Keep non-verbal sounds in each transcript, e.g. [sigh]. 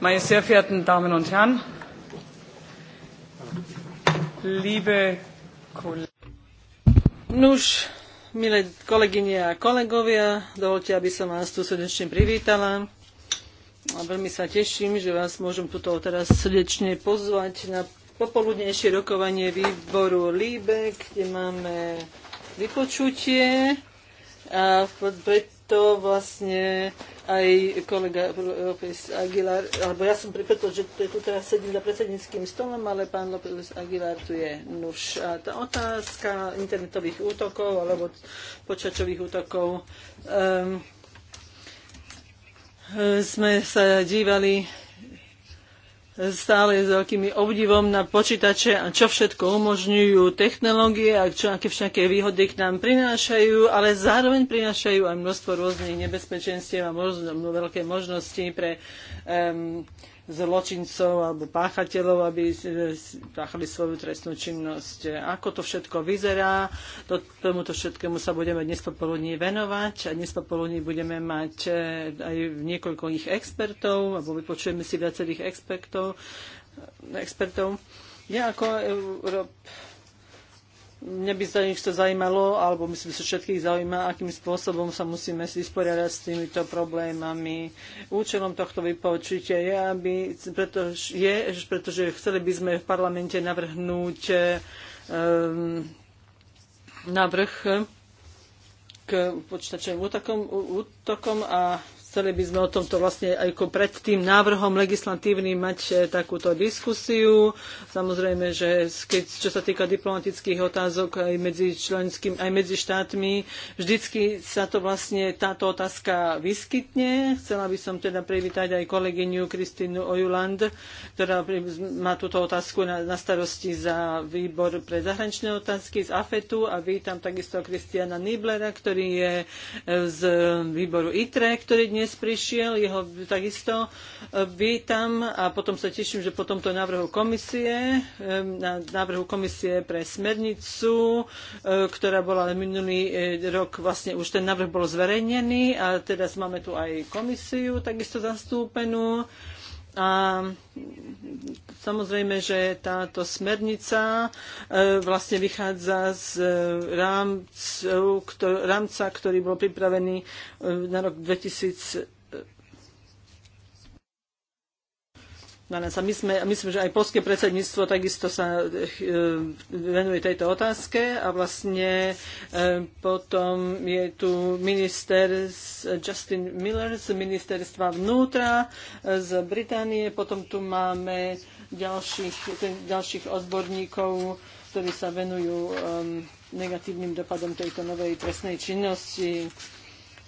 Meine sehr verehrten Damen und Herren, liebe Kollegen. Nuž, milé kolegyne a kolegovia, dovolte, aby som vás tu srdečne privítala. A veľmi sa teším, že vás môžem tuto teraz srdečne pozvať na popoludnejšie rokovanie výboru LIBE, kde máme vypočutie. A pred to vlastne aj kolega López Aguilar, alebo ja som pripetol, že tu teraz sedím za predsedníckým stolom, ale pán López Aguilar tu je. Nuž, a tá otázka internetových útokov alebo počačových útokov. Um, sme sa dívali stále s veľkými obdivom na počítače a čo všetko umožňujú technológie a čo aké všaké výhody k nám prinášajú, ale zároveň prinášajú aj množstvo rôznych nebezpečenstiev a možno, veľké možnosti pre um, zločincov alebo páchateľov, aby páchali svoju trestnú činnosť. Ako to všetko vyzerá, to, tomuto všetkému sa budeme dnes popoludní venovať a dnes popoludní budeme mať e, aj niekoľko ich expertov, alebo vypočujeme si viacerých expertov. expertov. Ja ako Európ, mňa by sa nič to zaujímalo, alebo myslím, že všetkých zaujíma, akým spôsobom sa musíme vysporiadať s týmito problémami. Účelom tohto vypočutia je, aby, pretože, je, pretože chceli by sme v parlamente navrhnúť um, ehm, navrh k počítačovým útokom, útokom a chceli by sme o tomto vlastne ako pred tým návrhom legislatívnym mať eh, takúto diskusiu. Samozrejme, že keď, čo sa týka diplomatických otázok aj medzi členským, aj medzi štátmi, vždycky sa to vlastne táto otázka vyskytne. Chcela by som teda privítať aj kolegyňu Kristínu Ojuland, ktorá má túto otázku na, na starosti za výbor pre zahraničné otázky z AFETu a vítam takisto Kristiana Niblera, ktorý je eh, z výboru ITRE, ktorý dnes dnes prišiel, jeho takisto e, vítam a potom sa teším, že po tomto návrhu komisie, e, na návrhu komisie pre smernicu, e, ktorá bola minulý rok, vlastne už ten návrh bol zverejnený a teraz máme tu aj komisiu takisto zastúpenú. A samozrejme, že táto smernica e, vlastne vychádza z e, rámca, ktorý bol pripravený e, na rok 2000 my sme, myslím, že aj polské predsedníctvo takisto sa eh, eh, venuje tejto otázke a vlastne eh, potom je tu minister Justin Miller z ministerstva vnútra z Británie, potom tu máme ďalších, ďalších odborníkov, ktorí sa venujú negatívnym dopadom tejto novej trestnej činnosti.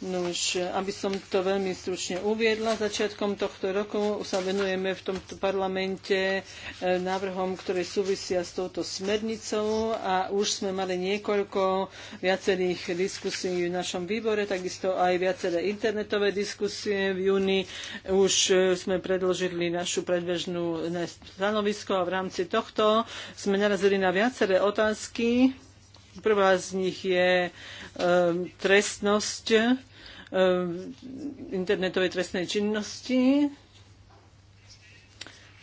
Nož, aby som to veľmi stručne uviedla, začiatkom tohto roku sa venujeme v tomto parlamente e, návrhom, ktoré súvisia s touto smernicou a už sme mali niekoľko viacerých diskusí v našom výbore, takisto aj viaceré internetové diskusie. V júni už e, sme predložili našu predbežnú e, stanovisko a v rámci tohto sme narazili na viaceré otázky. Prvá z nich je e, trestnosť Eh, internetovej trestnej činnosti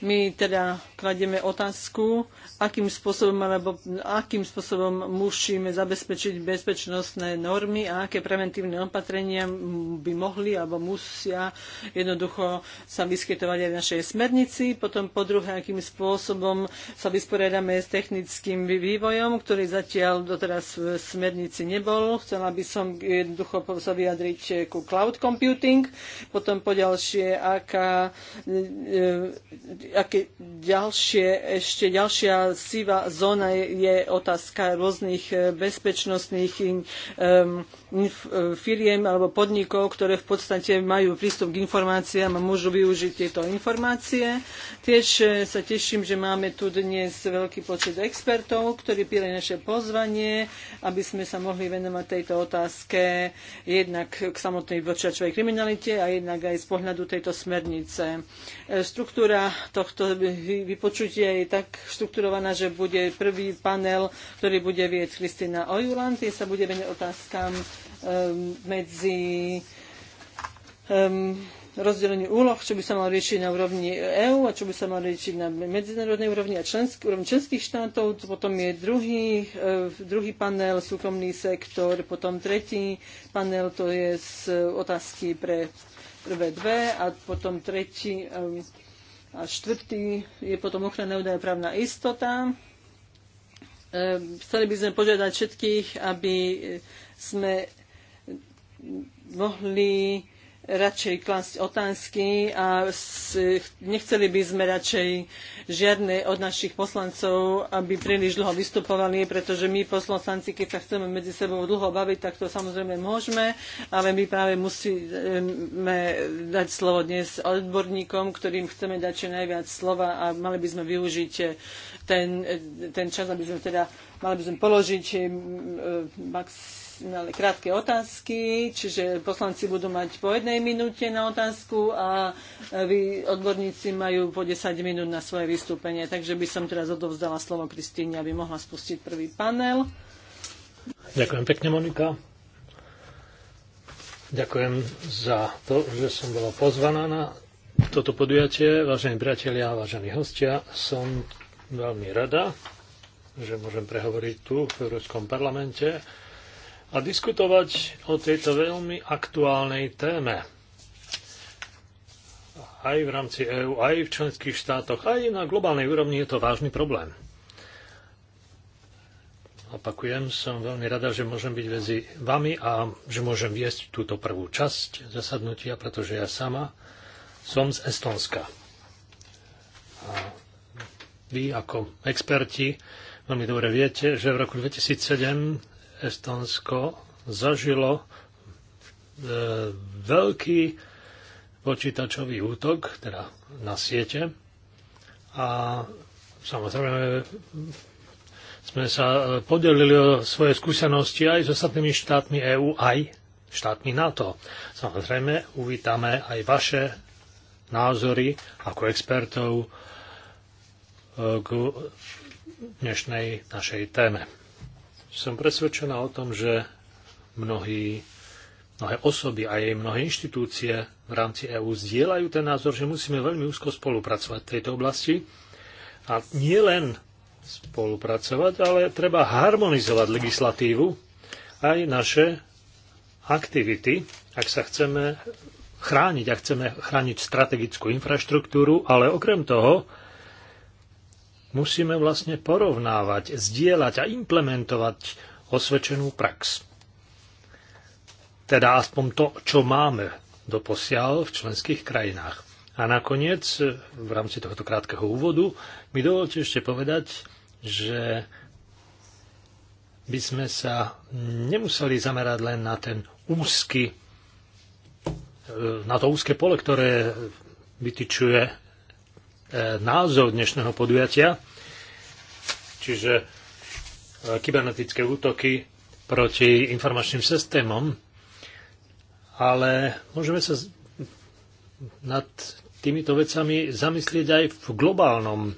my teda kladieme otázku, akým spôsobom, alebo akým spôsobom musíme zabezpečiť bezpečnostné normy a aké preventívne opatrenia by mohli alebo musia jednoducho sa vyskytovať aj v našej smernici. Potom po druhé, akým spôsobom sa vysporiadame s technickým vývojom, ktorý zatiaľ doteraz v smernici nebol. Chcela by som jednoducho sa vyjadriť ku cloud computing. Potom po ďalšie, aká e, e, aké ďalšie, ešte ďalšia sivá zóna je, je otázka rôznych eh, bezpečnostných um, E, firiem alebo podnikov, ktoré v podstate majú prístup k informáciám a môžu využiť tieto informácie. Tiež e, sa teším, že máme tu dnes veľký počet expertov, ktorí pili naše pozvanie, aby sme sa mohli venovať tejto otázke jednak k samotnej počítačovej kriminalite a jednak aj z pohľadu tejto smernice. E, štruktúra tohto vypočutia je tak štrukturovaná, že bude prvý panel, ktorý bude viesť Kristina Ojuland, kde sa bude venovať otázkam medzi rozdelenie úloh, čo by sa malo riešiť na úrovni EÚ a čo by sa malo riešiť na medzinárodnej úrovni a úrovni členských štátov. Potom je druhý, eh, druhý panel, súkromný sektor, potom tretí panel, to je z otázky pre prvé dve a potom tretí eh, a štvrtý je potom ochrana a právna istota. Chceli by sme požiadať všetkých, aby sme mohli radšej klásť otázky a nechceli by sme radšej žiadne od našich poslancov, aby príliš dlho vystupovali, pretože my poslanci, keď sa chceme medzi sebou dlho baviť, tak to samozrejme môžeme, ale my práve musíme dať slovo dnes odborníkom, ktorým chceme dať čo najviac slova a mali by sme využiť ten, ten čas, aby sme teda mali by sme položiť mm, e, max mali krátke otázky, čiže poslanci budú mať po jednej minúte na otázku a vy, odborníci, majú po 10 minút na svoje vystúpenie. Takže by som teraz odovzdala slovo Kristýne, aby mohla spustiť prvý panel. Ďakujem pekne, Monika. Ďakujem za to, že som bola pozvaná na toto podujatie. Vážení priatelia a vážení hostia, som veľmi rada, že môžem prehovoriť tu v Európskom parlamente a diskutovať o tejto veľmi aktuálnej téme. Aj v rámci EÚ, aj v členských štátoch, aj na globálnej úrovni je to vážny problém. Opakujem, som veľmi rada, že môžem byť medzi vami a že môžem viesť túto prvú časť zasadnutia, pretože ja sama som z Estonska. A vy ako experti veľmi dobre viete, že v roku 2007 Estonsko zažilo e, veľký počítačový útok, teda na siete. A samozrejme sme sa podelili o svoje skúsenosti aj s so ostatnými štátmi EÚ, aj štátmi NATO. Samozrejme, uvítame aj vaše názory ako expertov e, k dnešnej našej téme som presvedčená o tom, že mnohí, mnohé osoby a aj mnohé inštitúcie v rámci EÚ zdieľajú ten názor, že musíme veľmi úzko spolupracovať v tejto oblasti. A nie len spolupracovať, ale treba harmonizovať legislatívu aj naše aktivity, ak sa chceme chrániť, ak chceme chrániť strategickú infraštruktúru, ale okrem toho musíme vlastne porovnávať, zdieľať a implementovať osvedčenú prax. Teda aspoň to, čo máme doposiaľ v členských krajinách. A nakoniec, v rámci tohto krátkeho úvodu, mi dovolte ešte povedať, že by sme sa nemuseli zamerať len na ten úzky, na to úzke pole, ktoré vytyčuje E, názov dnešného podujatia, čiže e, kybernetické útoky proti informačným systémom, ale môžeme sa nad týmito vecami zamyslieť aj v globálnom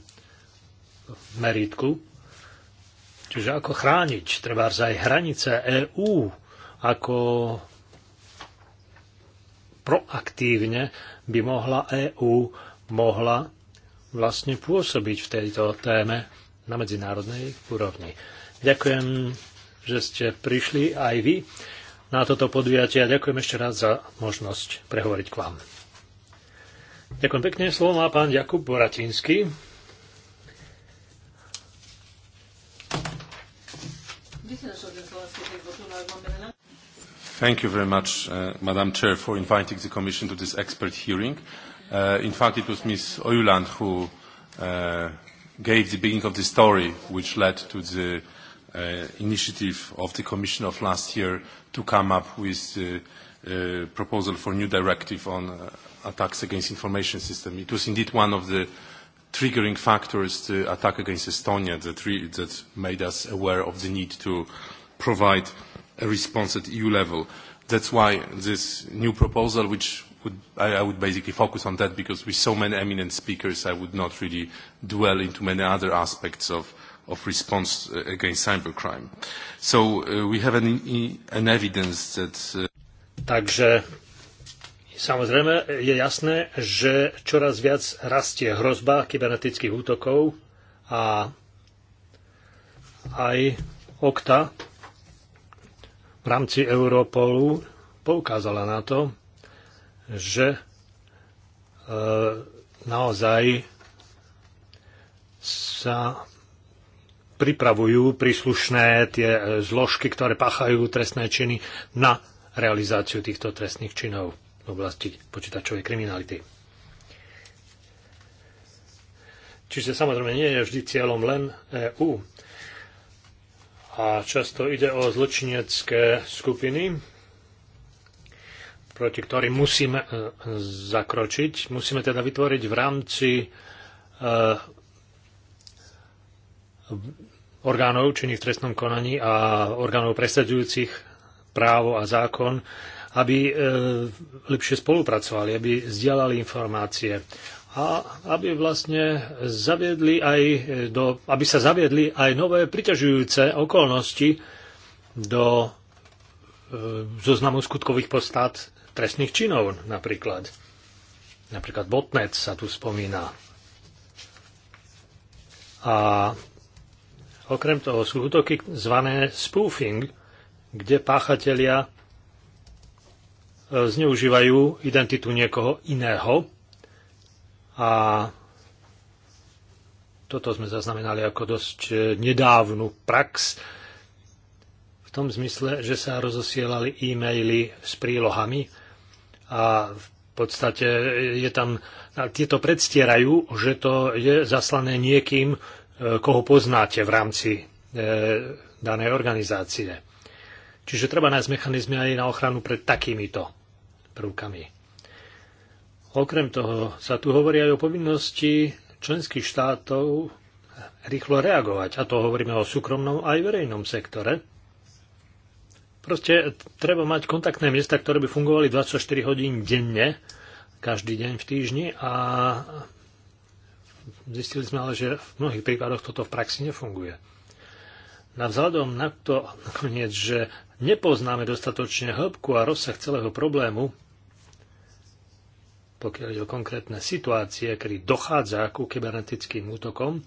meritku, čiže ako chrániť treba aj hranice EÚ, ako proaktívne by mohla EÚ mohla vlastne pôsobiť v tejto téme na medzinárodnej úrovni. Ďakujem, že ste prišli aj vy na toto podujatie a ďakujem ešte raz za možnosť prehovoriť k vám. Ďakujem pekne, slovo má pán Jakub Boratínsky. Thank you very much, uh, Madam Chair, for inviting the Commission to this expert hearing. Uh, in fact, it was Ms. Oyuland who uh, gave the beginning of the story, which led to the uh, initiative of the Commission of last year to come up with the uh, proposal for new directive on uh, attacks against information system. It was indeed one of the triggering factors, the attack against Estonia, that, re that made us aware of the need to provide a response at EU level. That's why this new proposal, which would, I, I would basically focus on that because with so many eminent speakers, I would not really dwell into many other aspects of, of response uh, against cybercrime. So uh, we have an, an evidence that... Uh... Takže samozrejme je jasné, že čoraz viac rastie hrozba kybernetických útokov a aj OKTA v rámci Europolu poukázala na to, že e, naozaj sa pripravujú príslušné tie e, zložky, ktoré páchajú trestné činy na realizáciu týchto trestných činov v oblasti počítačovej kriminality. Čiže samozrejme nie je vždy cieľom len EU. A často ide o zločinecké skupiny, proti ktorým musíme e, zakročiť. Musíme teda vytvoriť v rámci e, orgánov činných v trestnom konaní a orgánov presadzujúcich právo a zákon, aby e, lepšie spolupracovali, aby zdieľali informácie a aby vlastne zaviedli aj do, aby sa zaviedli aj nové priťažujúce okolnosti do zoznamu skutkových postát trestných činov napríklad. Napríklad botnet sa tu spomína. A okrem toho sú útoky zvané spoofing, kde páchatelia e, zneužívajú identitu niekoho iného. A toto sme zaznamenali ako dosť e, nedávnu prax, v tom zmysle, že sa rozosielali e-maily s prílohami, a v podstate je tam, tieto predstierajú, že to je zaslané niekým, e, koho poznáte v rámci e, danej organizácie. Čiže treba nájsť mechanizmy aj na ochranu pred takýmito prvkami. Okrem toho sa tu hovorí aj o povinnosti členských štátov rýchlo reagovať, a to hovoríme o súkromnom aj verejnom sektore, Proste treba mať kontaktné miesta, ktoré by fungovali 24 hodín denne, každý deň v týždni a zistili sme ale, že v mnohých prípadoch toto v praxi nefunguje. Na vzhľadom na to nakoniec, že nepoznáme dostatočne hĺbku a rozsah celého problému, pokiaľ ide o konkrétne situácie, kedy dochádza ku kybernetickým útokom,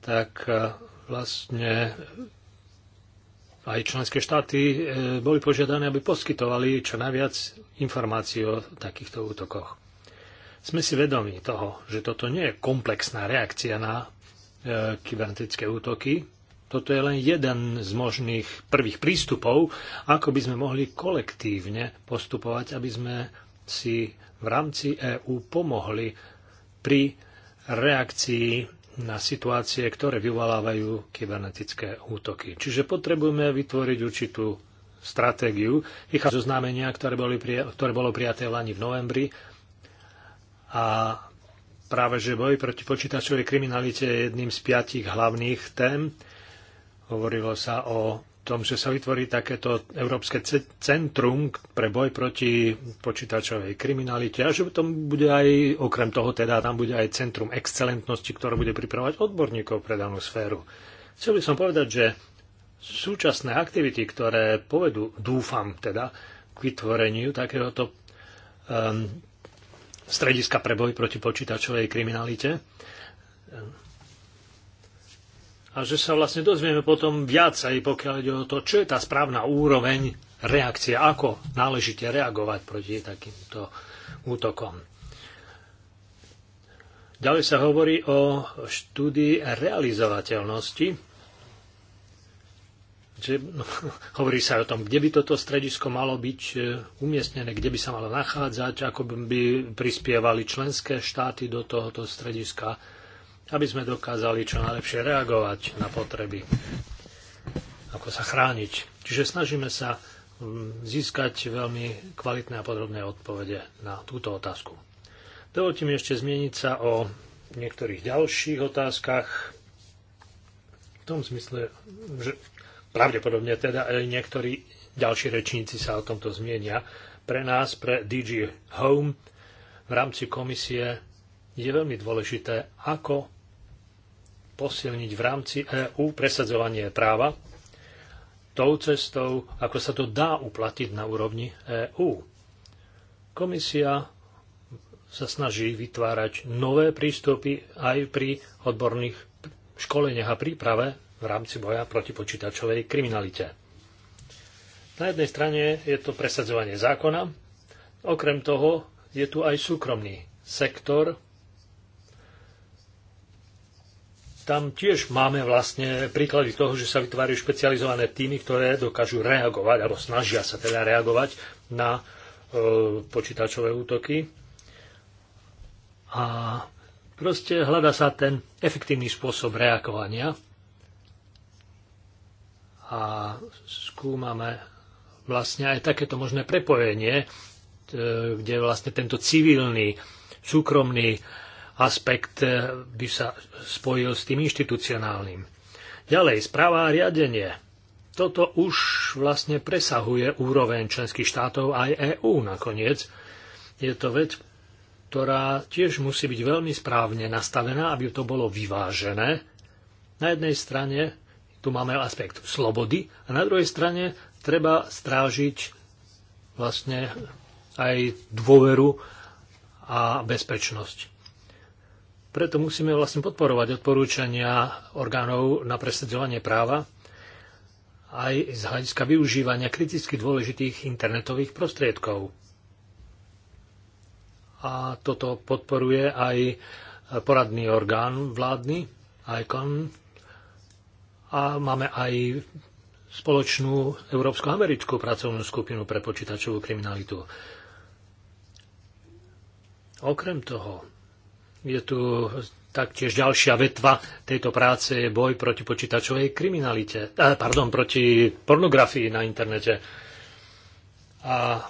tak e, vlastne aj členské štáty e, boli požiadané, aby poskytovali čo najviac informácií o takýchto útokoch. Sme si vedomi toho, že toto nie je komplexná reakcia na e, kybernetické útoky. Toto je len jeden z možných prvých prístupov, ako by sme mohli kolektívne postupovať, aby sme si v rámci EÚ pomohli pri reakcii na situácie, ktoré vyvolávajú kybernetické útoky. Čiže potrebujeme vytvoriť určitú stratégiu. Vychádza zo znamenia, ktoré, boli, ktoré bolo prijaté v lani v novembri a práve že boj proti počítačovej kriminalite je jedným z piatich hlavných tém. Hovorilo sa o tom, že sa vytvorí takéto Európske centrum pre boj proti počítačovej kriminalite a že tom bude aj, okrem toho teda, tam bude aj Centrum excelentnosti, ktoré bude pripravovať odborníkov pre danú sféru. Chcel by som povedať, že súčasné aktivity, ktoré povedú, dúfam teda, k vytvoreniu takéhoto um, strediska pre boj proti počítačovej kriminalite, a že sa vlastne dozvieme potom viac aj pokiaľ ide o to, čo je tá správna úroveň reakcie, ako náležite reagovať proti takýmto útokom. Ďalej sa hovorí o štúdii realizovateľnosti. Že, no, [laughs] hovorí sa o tom, kde by toto stredisko malo byť e, umiestnené, kde by sa malo nachádzať, ako by prispievali členské štáty do tohoto strediska aby sme dokázali čo najlepšie reagovať na potreby, ako sa chrániť. Čiže snažíme sa mm, získať veľmi kvalitné a podrobné odpovede na túto otázku. Dovolte mi ešte zmieniť sa o niektorých ďalších otázkach. V tom zmysle, že pravdepodobne teda aj niektorí ďalší rečníci sa o tomto zmienia. Pre nás, pre DG Home, v rámci komisie je veľmi dôležité, ako posilniť v rámci EÚ presadzovanie práva tou cestou, ako sa to dá uplatiť na úrovni EÚ. Komisia sa snaží vytvárať nové prístupy aj pri odborných školeniach a príprave v rámci boja proti počítačovej kriminalite. Na jednej strane je to presadzovanie zákona, okrem toho je tu aj súkromný sektor, tam tiež máme vlastne príklady toho, že sa vytvárajú špecializované týmy, ktoré dokážu reagovať, alebo snažia sa teda reagovať na e, počítačové útoky. A proste hľada sa ten efektívny spôsob reagovania a skúmame vlastne aj takéto možné prepojenie, e, kde vlastne tento civilný, súkromný aspekt e, by sa spojil s tým inštitucionálnym. Ďalej, správa a riadenie. Toto už vlastne presahuje úroveň členských štátov aj EÚ nakoniec. Je to vec, ktorá tiež musí byť veľmi správne nastavená, aby to bolo vyvážené. Na jednej strane tu máme aspekt slobody a na druhej strane treba strážiť vlastne aj dôveru a bezpečnosť. Preto musíme vlastne podporovať odporúčania orgánov na presadzovanie práva aj z hľadiska využívania kriticky dôležitých internetových prostriedkov. A toto podporuje aj poradný orgán vládny, ICON, a máme aj spoločnú európsko-americkú pracovnú skupinu pre počítačovú kriminalitu. Okrem toho, je tu taktiež ďalšia vetva tejto práce je boj proti počítačovej kriminalite, eh, pardon, proti pornografii na internete. A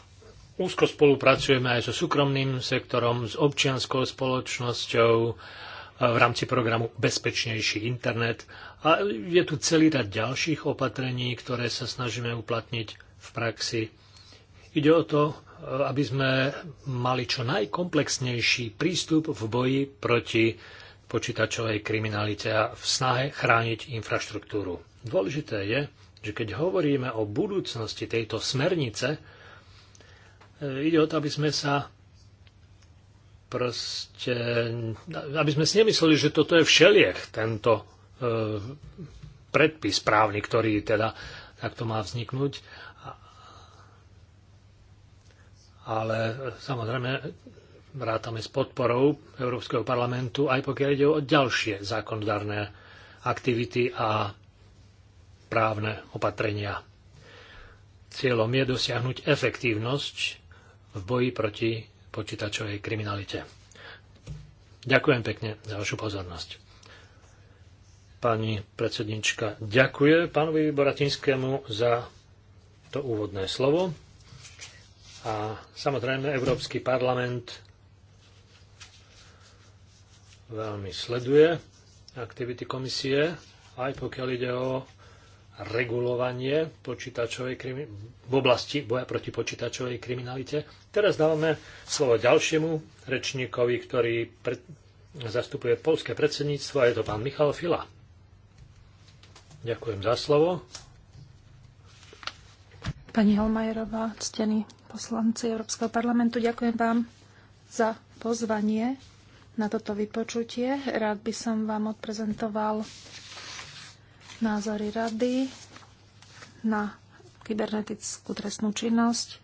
úzko spolupracujeme aj so súkromným sektorom, s občianskou spoločnosťou eh, v rámci programu Bezpečnejší internet. A je tu celý rad ďalších opatrení, ktoré sa snažíme uplatniť v praxi. Ide o to, aby sme mali čo najkomplexnejší prístup v boji proti počítačovej kriminalite a v snahe chrániť infraštruktúru. Dôležité je, že keď hovoríme o budúcnosti tejto smernice, e, ide o to, aby sme sa proste, aby sme si nemysleli, že toto je všeliech, tento e, predpis právny, ktorý teda takto má vzniknúť, ale samozrejme vrátame s podporou Európskeho parlamentu, aj pokiaľ ide o ďalšie zákonodárne aktivity a právne opatrenia. Cieľom je dosiahnuť efektívnosť v boji proti počítačovej kriminalite. Ďakujem pekne za vašu pozornosť. Pani predsednička ďakuje pánovi Boratinskému za to úvodné slovo. A samozrejme Európsky parlament veľmi sleduje aktivity komisie, aj pokiaľ ide o regulovanie počítačovej krimi- v oblasti boja proti počítačovej kriminalite. Teraz dávame slovo ďalšiemu rečníkovi, ktorý pre- zastupuje polské predsedníctvo a je to pán Michal Fila. Ďakujem za slovo. Pani Holmajerová, ctený poslanci Európskeho parlamentu, ďakujem vám za pozvanie na toto vypočutie. Rád by som vám odprezentoval názory rady na kybernetickú trestnú činnosť,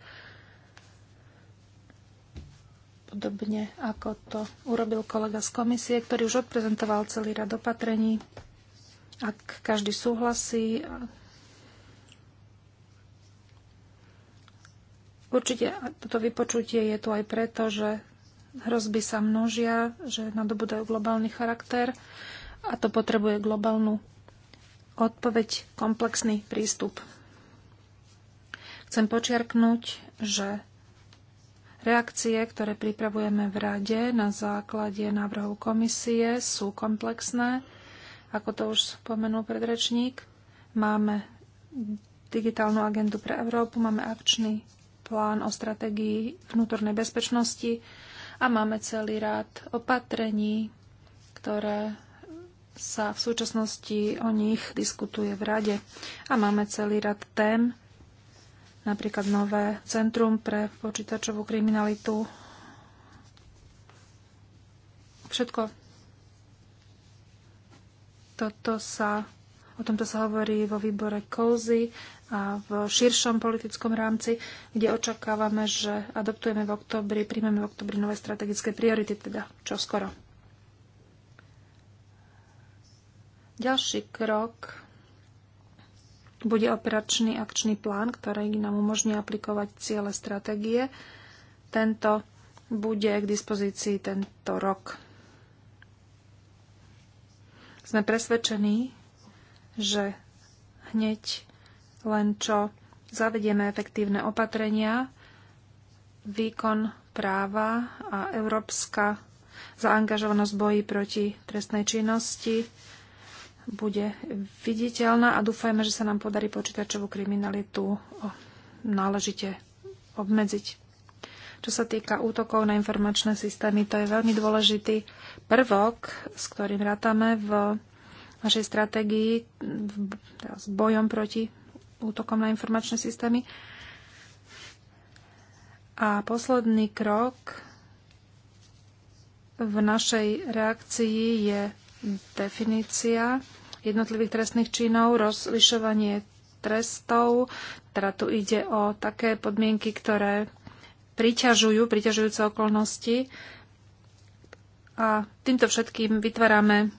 podobne ako to urobil kolega z komisie, ktorý už odprezentoval celý rad opatrení. Ak každý súhlasí, Určite toto vypočutie je tu aj preto, že hrozby sa množia, že nadobudajú globálny charakter a to potrebuje globálnu odpoveď, komplexný prístup. Chcem počiarknúť, že reakcie, ktoré pripravujeme v Rade na základe návrhov komisie, sú komplexné. Ako to už spomenul predrečník, máme digitálnu agendu pre Európu, máme akčný plán o stratégii vnútornej bezpečnosti a máme celý rád opatrení, ktoré sa v súčasnosti o nich diskutuje v rade. A máme celý rad tém, napríklad nové centrum pre počítačovú kriminalitu. Všetko toto sa O tomto sa hovorí vo výbore COZY a v širšom politickom rámci, kde očakávame, že adoptujeme v oktobri, príjmeme v oktobri nové strategické priority, teda čo skoro. Ďalší krok bude operačný akčný plán, ktorý nám umožní aplikovať ciele stratégie. Tento bude k dispozícii tento rok. Sme presvedčení, že hneď len čo zavedieme efektívne opatrenia, výkon práva a európska zaangažovanosť boji proti trestnej činnosti bude viditeľná a dúfajme, že sa nám podarí počítačovú kriminalitu náležite obmedziť. Čo sa týka útokov na informačné systémy, to je veľmi dôležitý prvok, s ktorým rátame v našej stratégii teda s bojom proti útokom na informačné systémy. A posledný krok v našej reakcii je definícia jednotlivých trestných činov, rozlišovanie trestov, teda tu ide o také podmienky, ktoré priťažujú, priťažujúce okolnosti. A týmto všetkým vytvárame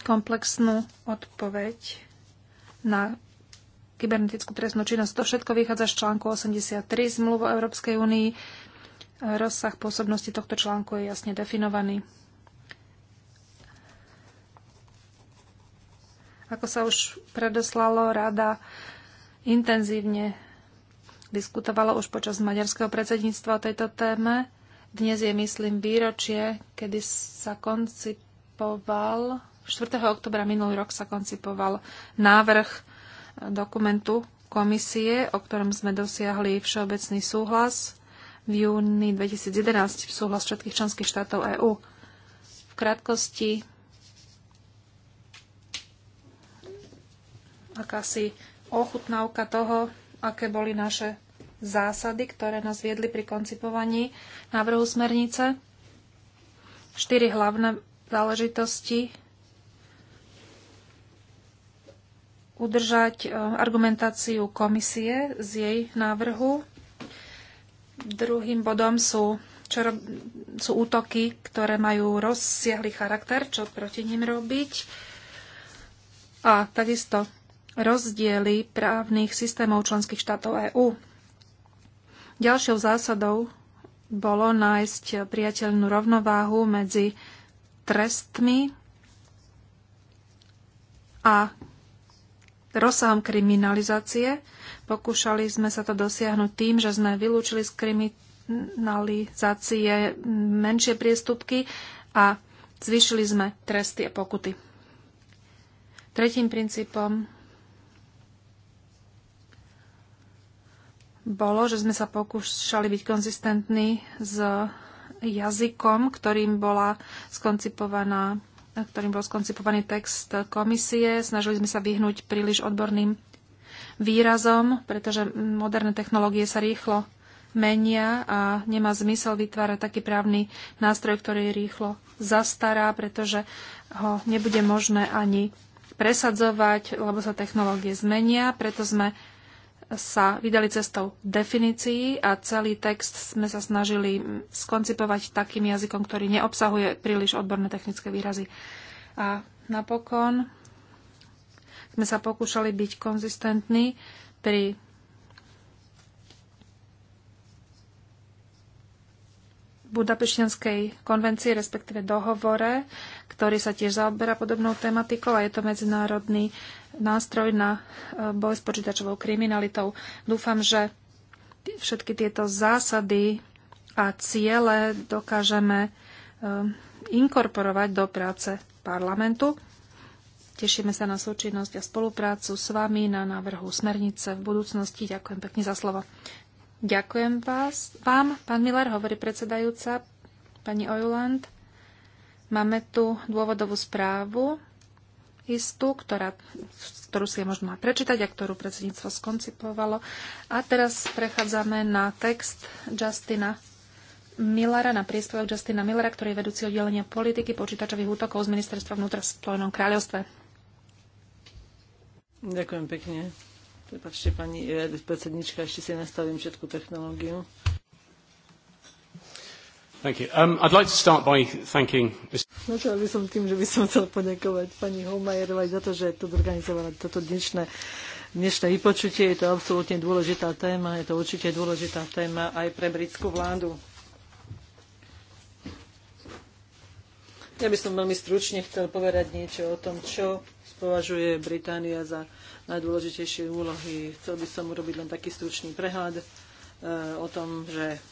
komplexnú odpoveď na kybernetickú trestnú činnosť. To všetko vychádza z článku 83 zmluv o Európskej únii. Rozsah pôsobnosti tohto článku je jasne definovaný. Ako sa už predoslalo, rada intenzívne diskutovala už počas maďarského predsedníctva o tejto téme. Dnes je, myslím, výročie, kedy sa koncipoval 4. oktobra minulý rok sa koncipoval návrh dokumentu komisie, o ktorom sme dosiahli všeobecný súhlas v júni 2011, súhlas všetkých členských štátov EÚ. V krátkosti akási ochutnávka toho, aké boli naše zásady, ktoré nás viedli pri koncipovaní návrhu smernice. Štyri hlavné záležitosti udržať e, argumentáciu komisie z jej návrhu. Druhým bodom sú, čo rob, sú útoky, ktoré majú rozsiahly charakter, čo proti nim robiť. A takisto rozdiely právnych systémov členských štátov EÚ. Ďalšou zásadou bolo nájsť priateľnú rovnováhu medzi trestmi a rozsahom kriminalizácie. Pokúšali sme sa to dosiahnuť tým, že sme vylúčili z kriminalizácie menšie priestupky a zvýšili sme tresty a pokuty. Tretím princípom bolo, že sme sa pokúšali byť konzistentní s jazykom, ktorým bola skoncipovaná ktorým bol skoncipovaný text komisie. Snažili sme sa vyhnúť príliš odborným výrazom, pretože moderné technológie sa rýchlo menia a nemá zmysel vytvárať taký právny nástroj, ktorý rýchlo zastará, pretože ho nebude možné ani presadzovať, lebo sa technológie zmenia. Preto sme sa vydali cestou definícií a celý text sme sa snažili skoncipovať takým jazykom, ktorý neobsahuje príliš odborné technické výrazy. A napokon sme sa pokúšali byť konzistentní pri Budapešťanskej konvencii, respektíve dohovore, ktorý sa tiež zaoberá podobnou tematikou a je to medzinárodný nástroj na e, boj s počítačovou kriminalitou. Dúfam, že všetky tieto zásady a ciele dokážeme e, inkorporovať do práce parlamentu. Tešíme sa na súčinnosť a spoluprácu s vami na návrhu smernice v budúcnosti. Ďakujem pekne za slovo. Ďakujem vás, vám, pán Miller, hovorí predsedajúca, pani Ojuland. Máme tu dôvodovú správu istú, ktorá, ktorú si je možno aj prečítať a ktorú predsedníctvo skoncipovalo. A teraz prechádzame na text Justina Millera, na príspevok Justina Millera, ktorý je vedúci oddelenia politiky počítačových útokov z Ministerstva vnútra v Spojenom kráľovstve. Ďakujem pekne. Prepačte, pani eh, predsednička, ešte si nastavím všetku technológiu. Thank you. Um, I'd like to start by thanking Začala by som tým, že by som chcel poďakovať pani Holmajerovej za to, že tu zorganizovala toto dnešné dnešné vypočutie. Je to absolútne dôležitá téma, je to určite dôležitá téma aj pre britskú vládu. Ja by som veľmi stručne chcel povedať niečo o tom, čo považuje Británia za najdôležitejšie úlohy. Chcel by som urobiť len taký stručný prehľad eh, o tom, že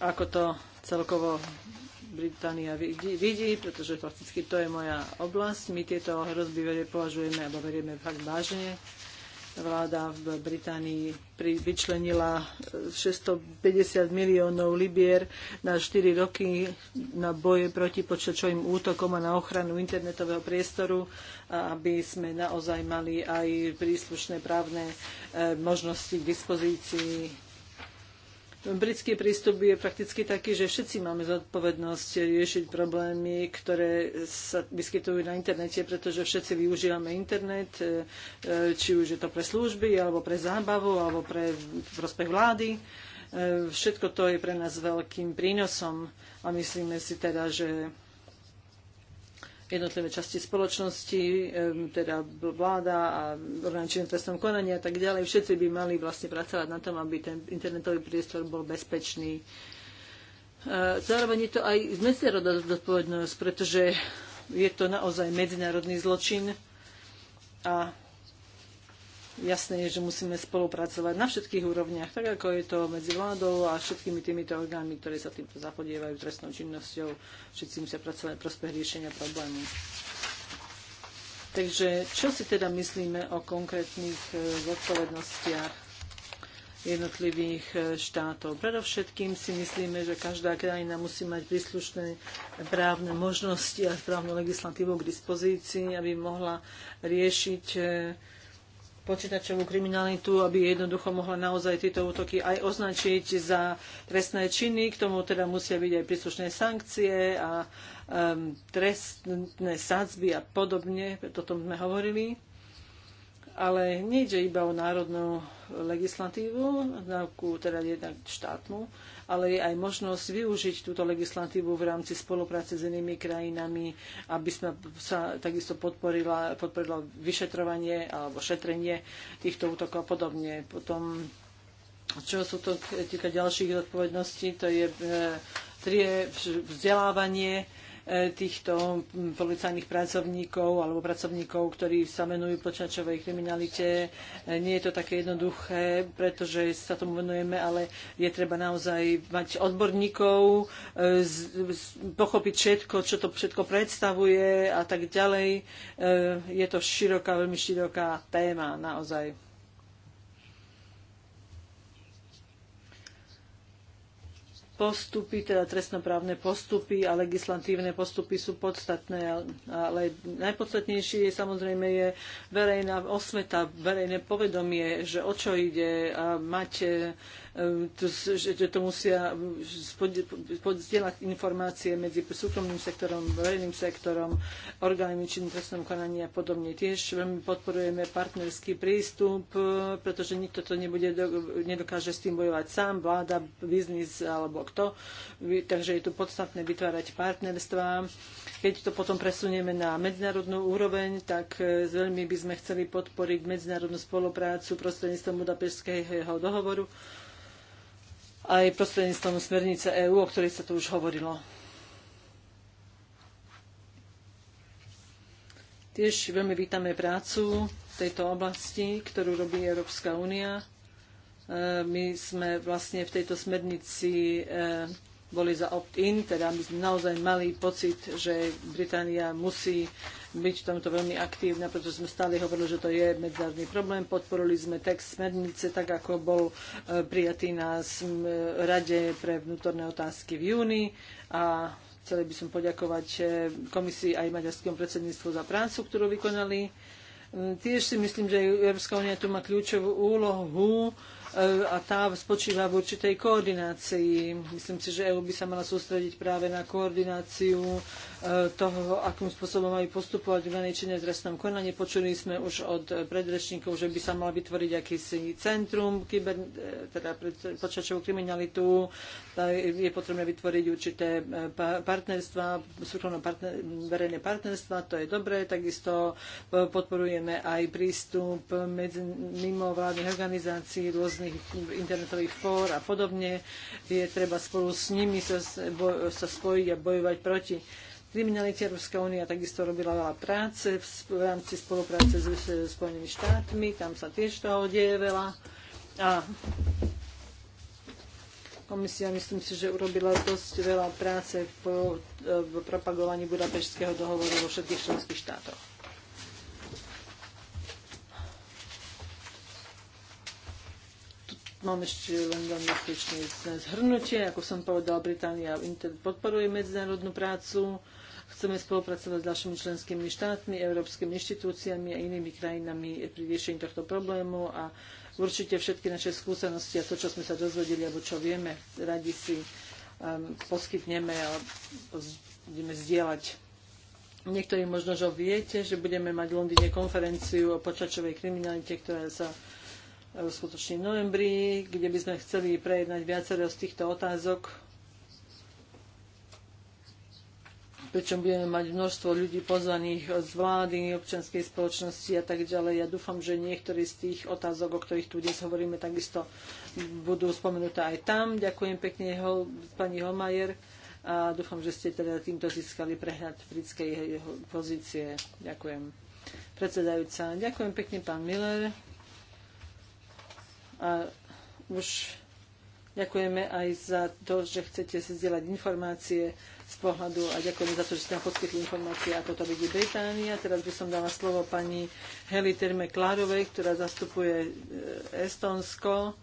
ako to celkovo Británia vidí, vidí, pretože fakticky to je moja oblasť. My tieto hrozby považujeme alebo verieme fakt vážne. Vláda v Británii vyčlenila 650 e, miliónov libier na 4 roky na boje proti počítačovým útokom a na ochranu internetového priestoru, aby sme naozaj mali aj príslušné právne e, možnosti k dispozícii Britský prístup je prakticky taký, že všetci máme zodpovednosť riešiť problémy, ktoré sa vyskytujú na internete, pretože všetci využívame internet, e, či už je to pre služby, alebo pre zábavu, alebo pre prospech vlády e, všetko to je pre nás veľkým prínosom a myslíme si teda, že jednotlivé časti spoločnosti, teda vláda a orgány trestnom konania a tak ďalej. Všetci by mali vlastne pracovať na tom, aby ten internetový priestor bol bezpečný. E, zároveň je to aj medzinárodná zodpovednosť, pretože je to naozaj medzinárodný zločin a jasné je, že musíme spolupracovať na všetkých úrovniach, tak ako je to medzi vládou a všetkými týmito orgánmi, ktoré sa týmto zapodievajú trestnou činnosťou. Všetci musia pracovať prospech riešenia problému. Takže čo si teda myslíme o konkrétnych e, zodpovednostiach jednotlivých e, štátov. Predovšetkým si myslíme, že každá krajina musí mať príslušné právne možnosti a právnu legislatívu k dispozícii, aby mohla riešiť e, počítačovú kriminalitu, aby jednoducho mohla naozaj tieto útoky aj označiť za trestné činy. K tomu teda musia byť aj príslušné sankcie a um, trestné sadzby a podobne. O tom sme hovorili. Ale nejde iba o národnú legislatívu, teda jednak štátnu, ale je aj možnosť využiť túto legislatívu v rámci spolupráce s inými krajinami, aby sme sa takisto podporila, podporilo vyšetrovanie alebo šetrenie týchto útokov a podobne. Potom, čo sú to e, týka ďalších odpovedností, to je e, trie, vzdelávanie, E, týchto policajných pracovníkov alebo pracovníkov, ktorí sa venujú počačovej kriminalite. E, nie je to také jednoduché, pretože sa tomu venujeme, ale je treba naozaj mať odborníkov, e, pochopiť všetko, čo to všetko predstavuje a tak ďalej. Je to široká, veľmi široká téma naozaj. postupy, teda trestnoprávne postupy a legislatívne postupy sú podstatné, ale najpodstatnejšie je samozrejme je verejná osveta, verejné povedomie, že o čo ide a mať Ehm, to, že, že to musia poddielať informácie medzi súkromným sektorom, verejným sektorom, orgánmi či trestnom konaní a podobne. Tiež veľmi podporujeme partnerský prístup, e, pretože nikto to nebude, nedokáže s tým bojovať sám, vláda, biznis alebo kto. Takže je tu podstatné vytvárať partnerstvá. Keď to potom presunieme na medzinárodnú úroveň, tak e, veľmi by sme chceli podporiť medzinárodnú spoluprácu prostredníctvom Budapešského dohovoru aj prostredníctvom smernice EÚ, o ktorej sa tu už hovorilo. Tiež veľmi vítame prácu v tejto oblasti, ktorú robí Európska únia. E, my sme vlastne v tejto smernici e, boli za opt-in, teda my sme naozaj mali pocit, že Británia musí byť v tomto veľmi aktívna, pretože sme stále hovorili, že to je medzárodný problém. Podporili sme text smernice, tak ako bol e, prijatý na Rade pre vnútorné otázky v júni a chceli by som poďakovať e, komisii aj maďarskému predsedníctvu za prácu, ktorú vykonali. E, tiež si myslím, že Európska únia tu má kľúčovú úlohu E, a tá spočíva v určitej koordinácii. Myslím si, že EU by sa mala sústrediť práve na koordináciu e, toho, akým spôsobom majú postupovať v danej čine v trestnom konaní. Počuli sme už od predrečníkov, že by sa mal vytvoriť akýsi centrum kyber, e, teda počačovú kriminalitu. Je potrebné vytvoriť určité partnerstva, súkromné partner, verejné partnerstva, to je dobré. Takisto podporujeme aj prístup medzi mimovládnych organizácií, rôznych rôznych internetových fór a podobne. Je treba spolu s nimi sa, sa spojiť a bojovať proti kriminalite. Európska únia takisto robila veľa práce v rámci spolupráce s Spojenými štátmi, tam sa tiež toho deje veľa. A komisia myslím si, že urobila dosť veľa práce v, v propagovaní Budapešského dohovoru vo všetkých členských štátoch. Mám ešte len veľmi stručné zhrnutie. Ako som povedal, Británia podporuje medzinárodnú prácu. Chceme spolupracovať s ďalšími členskými štátmi, európskymi inštitúciami a inými krajinami pri riešení tohto problému a určite všetky naše skúsenosti a to, čo sme sa dozvedeli alebo čo vieme, radi si um, poskytneme a budeme zdieľať. Niektorí možno, že viete, že budeme mať v Londýne konferenciu o počačovej kriminalite, ktorá sa skutočne v novembri, kde by sme chceli prejednať viacero z týchto otázok, pričom budeme mať množstvo ľudí pozvaných z vlády, občianskej spoločnosti a tak ďalej. Ja dúfam, že niektorí z tých otázok, o ktorých tu dnes hovoríme, takisto budú spomenuté aj tam. Ďakujem pekne pani Holmajer a dúfam, že ste teda týmto získali prehľad britskej pozície. Ďakujem. Predsedajúca, ďakujem pekne pán Miller. A už ďakujeme aj za to, že chcete si zdieľať informácie z pohľadu a ďakujeme za to, že ste nám poskytli informácie a toto vidí Británia. Teraz by som dala slovo pani Heli Terme Klárovej, ktorá zastupuje e, Estonsko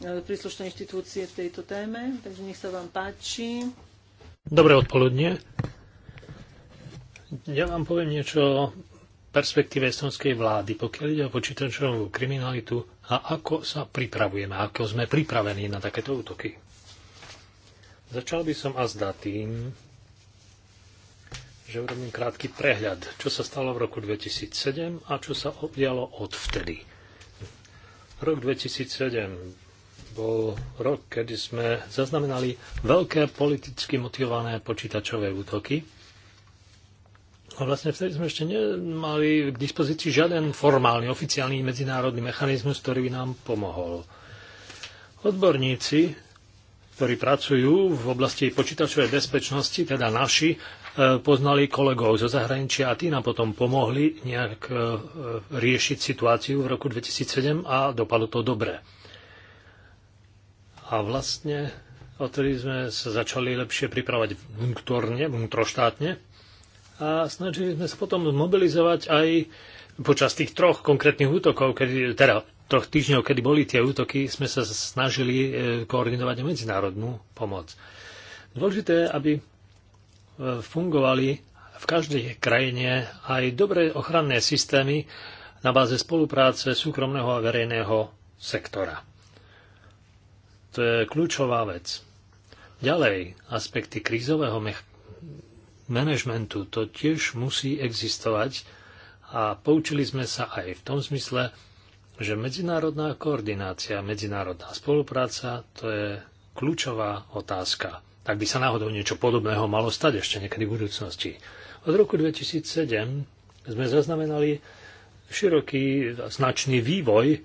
e, príslušné inštitúcie v tejto téme, takže nech sa vám páči. Dobré odpoludne. Ja vám poviem niečo o perspektíve estonskej vlády, pokiaľ ide o počítačovú kriminalitu a ako sa pripravujeme, ako sme pripravení na takéto útoky. Začal by som azda tým, že urobím krátky prehľad, čo sa stalo v roku 2007 a čo sa od odvtedy. Rok 2007 bol rok, kedy sme zaznamenali veľké politicky motivované počítačové útoky, a vlastne vtedy sme ešte nemali k dispozícii žiaden formálny, oficiálny medzinárodný mechanizmus, ktorý by nám pomohol. Odborníci, ktorí pracujú v oblasti počítačovej bezpečnosti, teda naši, e, poznali kolegov zo zahraničia a tí nám potom pomohli nejak e, e, riešiť situáciu v roku 2007 a dopadlo to dobre. A vlastne odtedy sme sa začali lepšie pripravať vnútorne, vnútroštátne a snažili sme sa potom mobilizovať aj počas tých troch konkrétnych útokov, kedy, teda troch týždňov, kedy boli tie útoky, sme sa snažili e, koordinovať medzinárodnú pomoc. Dôležité, aby e, fungovali v každej krajine aj dobré ochranné systémy na báze spolupráce súkromného a verejného sektora. To je kľúčová vec. Ďalej, aspekty krízového manažmentu. To tiež musí existovať a poučili sme sa aj v tom zmysle, že medzinárodná koordinácia, medzinárodná spolupráca to je kľúčová otázka. Tak by sa náhodou niečo podobného malo stať ešte niekedy v budúcnosti. Od roku 2007 sme zaznamenali široký značný vývoj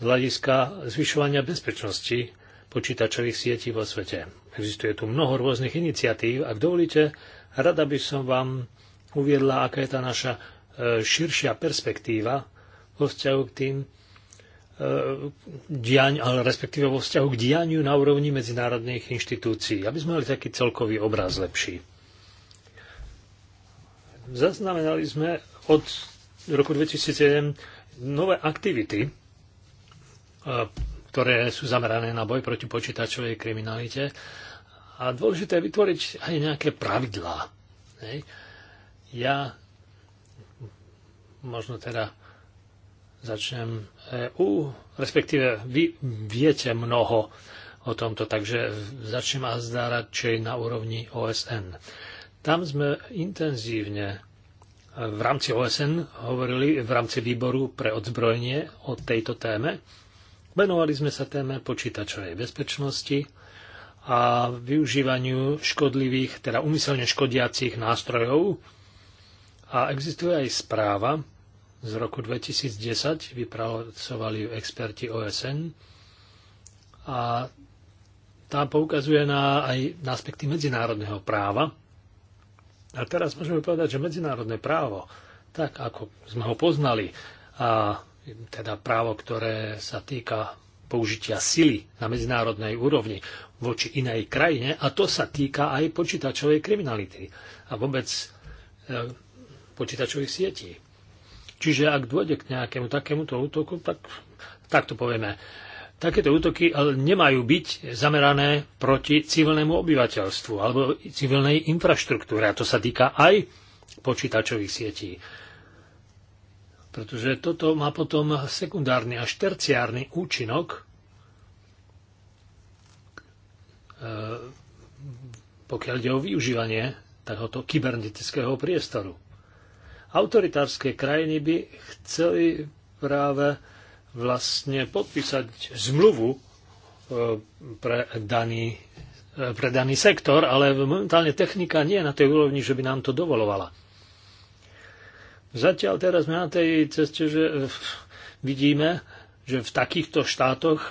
z hľadiska zvyšovania bezpečnosti počítačových sietí vo svete. Existuje tu mnoho rôznych iniciatív. Ak dovolíte, Rada by som vám uviedla, aká je tá naša e, širšia perspektíva vo vzťahu k tým e, dianiu, ale respektíve vo vzťahu k dianiu na úrovni medzinárodných inštitúcií, aby sme mali taký celkový obraz lepší. Zaznamenali sme od roku 2007 nové aktivity, e, ktoré sú zamerané na boj proti počítačovej kriminalite a dôležité je vytvoriť aj nejaké pravidlá. Hej. Ja možno teda začnem e u, respektíve vy viete mnoho o tomto, takže začnem a zdárať, čo je na úrovni OSN. Tam sme intenzívne v rámci OSN hovorili, v rámci výboru pre odzbrojenie o tejto téme. Venovali sme sa téme počítačovej bezpečnosti, a využívaniu škodlivých, teda umyselne škodiacich nástrojov. A existuje aj správa z roku 2010, vypracovali ju experti OSN a tá poukazuje na, aj na aspekty medzinárodného práva. A teraz môžeme povedať, že medzinárodné právo, tak ako sme ho poznali, a teda právo, ktoré sa týka použitia sily na medzinárodnej úrovni voči inej krajine a to sa týka aj počítačovej kriminality a vôbec eh, počítačových sietí. Čiže ak dôjde k nejakému takémuto útoku, tak, tak to povieme. Takéto útoky ale nemajú byť zamerané proti civilnému obyvateľstvu alebo civilnej infraštruktúre. A to sa týka aj počítačových sietí. Pretože toto má potom sekundárny až terciárny účinok E, pokiaľ ide o využívanie takéhoto kybernetického priestoru. Autoritárske krajiny by chceli práve vlastne podpísať zmluvu e, pre daný, e, pre daný sektor, ale momentálne technika nie je na tej úrovni, že by nám to dovolovala. Zatiaľ teraz sme na tej ceste, že vidíme, že v takýchto štátoch e,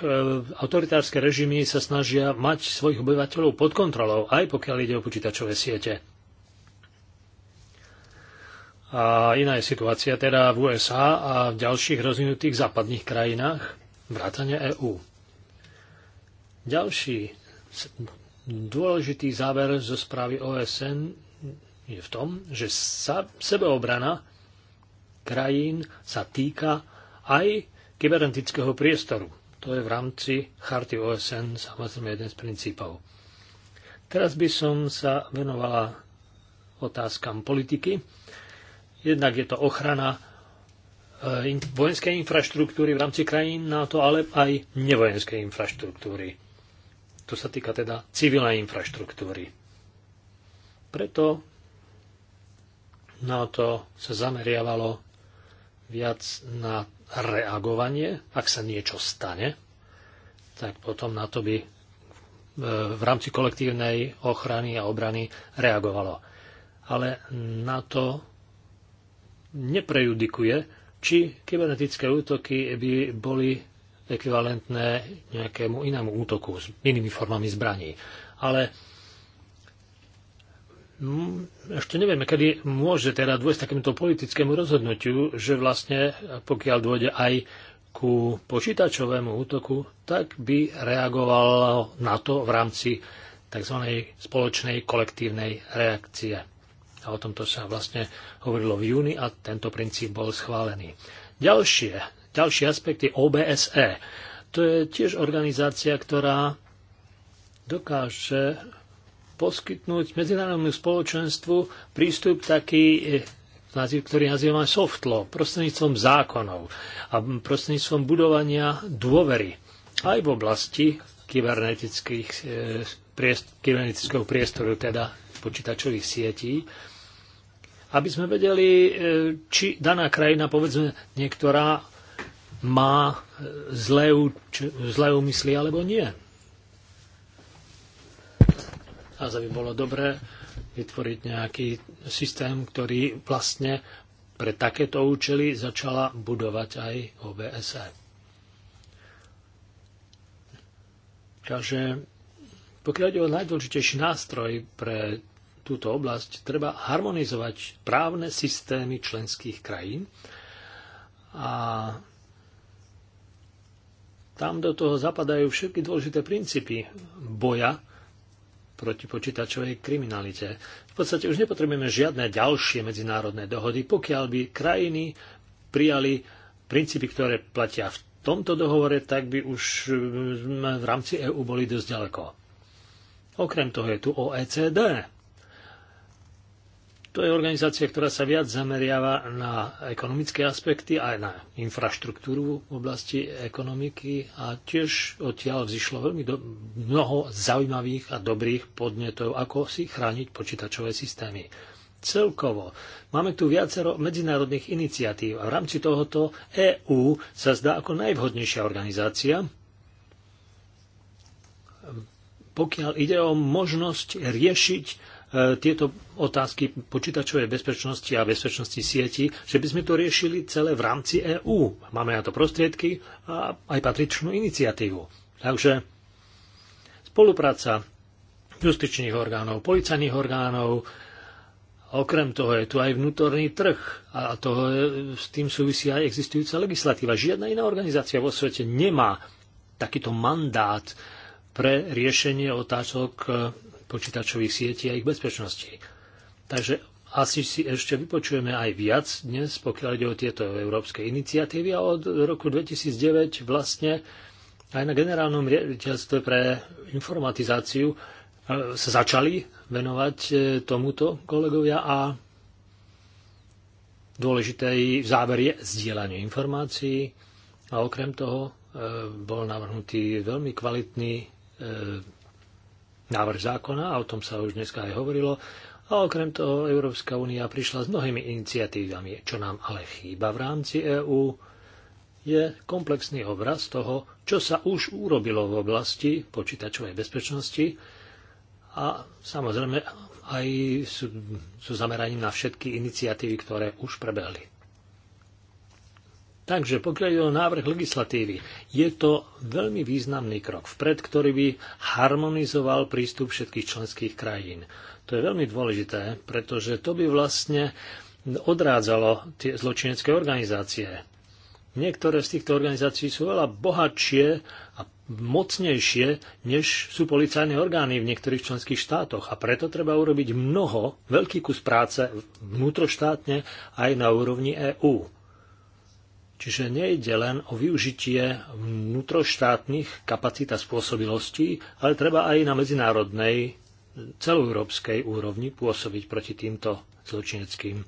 autoritárske režimy sa snažia mať svojich obyvateľov pod kontrolou, aj pokiaľ ide o počítačové siete. A iná je situácia teda v USA a v ďalších rozvinutých západných krajinách, vrátane EÚ. Ďalší dôležitý záver zo správy OSN je v tom, že sa, sebeobrana krajín sa týka aj kybernetického priestoru. To je v rámci charty OSN samozrejme jeden z princípov. Teraz by som sa venovala otázkam politiky. Jednak je to ochrana eh, vojenskej infraštruktúry v rámci krajín NATO, ale aj nevojenskej infraštruktúry. To sa týka teda civilnej infraštruktúry. Preto NATO sa zameriavalo viac na reagovanie, ak sa niečo stane, tak potom na to by e, v rámci kolektívnej ochrany a obrany reagovalo. Ale na to neprejudikuje, či kybernetické útoky by boli ekvivalentné nejakému inému útoku s inými formami zbraní. Ale Hm, ešte nevieme, kedy môže teda dôjsť takémuto politickému rozhodnutiu, že vlastne pokiaľ dôjde aj ku počítačovému útoku, tak by reagovalo na to v rámci tzv. spoločnej kolektívnej reakcie. A o tomto sa vlastne hovorilo v júni a tento princíp bol schválený. Ďalšie, ďalší aspekt je OBSE. To je tiež organizácia, ktorá dokáže poskytnúť medzinárodnému spoločenstvu prístup taký, eh, ktorý nazývame soft law, prostredníctvom zákonov a prostredníctvom budovania dôvery aj v oblasti kybernetických, eh, kybernetického priestoru, teda počítačových sietí, aby sme vedeli, eh, či daná krajina, povedzme niektorá, má zlé, zlé úmysly alebo nie. A by bolo dobré vytvoriť nejaký systém, ktorý vlastne pre takéto účely začala budovať aj OBSE. Takže pokiaľ ide o najdôležitejší nástroj pre túto oblasť, treba harmonizovať právne systémy členských krajín a tam do toho zapadajú všetky dôležité princípy boja proti počítačovej kriminalite. V podstate už nepotrebujeme žiadne ďalšie medzinárodné dohody, pokiaľ by krajiny prijali princípy, ktoré platia v tomto dohovore, tak by už mm, v rámci EÚ boli dosť ďaleko. Okrem toho je tu OECD, to je organizácia, ktorá sa viac zameriava na ekonomické aspekty aj na infraštruktúru v oblasti ekonomiky a tiež odtiaľ vzýšlo veľmi do, mnoho zaujímavých a dobrých podnetov, ako si chrániť počítačové systémy. Celkovo máme tu viacero medzinárodných iniciatív a v rámci tohoto EÚ sa zdá ako najvhodnejšia organizácia, pokiaľ ide o možnosť riešiť E, tieto otázky počítačovej bezpečnosti a bezpečnosti sieti, že by sme to riešili celé v rámci EÚ. Máme na to prostriedky a aj patričnú iniciatívu. Takže spolupráca justičných orgánov, policajných orgánov, Okrem toho je tu aj vnútorný trh a je, s tým súvisí aj existujúca legislatíva. Žiadna iná organizácia vo svete nemá takýto mandát pre riešenie otázok počítačových sietí a ich bezpečnosti. Takže asi si ešte vypočujeme aj viac dnes, pokiaľ ide o tieto európske iniciatívy a od roku 2009 vlastne aj na generálnom riaditeľstve pre informatizáciu e, sa začali venovať e, tomuto kolegovia a dôležitý záver je zdieľanie informácií a okrem toho e, bol navrhnutý veľmi kvalitný návrh zákona, a o tom sa už dneska aj hovorilo, a okrem toho Európska únia prišla s mnohými iniciatívami. Čo nám ale chýba v rámci EÚ, je komplexný obraz toho, čo sa už urobilo v oblasti počítačovej bezpečnosti a samozrejme aj sú, sú zameraním na všetky iniciatívy, ktoré už prebehli. Takže pokiaľ je o návrh legislatívy, je to veľmi významný krok vpred, ktorý by harmonizoval prístup všetkých členských krajín. To je veľmi dôležité, pretože to by vlastne odrádzalo tie zločinecké organizácie. Niektoré z týchto organizácií sú veľa bohatšie a mocnejšie, než sú policajné orgány v niektorých členských štátoch. A preto treba urobiť mnoho, veľký kus práce vnútroštátne aj na úrovni EÚ. Čiže nejde len o využitie vnútroštátnych kapacít a spôsobilostí, ale treba aj na medzinárodnej, celoeurópskej úrovni pôsobiť proti týmto zločineckým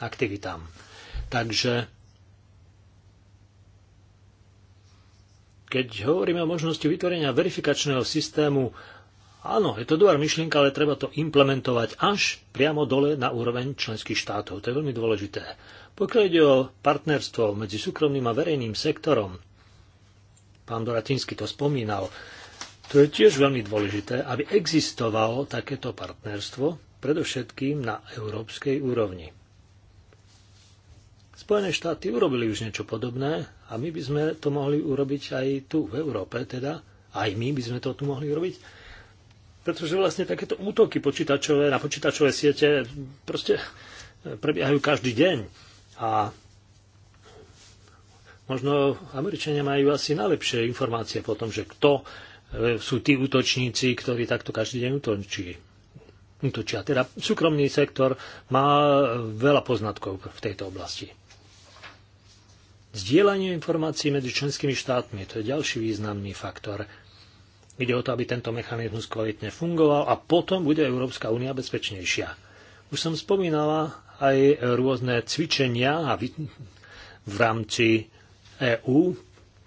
aktivitám. Takže keď hovoríme o možnosti vytvorenia verifikačného systému, áno, je to dobrá myšlienka, ale treba to implementovať až priamo dole na úroveň členských štátov. To je veľmi dôležité pokiaľ ide o partnerstvo medzi súkromným a verejným sektorom, pán Doratinsky to spomínal, to je tiež veľmi dôležité, aby existovalo takéto partnerstvo, predovšetkým na európskej úrovni. Spojené štáty urobili už niečo podobné a my by sme to mohli urobiť aj tu v Európe, teda aj my by sme to tu mohli urobiť, pretože vlastne takéto útoky počítačové, na počítačové siete proste eh, prebiehajú každý deň. A možno Američania majú asi najlepšie informácie o tom, že kto e, sú tí útočníci, ktorí takto každý deň útočí. útočia. Teda súkromný sektor má veľa poznatkov v tejto oblasti. Zdieľanie informácií medzi členskými štátmi, to je ďalší významný faktor. Ide o to, aby tento mechanizmus kvalitne fungoval a potom bude Európska únia bezpečnejšia. Už som spomínala aj rôzne cvičenia v rámci EÚ,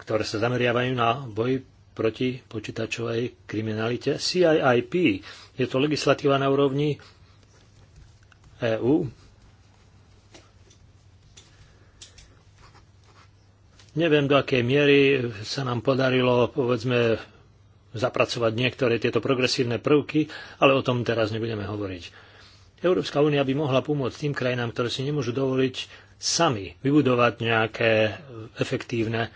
ktoré sa zameriavajú na boj proti počítačovej kriminalite. CIIP je to legislatíva na úrovni EÚ. Neviem, do akej miery sa nám podarilo, povedzme, zapracovať niektoré tieto progresívne prvky, ale o tom teraz nebudeme hovoriť. Európska únia by mohla pomôcť tým krajinám, ktoré si nemôžu dovoliť sami vybudovať nejaké efektívne e,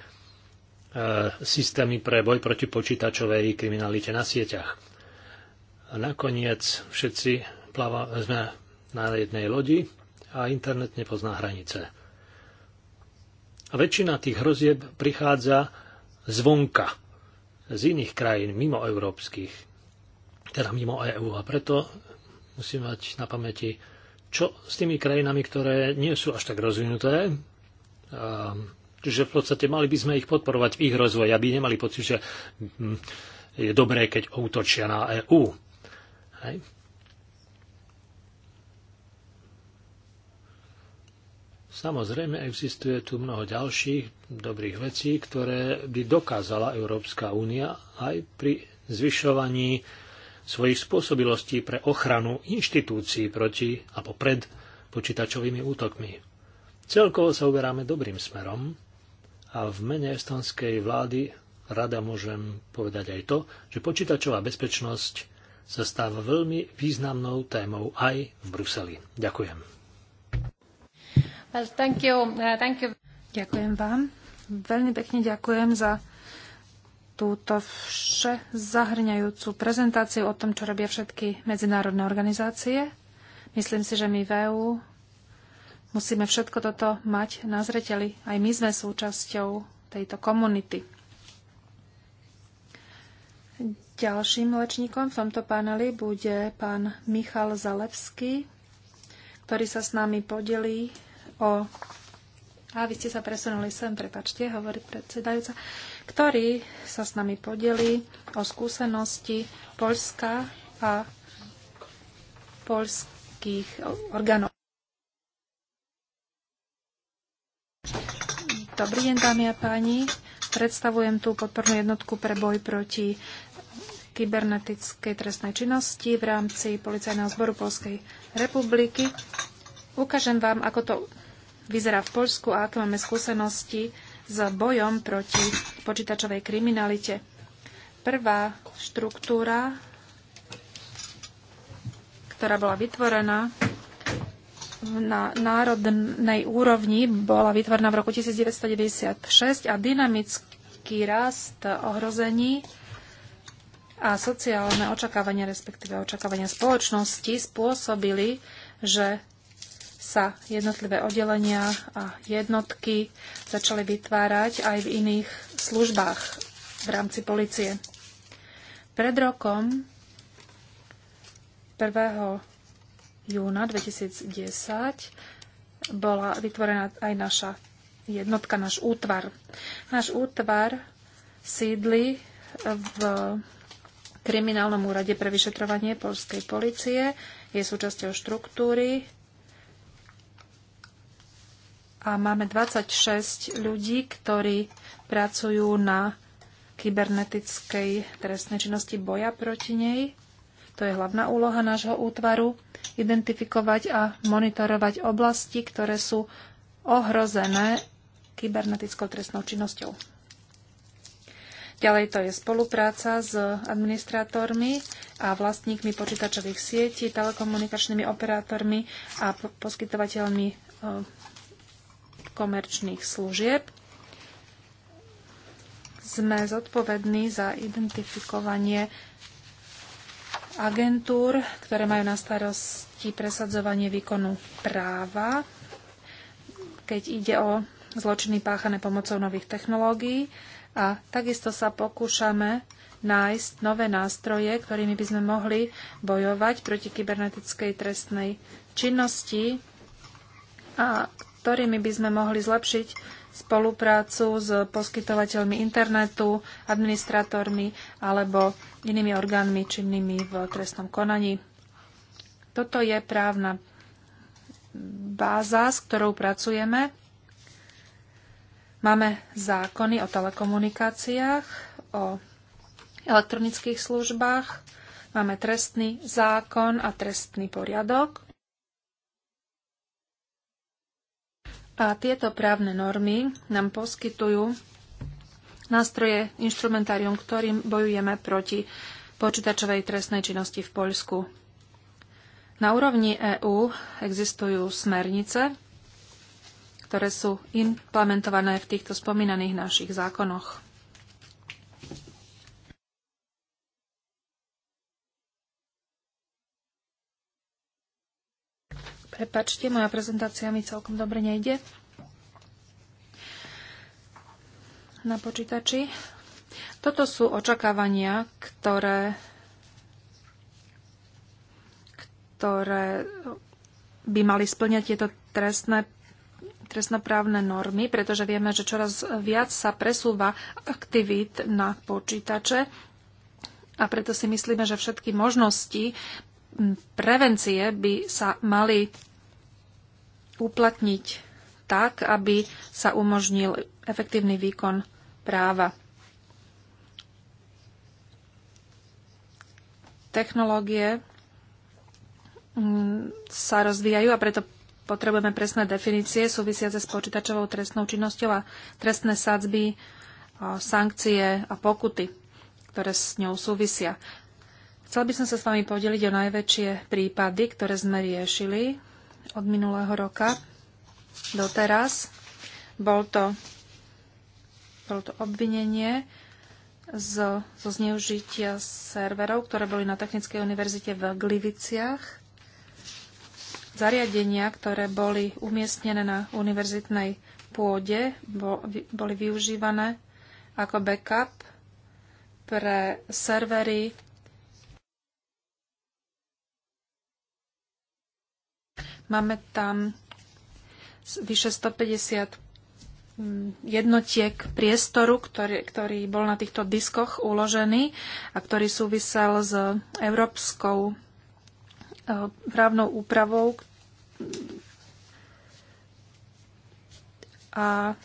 systémy pre boj proti počítačovej kriminalite na sieťach. A nakoniec všetci pláva, sme na jednej lodi a internet nepozná hranice. A väčšina tých hrozieb prichádza zvonka, z iných krajín, mimo európskych, teda mimo EÚ. A preto musíme mať na pamäti, čo s tými krajinami, ktoré nie sú až tak rozvinuté, čiže v podstate mali by sme ich podporovať v ich rozvoji, aby nemali pocit, že mm, je dobré, keď útočia na EÚ. Hej. Samozrejme, existuje tu mnoho ďalších dobrých vecí, ktoré by dokázala Európska únia aj pri zvyšovaní svojich spôsobilostí pre ochranu inštitúcií proti alebo pred počítačovými útokmi. Celkovo sa uberáme dobrým smerom a v mene estonskej vlády rada môžem povedať aj to, že počítačová bezpečnosť sa stáva veľmi významnou témou aj v Bruseli. Ďakujem. Well, thank you. Uh, thank you. Ďakujem vám. Veľmi pekne ďakujem za túto vše zahrňajúcu prezentáciu o tom, čo robia všetky medzinárodné organizácie. Myslím si, že my v EU musíme všetko toto mať na zreteli. Aj my sme súčasťou tejto komunity. Ďalším lečníkom v tomto paneli bude pán Michal Zalevský, ktorý sa s nami podelí o a vy ste sa presunuli sem, prepačte, hovorí predsedajúca, ktorý sa s nami podelí o skúsenosti Polska a polských orgánov. Dobrý deň, dámy a páni. Predstavujem tú podpornú jednotku pre boj proti kybernetickej trestnej činnosti v rámci Policajného zboru Polskej republiky. Ukážem vám, ako to vyzerá v Poľsku a aké máme skúsenosti s bojom proti počítačovej kriminalite. Prvá štruktúra, ktorá bola vytvorená na národnej úrovni, bola vytvorená v roku 1996 a dynamický rast ohrození a sociálne očakávania, respektíve očakávania spoločnosti spôsobili, že sa jednotlivé oddelenia a jednotky začali vytvárať aj v iných službách v rámci policie. Pred rokom 1. júna 2010 bola vytvorená aj naša jednotka, náš útvar. Náš útvar sídli v kriminálnom úrade pre vyšetrovanie polskej policie. Je súčasťou štruktúry a máme 26 ľudí, ktorí pracujú na kybernetickej trestnej činnosti boja proti nej. To je hlavná úloha nášho útvaru identifikovať a monitorovať oblasti, ktoré sú ohrozené kybernetickou trestnou činnosťou. Ďalej to je spolupráca s administrátormi a vlastníkmi počítačových sietí, telekomunikačnými operátormi a poskytovateľmi e, komerčných služieb. Sme zodpovední za identifikovanie agentúr, ktoré majú na starosti presadzovanie výkonu práva, keď ide o zločiny páchané pomocou nových technológií a takisto sa pokúšame nájsť nové nástroje, ktorými by sme mohli bojovať proti kybernetickej trestnej činnosti a ktorými by sme mohli zlepšiť spoluprácu s poskytovateľmi internetu, administrátormi alebo inými orgánmi činnými v trestnom konaní. Toto je právna báza, s ktorou pracujeme. Máme zákony o telekomunikáciách, o elektronických službách, máme trestný zákon a trestný poriadok. A tieto právne normy nám poskytujú nástroje, instrumentárium, ktorým bojujeme proti počítačovej trestnej činnosti v Poľsku. Na úrovni EÚ existujú smernice, ktoré sú implementované v týchto spomínaných našich zákonoch. Prepačte, moja prezentácia mi celkom dobre nejde. Na počítači. Toto sú očakávania, ktoré, ktoré by mali splňať tieto trestné trestnoprávne normy, pretože vieme, že čoraz viac sa presúva aktivít na počítače a preto si myslíme, že všetky možnosti prevencie by sa mali uplatniť tak, aby sa umožnil efektívny výkon práva. Technológie mm, sa rozvíjajú a preto potrebujeme presné definície súvisiace s počítačovou trestnou činnosťou a trestné sadzby, sankcie a pokuty, ktoré s ňou súvisia. Chcel by som sa s vami podeliť o najväčšie prípady, ktoré sme riešili od minulého roka doteraz. Bol to, bol to obvinenie z, zo zneužitia serverov, ktoré boli na Technickej univerzite v Gliviciach. Zariadenia, ktoré boli umiestnené na univerzitnej pôde, boli využívané ako backup pre servery Máme tam vyše 150 mm, jednotiek priestoru, ktorý, ktorý bol na týchto diskoch uložený a ktorý súvisel s európskou eh, právnou úpravou a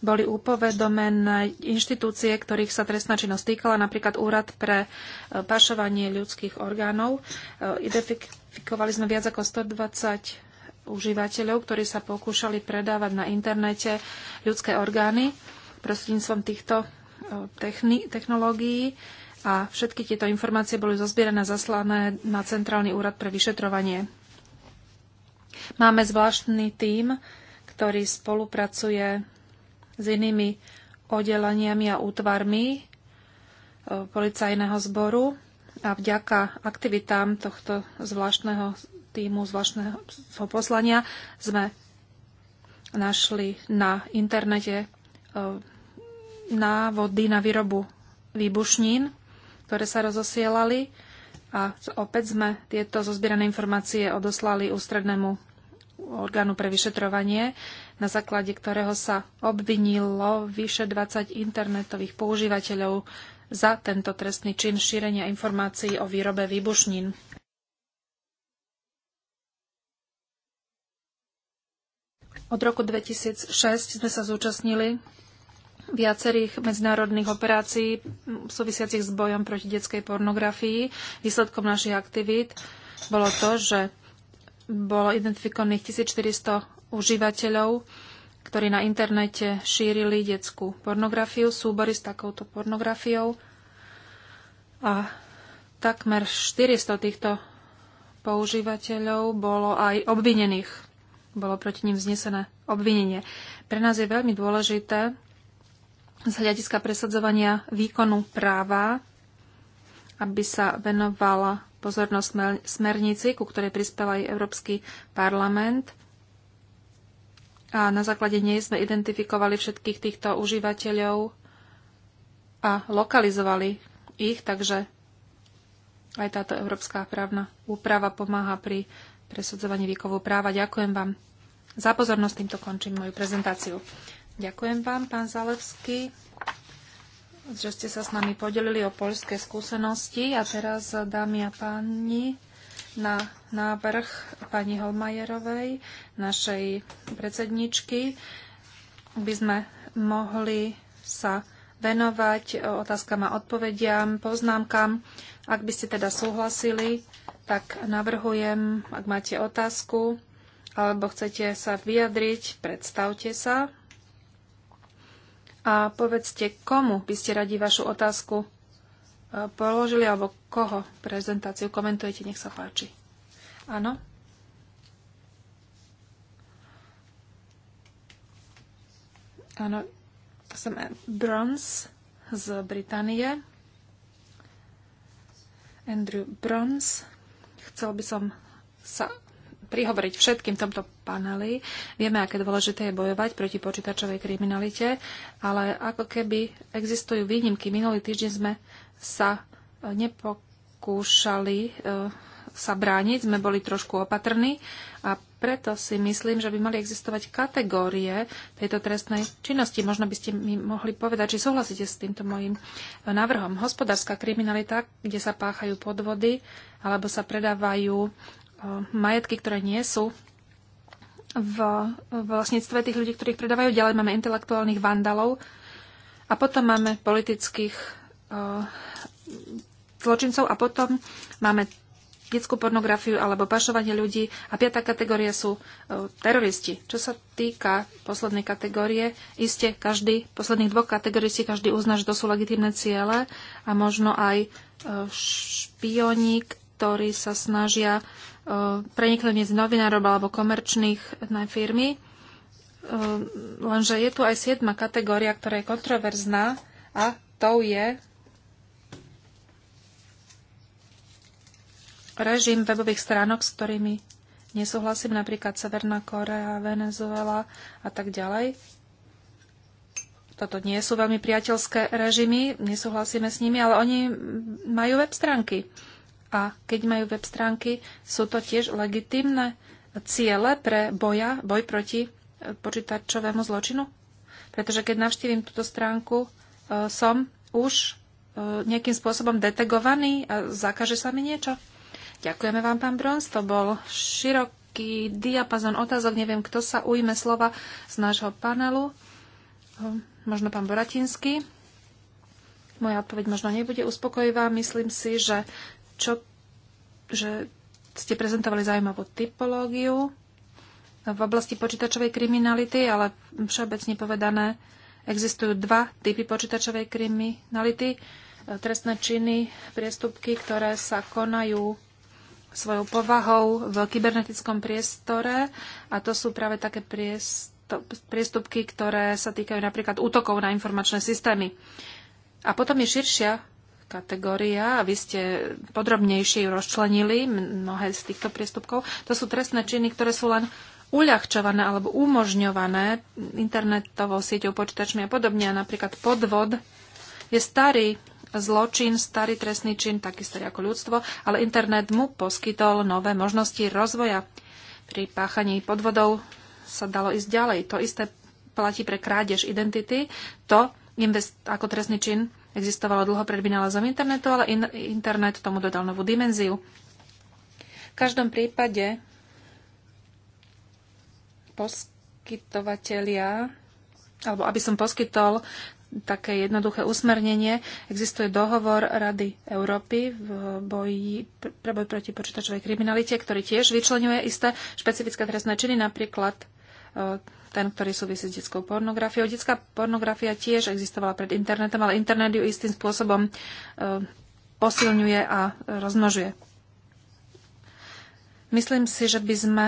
boli upovedomené inštitúcie, ktorých sa trestná činnosť týkala, napríklad Úrad pre eh, pašovanie ľudských orgánov. Eh, identifikovali sme viac ako 120 užívateľov, ktorí sa pokúšali predávať na internete ľudské orgány prostredníctvom týchto e, technológií a všetky tieto informácie boli zozbierané a zaslané na Centrálny úrad pre vyšetrovanie. Máme zvláštny tím, ktorý spolupracuje s inými oddeleniami a útvarmi e, policajného zboru a vďaka aktivitám tohto zvláštneho týmu zvláštneho poslania sme našli na internete e, návody na výrobu výbušnín, ktoré sa rozosielali a opäť sme tieto zozbierané informácie odoslali ústrednému orgánu pre vyšetrovanie, na základe ktorého sa obvinilo vyše 20 internetových používateľov za tento trestný čin šírenia informácií o výrobe výbušnín. Od roku 2006 sme sa zúčastnili viacerých medzinárodných operácií súvisiacich s bojom proti detskej pornografii. Výsledkom našich aktivít bolo to, že bolo identifikovaných 1400 užívateľov, ktorí na internete šírili detskú pornografiu, súbory s takouto pornografiou. A takmer 400 týchto používateľov bolo aj obvinených bolo proti ním vznesené obvinenie. Pre nás je veľmi dôležité z hľadiska presadzovania výkonu práva, aby sa venovala pozornosť smernici, ku ktorej prispel aj Európsky parlament. A na základe nej sme identifikovali všetkých týchto užívateľov a lokalizovali ich, takže aj táto európska právna úprava pomáha pri presudzovanie výkovú práva. Ďakujem vám za pozornosť. Týmto končím moju prezentáciu. Ďakujem vám, pán Zalevský, že ste sa s nami podelili o poľské skúsenosti. A teraz, dámy a páni, na návrh pani Holmajerovej, našej predsedničky, by sme mohli sa venovať otázkam a odpovediam, poznámkam. Ak by ste teda súhlasili, tak navrhujem, ak máte otázku alebo chcete sa vyjadriť, predstavte sa a povedzte, komu by ste radi vašu otázku e, položili alebo koho prezentáciu komentujete, nech sa páči. Áno? Áno, som Bronze z Británie. Andrew Bronze. Chcel by som sa prihovoriť všetkým tomto paneli. Vieme, aké dôležité je bojovať proti počítačovej kriminalite, ale ako keby existujú výnimky. Minulý týždeň sme sa e, nepokúšali e, sa brániť, sme boli trošku opatrní a preto si myslím, že by mali existovať kategórie tejto trestnej činnosti. Možno by ste mi mohli povedať, či súhlasíte s týmto mojim návrhom. Hospodárska kriminalita, kde sa páchajú podvody alebo sa predávajú majetky, ktoré nie sú v vlastníctve tých ľudí, ktorých predávajú. Ďalej máme intelektuálnych vandalov a potom máme politických zločincov a potom máme detskú pornografiu alebo pašovanie ľudí. A piatá kategória sú e, teroristi. Čo sa týka poslednej kategórie, iste každý, posledných dvoch kategórií si každý uzná, že to sú legitimné ciele a možno aj e, špioni, ktorí sa snažia e, preniknúť z novinárov alebo komerčných firmy. Lenže je tu aj siedma kategória, ktorá je kontroverzná a tou je režim webových stránok, s ktorými nesúhlasím, napríklad Severná Korea, Venezuela a tak ďalej. Toto nie sú veľmi priateľské režimy, nesúhlasíme s nimi, ale oni majú web stránky. A keď majú web stránky, sú to tiež legitimné ciele pre boja, boj proti e, počítačovému zločinu? Pretože keď navštívim túto stránku, e, som už e, nejakým spôsobom detegovaný a zakaže sa mi niečo. Ďakujeme vám, pán Brons. To bol široký diapazon otázok. Neviem, kto sa ujme slova z nášho panelu. Hm, možno pán Boratinsky. Moja odpoveď možno nebude uspokojivá. Myslím si, že, čo, že ste prezentovali zaujímavú typológiu v oblasti počítačovej kriminality, ale všeobecne povedané existujú dva typy počítačovej kriminality. Trestné činy, priestupky, ktoré sa konajú svojou povahou v kybernetickom priestore a to sú práve také priestupky, ktoré sa týkajú napríklad útokov na informačné systémy. A potom je širšia kategória a vy ste podrobnejšie ju rozčlenili, mnohé z týchto priestupkov. To sú trestné činy, ktoré sú len uľahčované alebo umožňované internetovou sieťou, počítačmi a podobne. A napríklad podvod je starý zločin, starý trestný čin, takisto ako ľudstvo, ale internet mu poskytol nové možnosti rozvoja. Pri páchaní podvodov sa dalo ísť ďalej. To isté platí pre krádež identity. To ako trestný čin existovalo dlho pred vynálezom internetu, ale in- internet tomu dodal novú dimenziu. V každom prípade poskytovatelia, alebo aby som poskytol také jednoduché usmernenie. Existuje dohovor Rady Európy v boji, pre boj proti počítačovej kriminalite, ktorý tiež vyčlenuje isté špecifické trestné činy, napríklad e, ten, ktorý súvisí s detskou pornografiou. Detská pornografia tiež existovala pred internetom, ale internet ju istým spôsobom e, posilňuje a rozmnožuje. Myslím si, že by sme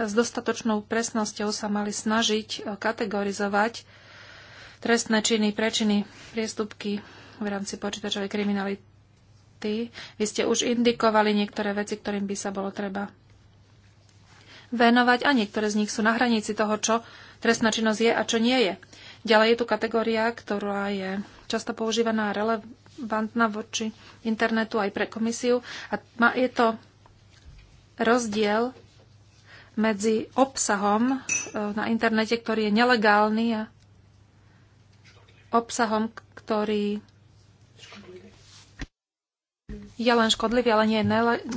s dostatočnou presnosťou sa mali snažiť kategorizovať trestné činy, prečiny, priestupky v rámci počítačovej kriminality. Vy ste už indikovali niektoré veci, ktorým by sa bolo treba venovať a niektoré z nich sú na hranici toho, čo trestná činnosť je a čo nie je. Ďalej je tu kategória, ktorá je často používaná a relevantná voči internetu aj pre komisiu. A je to rozdiel medzi obsahom eh, na internete, ktorý je nelegálny a obsahom, ktorý je len škodlivý, ale nie je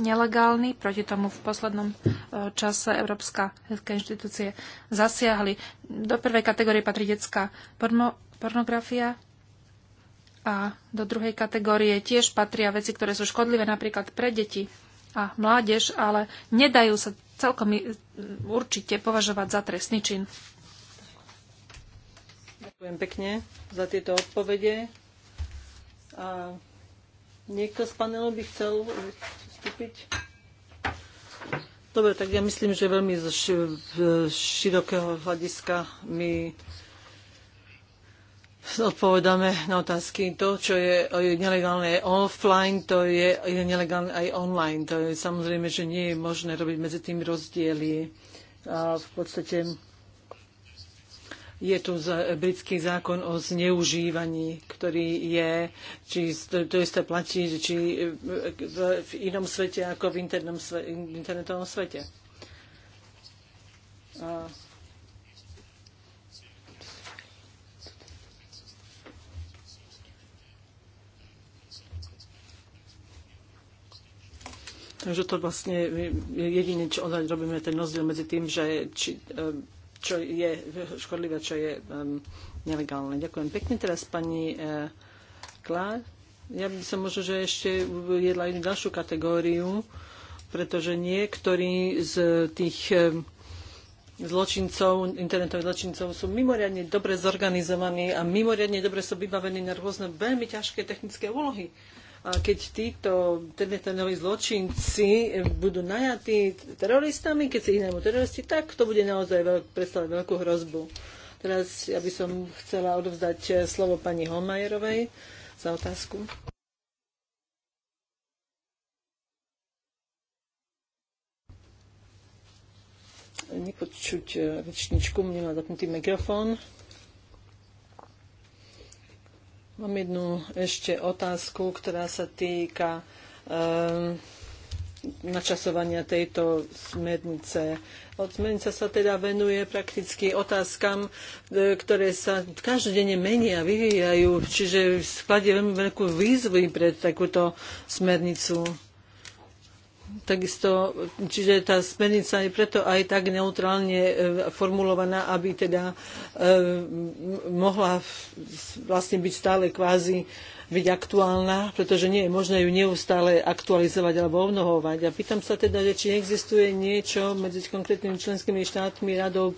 nelegálny. Proti tomu v poslednom e, čase Európska inštitúcie zasiahli. Do prvej kategórie patrí detská porno, pornografia a do druhej kategórie tiež patria veci, ktoré sú škodlivé napríklad pre deti a mládež, ale nedajú sa celkom určite považovať za trestný čin. Ďakujem pekne za tieto odpovede. A niekto z panelu by chcel vstúpiť? Dobre, tak ja myslím, že veľmi z širokého hľadiska my odpovedáme na otázky. To, čo je nelegálne offline, to je nelegálne aj online. To je samozrejme, že nie je možné robiť medzi tým rozdiely. A v podstate je tu britský zákon o zneužívaní, ktorý je, či to isté platí, či v inom svete ako v, internom, internetovom svete. A Takže to vlastne jedine, čo ozaj robíme, ten rozdiel medzi tým, že či, čo je škodlivé, čo je um, nelegálne. Ďakujem pekne. Teraz pani uh, Klár. Ja by som možno, že ešte uviedla jednu ďalšiu kategóriu, pretože niektorí z tých um, zločincov, internetových zločincov sú mimoriadne dobre zorganizovaní a mimoriadne dobre sú vybavení na rôzne veľmi ťažké technické úlohy. Uh, a keď títo internetoví zločinci budú najatí teroristami, keď si ich najmú teroristi, tak to bude naozaj veľk, predstavovať veľkú hrozbu. Teraz ja by som chcela odovzdať slovo pani Holmajerovej za otázku. Nepočuť rečničku, mne má zapnutý mikrofón. Mám jednu ešte otázku, ktorá sa týka um, načasovania tejto smernice. Od smernica sa teda venuje prakticky otázkam, e, ktoré sa každodenne menia, vyvíjajú, čiže skladie veľmi veľkú výzvu pre takúto smernicu takisto, čiže tá smernica je preto aj tak neutrálne e, formulovaná, aby teda e, mohla vlastne byť stále kvázi byť aktuálna, pretože nie je možné ju neustále aktualizovať alebo obnohovať. A pýtam sa teda, že či existuje niečo medzi konkrétnymi členskými štátmi, radou,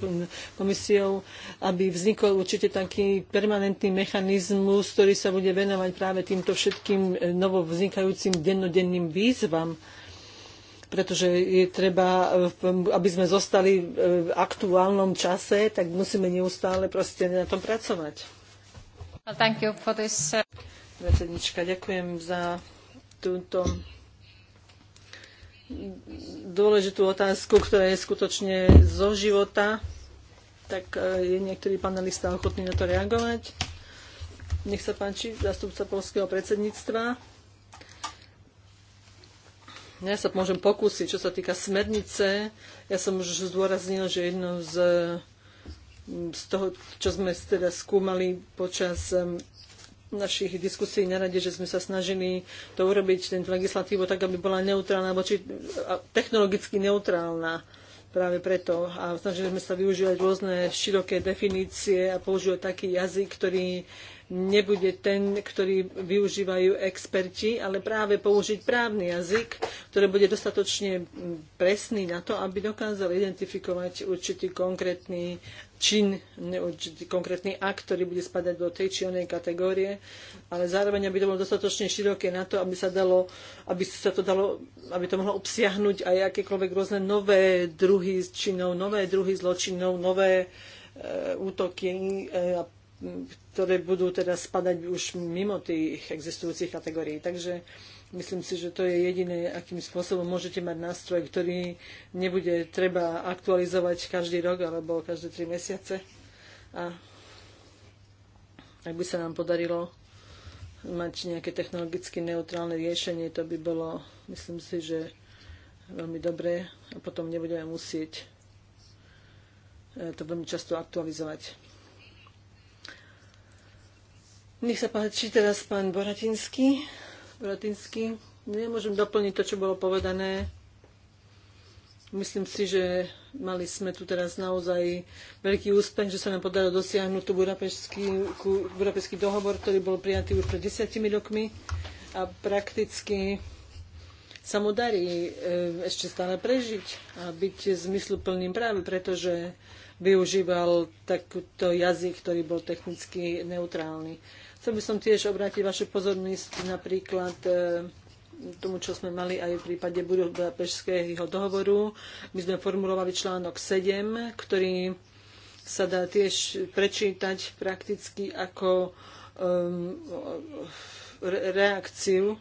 komisiou, aby vznikol určite taký permanentný mechanizmus, ktorý sa bude venovať práve týmto všetkým e, novovznikajúcim dennodenným výzvam pretože je treba, e, aby sme zostali e, v aktuálnom čase, tak musíme neustále proste na tom pracovať. Well, thank you for this. Uh, Predsednička, ďakujem za túto dôležitú otázku, ktorá je skutočne zo života. Tak e, je niektorý panelista ochotný na to reagovať. Nech sa páči, zastupca polského predsedníctva. Ja sa môžem pokúsiť, čo sa týka smernice. Ja som už zdôraznil, že jedno z, mm, z toho, čo sme teda skúmali počas mm, našich diskusí na rade, že sme sa snažili to urobiť, ten legislatívu, tak, aby bola neutrálna, či technologicky neutrálna práve preto. A snažili sme sa využívať rôzne široké definície a používať taký jazyk, ktorý nebude ten, ktorý využívajú experti, ale práve použiť právny jazyk, ktorý bude dostatočne presný na to, aby dokázal identifikovať určitý konkrétny čin, neurčitý konkrétny akt, ktorý bude spadať do tej či onej kategórie, ale zároveň aby to bolo dostatočne široké na to, aby sa, dalo, aby sa to dalo, aby to mohlo obsiahnuť aj akékoľvek rôzne nové druhy činov, nové druhy zločinov, nové e, útoky e, a ktoré budú teda spadať už mimo tých existujúcich kategórií. Takže myslím si, že to je jediné, akým spôsobom môžete mať nástroj, ktorý nebude treba aktualizovať každý rok alebo každé tri mesiace. A ak by sa nám podarilo mať nejaké technologicky neutrálne riešenie, to by bolo, myslím si, že veľmi dobré a potom nebudeme musieť e, to veľmi často aktualizovať. Nech sa páči teraz pán Boratinsky. Boratinsky. Nemôžem doplniť to, čo bolo povedané. Myslím si, že mali sme tu teraz naozaj veľký úspech, že sa nám podarilo dosiahnuť tú budapešský dohovor, ktorý bol prijatý už pred desiatimi rokmi a prakticky sa mu darí e, ešte stále prežiť a byť zmysluplným práve, pretože využíval takýto jazyk, ktorý bol technicky neutrálny. Chcel by som tiež obrátiť vašu pozornosť napríklad e, tomu, čo sme mali aj v prípade Budapešského dohovoru. My sme formulovali článok 7, ktorý sa dá tiež prečítať prakticky ako um, re reakciu.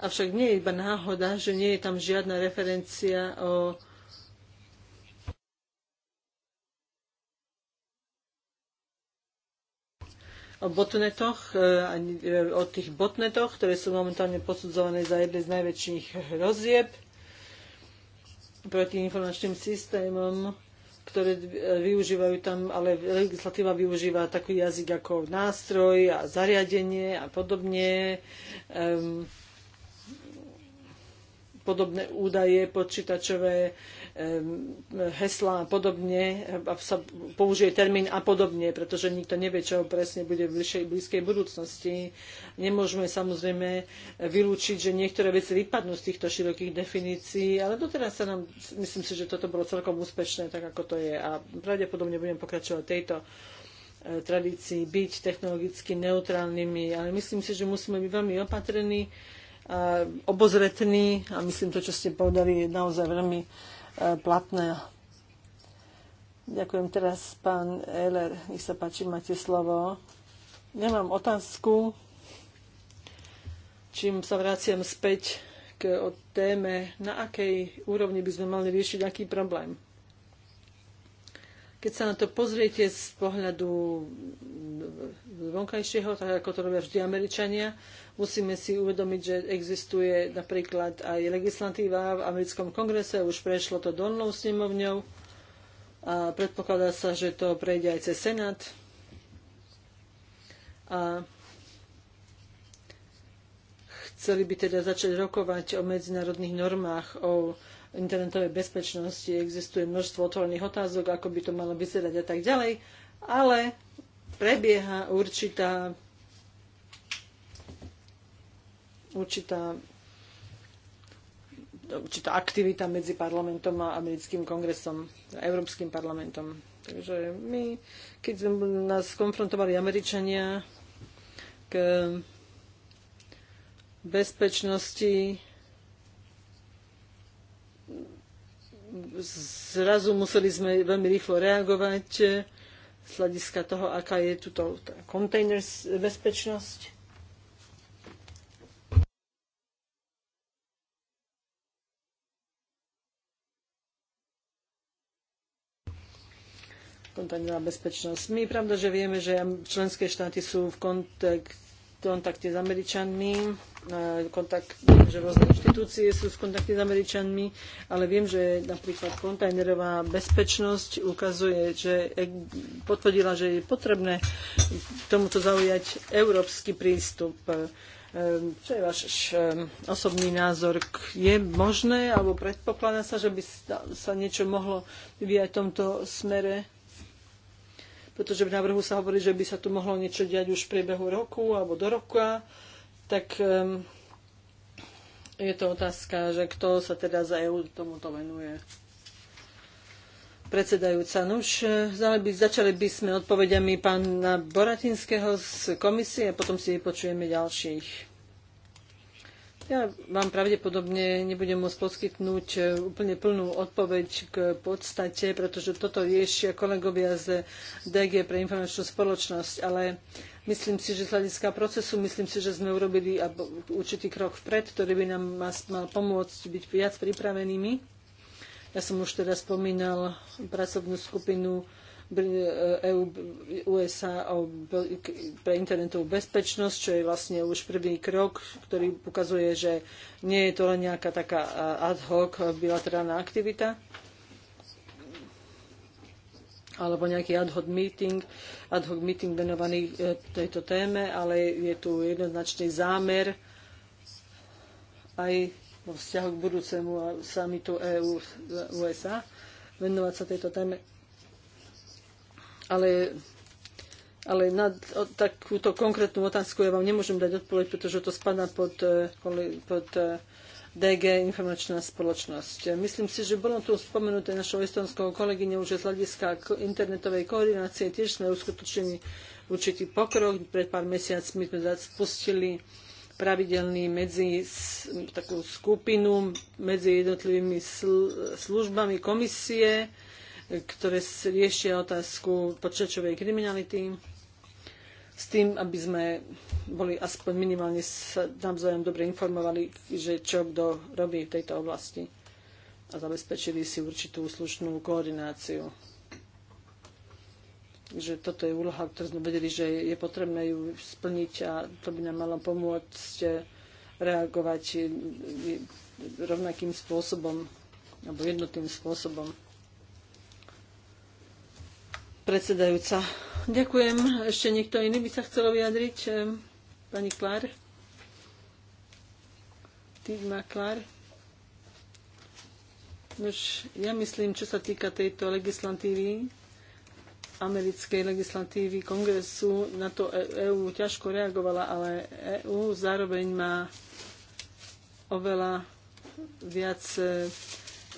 Avšak nie je iba náhoda, že nie je tam žiadna referencia o o botnetoch, e, e, o tých botnetoch, ktoré sú momentálne posudzované za jedné z najväčších rozieb proti informačným systémom, ktoré e, využívajú tam, ale legislatíva využíva taký jazyk ako nástroj a zariadenie a podobne. Um, podobné údaje počítačové hesla a podobne, sa použije termín a podobne, pretože nikto nevie, čo presne bude v bližšej, blízkej budúcnosti. Nemôžeme samozrejme vylúčiť, že niektoré veci vypadnú z týchto širokých definícií, ale doteraz sa nám, myslím si, že toto bolo celkom úspešné, tak ako to je. A pravdepodobne budem pokračovať tejto e, tradícii byť technologicky neutrálnymi, ale myslím si, že musíme byť veľmi opatrení, a obozretní a myslím to, čo ste povedali, je naozaj veľmi platné. Ďakujem teraz, pán Eller, nech sa páči, máte slovo. Ja mám otázku, čím sa vraciam späť k o téme, na akej úrovni by sme mali riešiť aký problém. Keď sa na to pozriete z pohľadu vonkajšieho, tak ako to robia vždy Američania, Musíme si uvedomiť, že existuje napríklad aj legislatíva v americkom kongrese, už prešlo to dolnou snemovňou a predpokladá sa, že to prejde aj cez Senát. A chceli by teda začať rokovať o medzinárodných normách, o internetovej bezpečnosti, existuje množstvo otvorených otázok, ako by to malo vyzerať a tak ďalej, ale prebieha určitá určitá určitá aktivita medzi parlamentom a americkým kongresom, a európskym parlamentom. Takže my, keď nás konfrontovali Američania k bezpečnosti, zrazu museli sme veľmi rýchlo reagovať z hľadiska toho, aká je tuto kontejner bezpečnosť potravinová bezpečnosť. My pravda, že vieme, že členské štáty sú v kontakte kontakte s Američanmi, kontakt, že rôzne inštitúcie sú v kontakte s Američanmi, ale viem, že napríklad kontajnerová bezpečnosť ukazuje, že e- potvrdila, že je potrebné k tomuto zaujať európsky prístup. E, čo je váš osobný názor? Je možné, alebo predpokladá sa, že by sa niečo mohlo vyvíjať v tomto smere? pretože v návrhu sa hovorí, že by sa tu mohlo niečo diať už v priebehu roku alebo do roka, tak um, je to otázka, že kto sa teda za EU tomuto venuje. Predsedajúca, no už e, by, začali by sme odpovediami pána Boratinského z komisie a potom si vypočujeme ďalších. Ja vám pravdepodobne nebudem môcť poskytnúť e, úplne plnú odpoveď k podstate, pretože toto riešia kolegovia z DG pre informačnú spoločnosť, ale myslím si, že z hľadiska procesu, myslím si, že sme urobili určitý krok vpred, ktorý by nám mal pomôcť byť viac pripravenými. Ja som už teda spomínal pracovnú skupinu EU, e USA o, pre internetovú bezpečnosť, čo je vlastne už prvý krok, ktorý ukazuje, že nie je to len nejaká taká e, ad hoc bilaterálna aktivita alebo nejaký ad hoc meeting, ad hoc meeting venovaný e, tejto téme, ale je tu jednoznačný zámer aj vo vzťahu k budúcemu samitu EU-USA venovať sa tejto téme ale ale na takúto konkrétnu otázku ja vám nemôžem dať odpoveď, pretože to spadá pod, e, pod e, DG informačná spoločnosť. E, myslím si, že bolo tu spomenuté našou estonskou kolegyňou, že z hľadiska internetovej koordinácie tiež sme uskutočnili určitý pokrok. Pred pár mesiacmi sme spustili pravidelný medzi takú skupinu medzi jednotlivými službami komisie, ktoré riešia otázku počítačovej kriminality s tým, aby sme boli aspoň minimálne navzájom dobre informovali, že čo kto robí v tejto oblasti a zabezpečili si určitú slušnú koordináciu. Takže toto je úloha, ktorú sme vedeli, že je potrebné ju splniť a to by nám malo pomôcť reagovať rovnakým spôsobom alebo jednotným spôsobom predsedajúca. Ďakujem. Ešte niekto iný by sa chcel vyjadriť? Ehm, pani Klár? Týdma Klár? Nož, ja myslím, čo sa týka tejto legislatívy, americkej legislatívy kongresu, na to EÚ e ťažko reagovala, ale EÚ zároveň má oveľa viac e,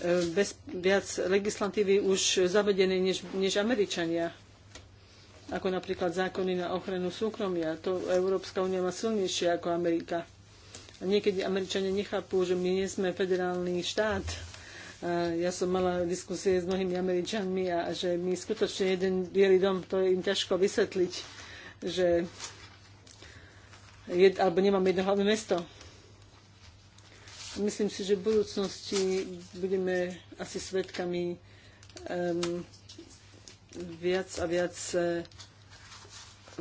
E, bez, viac legislatívy už zavedené než, než Američania ako napríklad zákony na ochranu súkromia. To Európska únia má silnejšie ako Amerika. A niekedy Američania nechápu, že my nie sme federálny štát. A ja som mala diskusie s mnohými Američanmi a že my skutočne jeden bielý dom, to je im ťažko vysvetliť, že alebo nemáme jedno hlavné mesto Myslím si, že v budúcnosti budeme asi svedkami um, viac a viac eh,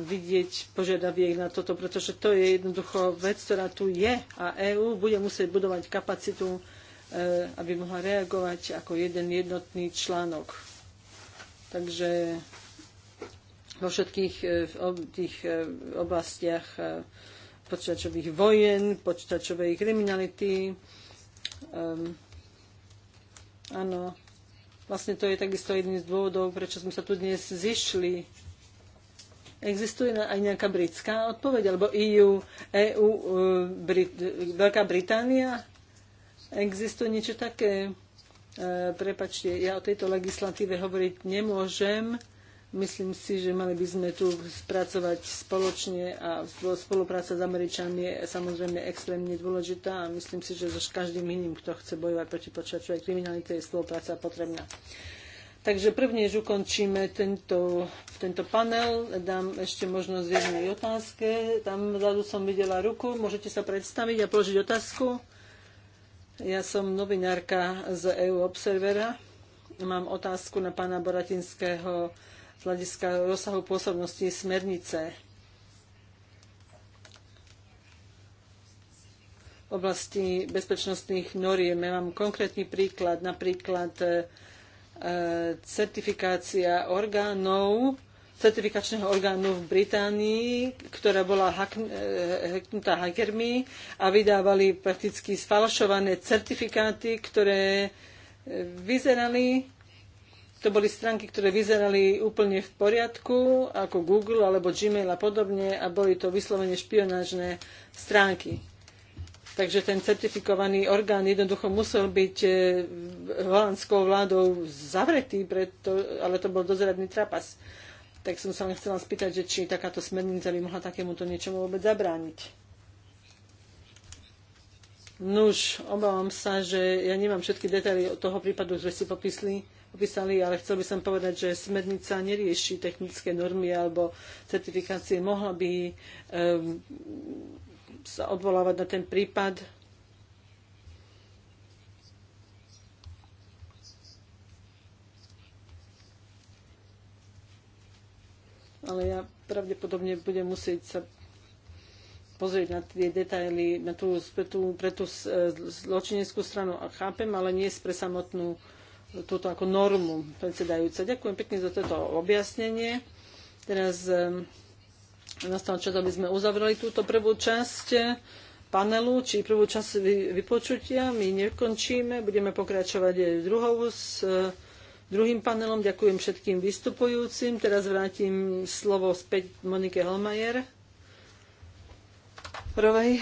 vidieť požiadaviek na toto, pretože to je jednoducho vec, ktorá tu je a EÚ bude musieť budovať kapacitu, eh, aby mohla reagovať ako jeden jednotný článok. Takže vo všetkých eh, tých oblastiach počítačových vojen, počítačovej kriminality. Um, áno, vlastne to je takisto jedným z dôvodov, prečo sme sa tu dnes zišli. Existuje aj nejaká britská odpoveď, alebo EU, EU e, Brit, Veľká Británia? Existuje niečo také? E, prepačte, ja o tejto legislatíve hovoriť nemôžem Myslím si, že mali by sme tu spracovať spoločne a spolupráca s Američanmi je samozrejme extrémne dôležitá a myslím si, že so každým iným, kto chce bojovať proti počítačovej kriminalite, je spolupráca potrebná. Takže prvne, než ukončíme tento, tento panel, dám ešte možnosť jednej otázke. Tam vzadu som videla ruku, môžete sa predstaviť a položiť otázku. Ja som novinárka z EU Observera. Mám otázku na pána Boratinského z hľadiska rozsahu pôsobnosti smernice. V oblasti bezpečnostných noriem ja mám konkrétny príklad, napríklad e, certifikácia orgánov, certifikačného orgánu v Británii, ktorá bola e, hacknutá hackermi a vydávali prakticky sfalšované certifikáty, ktoré e, vyzerali to boli stránky, ktoré vyzerali úplne v poriadku, ako Google alebo Gmail a podobne, a boli to vyslovene špionážne stránky. Takže ten certifikovaný orgán jednoducho musel byť e, holandskou vládou zavretý, preto, ale to bol dozradný trapas. Tak som sa len chcela spýtať, že či takáto smernica by mohla takémuto niečomu vôbec zabrániť. Nuž, obávam sa, že ja nemám všetky detaily od toho prípadu, že si popísli opísali, ale chcel by som povedať, že smernica nerieši technické normy alebo certifikácie. Mohla by um, sa odvolávať na ten prípad ale ja pravdepodobne budem musieť sa pozrieť na tie detaily, na tú, pre tú, pre tú zločineckú stranu a chápem, ale nie pre samotnú túto ako normu predsedajúca. Ďakujem pekne za toto objasnenie. Teraz nastal čas, aby sme uzavreli túto prvú časť panelu, či prvú časť vypočutia. My nekončíme, budeme pokračovať druhou s e, druhým panelom. Ďakujem všetkým vystupujúcim. Teraz vrátim slovo späť Monike Holmajer. Prvej.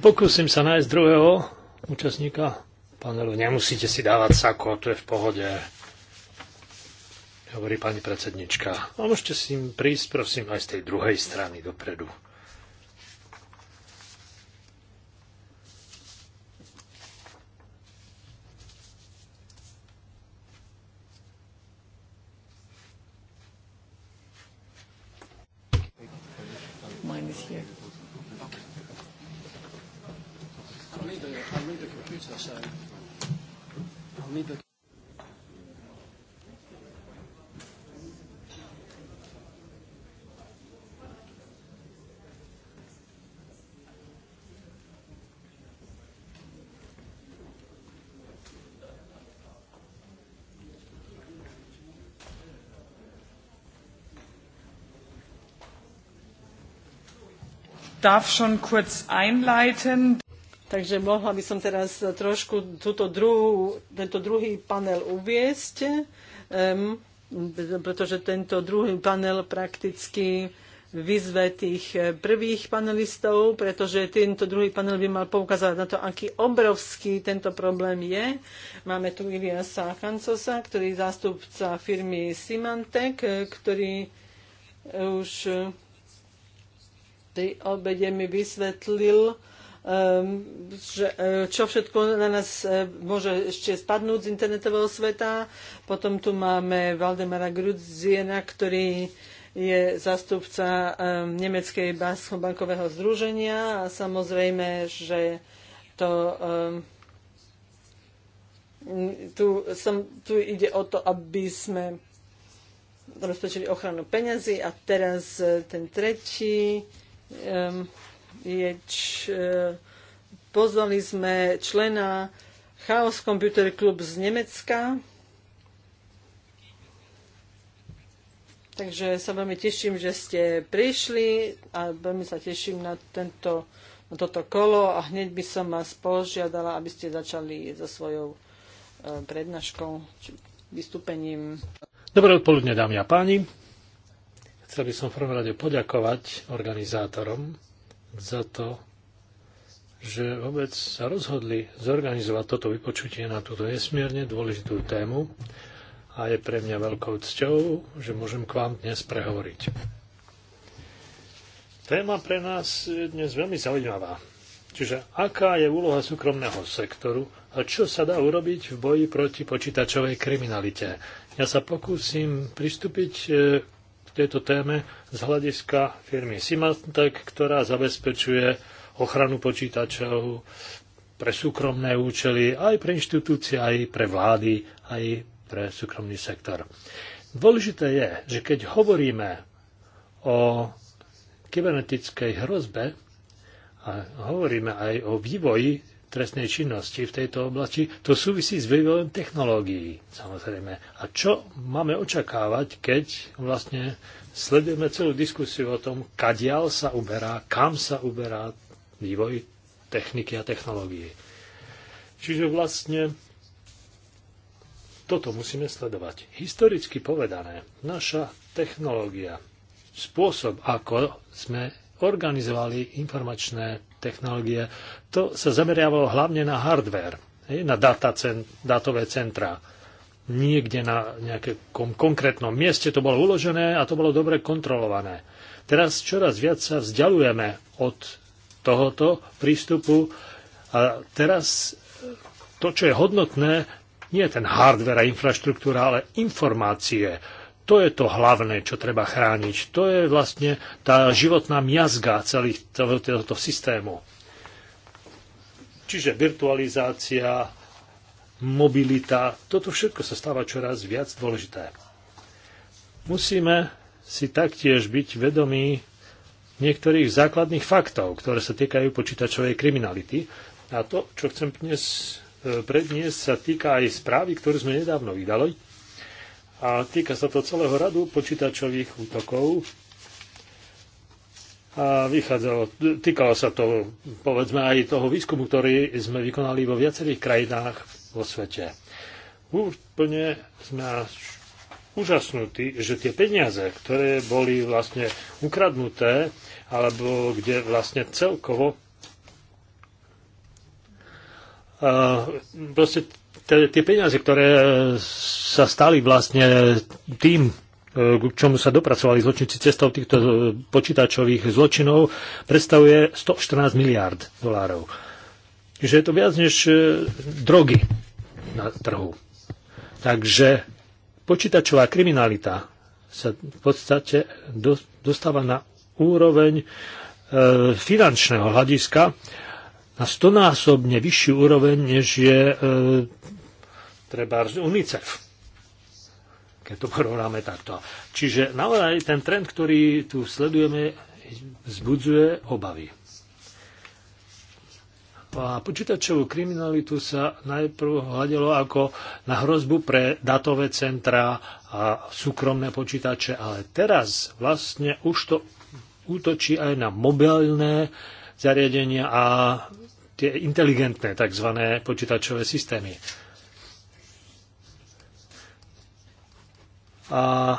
Pokúsim sa nájsť druhého účastníka panelu. Nemusíte si dávať sako, to je v pohode, hovorí pani predsednička. A môžete si prísť, prosím, aj z tej druhej strany dopredu. darf schon kurz einleiten. Takže mohla by som teraz trošku túto druhú, tento druhý panel uviesť, um, pretože tento druhý panel prakticky vyzve tých eh, prvých panelistov, pretože tento druhý panel by mal poukázať na to, aký obrovský tento problém je. Máme tu Iliasa Kancosa, ktorý je zástupca firmy Symantec, eh, ktorý už tej obede mi vysvetlil, že, e, čo všetko na nás e, môže ešte spadnúť z internetového sveta. Potom tu máme Valdemara Grudziena, ktorý je zastupca Nemeckej bankového združenia a samozrejme, že to tu, som, tu ide o to, aby sme rozpečili ochranu peňazí a teraz e, ten tretí je č, e, pozvali sme člena Chaos Computer Club z Nemecka. Takže sa veľmi teším, že ste prišli a veľmi sa teším na, tento, na toto kolo a hneď by som vás požiadala, aby ste začali so svojou e, prednáškou či vystúpením. Dobré odpoludne, dámy a páni. Chcel by som v prvom rade poďakovať organizátorom za to, že vôbec sa rozhodli zorganizovať toto vypočutie na túto nesmierne dôležitú tému a je pre mňa veľkou cťou, že môžem k vám dnes prehovoriť. Téma pre nás je dnes veľmi zaujímavá. Čiže aká je úloha súkromného sektoru a čo sa dá urobiť v boji proti počítačovej kriminalite. Ja sa pokúsim pristúpiť e, tejto téme z hľadiska firmy Symantec, ktorá zabezpečuje ochranu počítačov pre súkromné účely, aj pre inštitúcie, aj pre vlády, aj pre súkromný sektor. Dôležité je, že keď hovoríme o kybernetickej hrozbe a hovoríme aj o vývoji trestnej činnosti v tejto oblasti, to súvisí s vývojom technológií, samozrejme. A čo máme očakávať, keď vlastne sledujeme celú diskusiu o tom, kadiaľ sa uberá, kam sa uberá vývoj techniky a technológií. Čiže vlastne toto musíme sledovať. Historicky povedané, naša technológia, spôsob, ako sme organizovali informačné technológie, to sa zameriavalo hlavne na hardware, na data, datové centrá. Niekde na nejakom konkrétnom mieste to bolo uložené a to bolo dobre kontrolované. Teraz čoraz viac sa vzdialujeme od tohoto prístupu a teraz e, to, čo je hodnotné, nie je ten hardware a infraštruktúra, ale informácie, to je to hlavné, čo treba chrániť. To je vlastne tá životná miazga celých tohoto systému. Čiže virtualizácia, mobilita, toto všetko sa stáva čoraz viac dôležité. Musíme si taktiež byť vedomí niektorých základných faktov, ktoré sa týkajú počítačovej kriminality. A to, čo chcem dnes e, predniesť, sa týka aj správy, ktorú sme nedávno vydali, a týka sa to celého radu počítačových útokov. A vychádzalo, týkalo sa to, povedzme, aj toho výskumu, ktorý sme vykonali vo viacerých krajinách vo svete. Úplne sme úžasnutí, že tie peniaze, ktoré boli vlastne ukradnuté, alebo kde vlastne celkovo proste tie peniaze, ktoré e, sa stali vlastne tým, e, k čomu sa dopracovali zločinci cestou týchto e, počítačových zločinov, predstavuje 114 miliárd dolárov. Čiže je to viac než drogy na trhu. Takže počítačová kriminalita sa v podstate dostáva na úroveň finančného hľadiska na stonásobne vyššiu úroveň, než je treba UNICEF keď to porovnáme takto. Čiže naozaj ten trend, ktorý tu sledujeme, vzbudzuje obavy. A počítačovú kriminalitu sa najprv hľadelo ako na hrozbu pre datové centra a súkromné počítače, ale teraz vlastne už to útočí aj na mobilné zariadenia a tie inteligentné tzv. počítačové systémy. a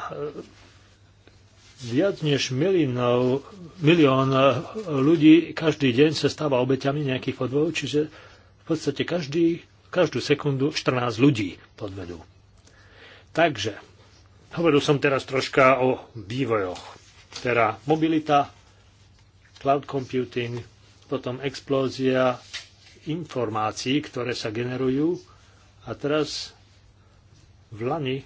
viac než miliónov, milión eh, ľudí každý deň sa stáva obeťami nejakých podvodov, čiže v podstate každý, každú sekundu 14 ľudí podvedú. Takže, hovoril som teraz troška o vývojoch. Teda mobilita, cloud computing, potom explózia informácií, ktoré sa generujú. A teraz v Lani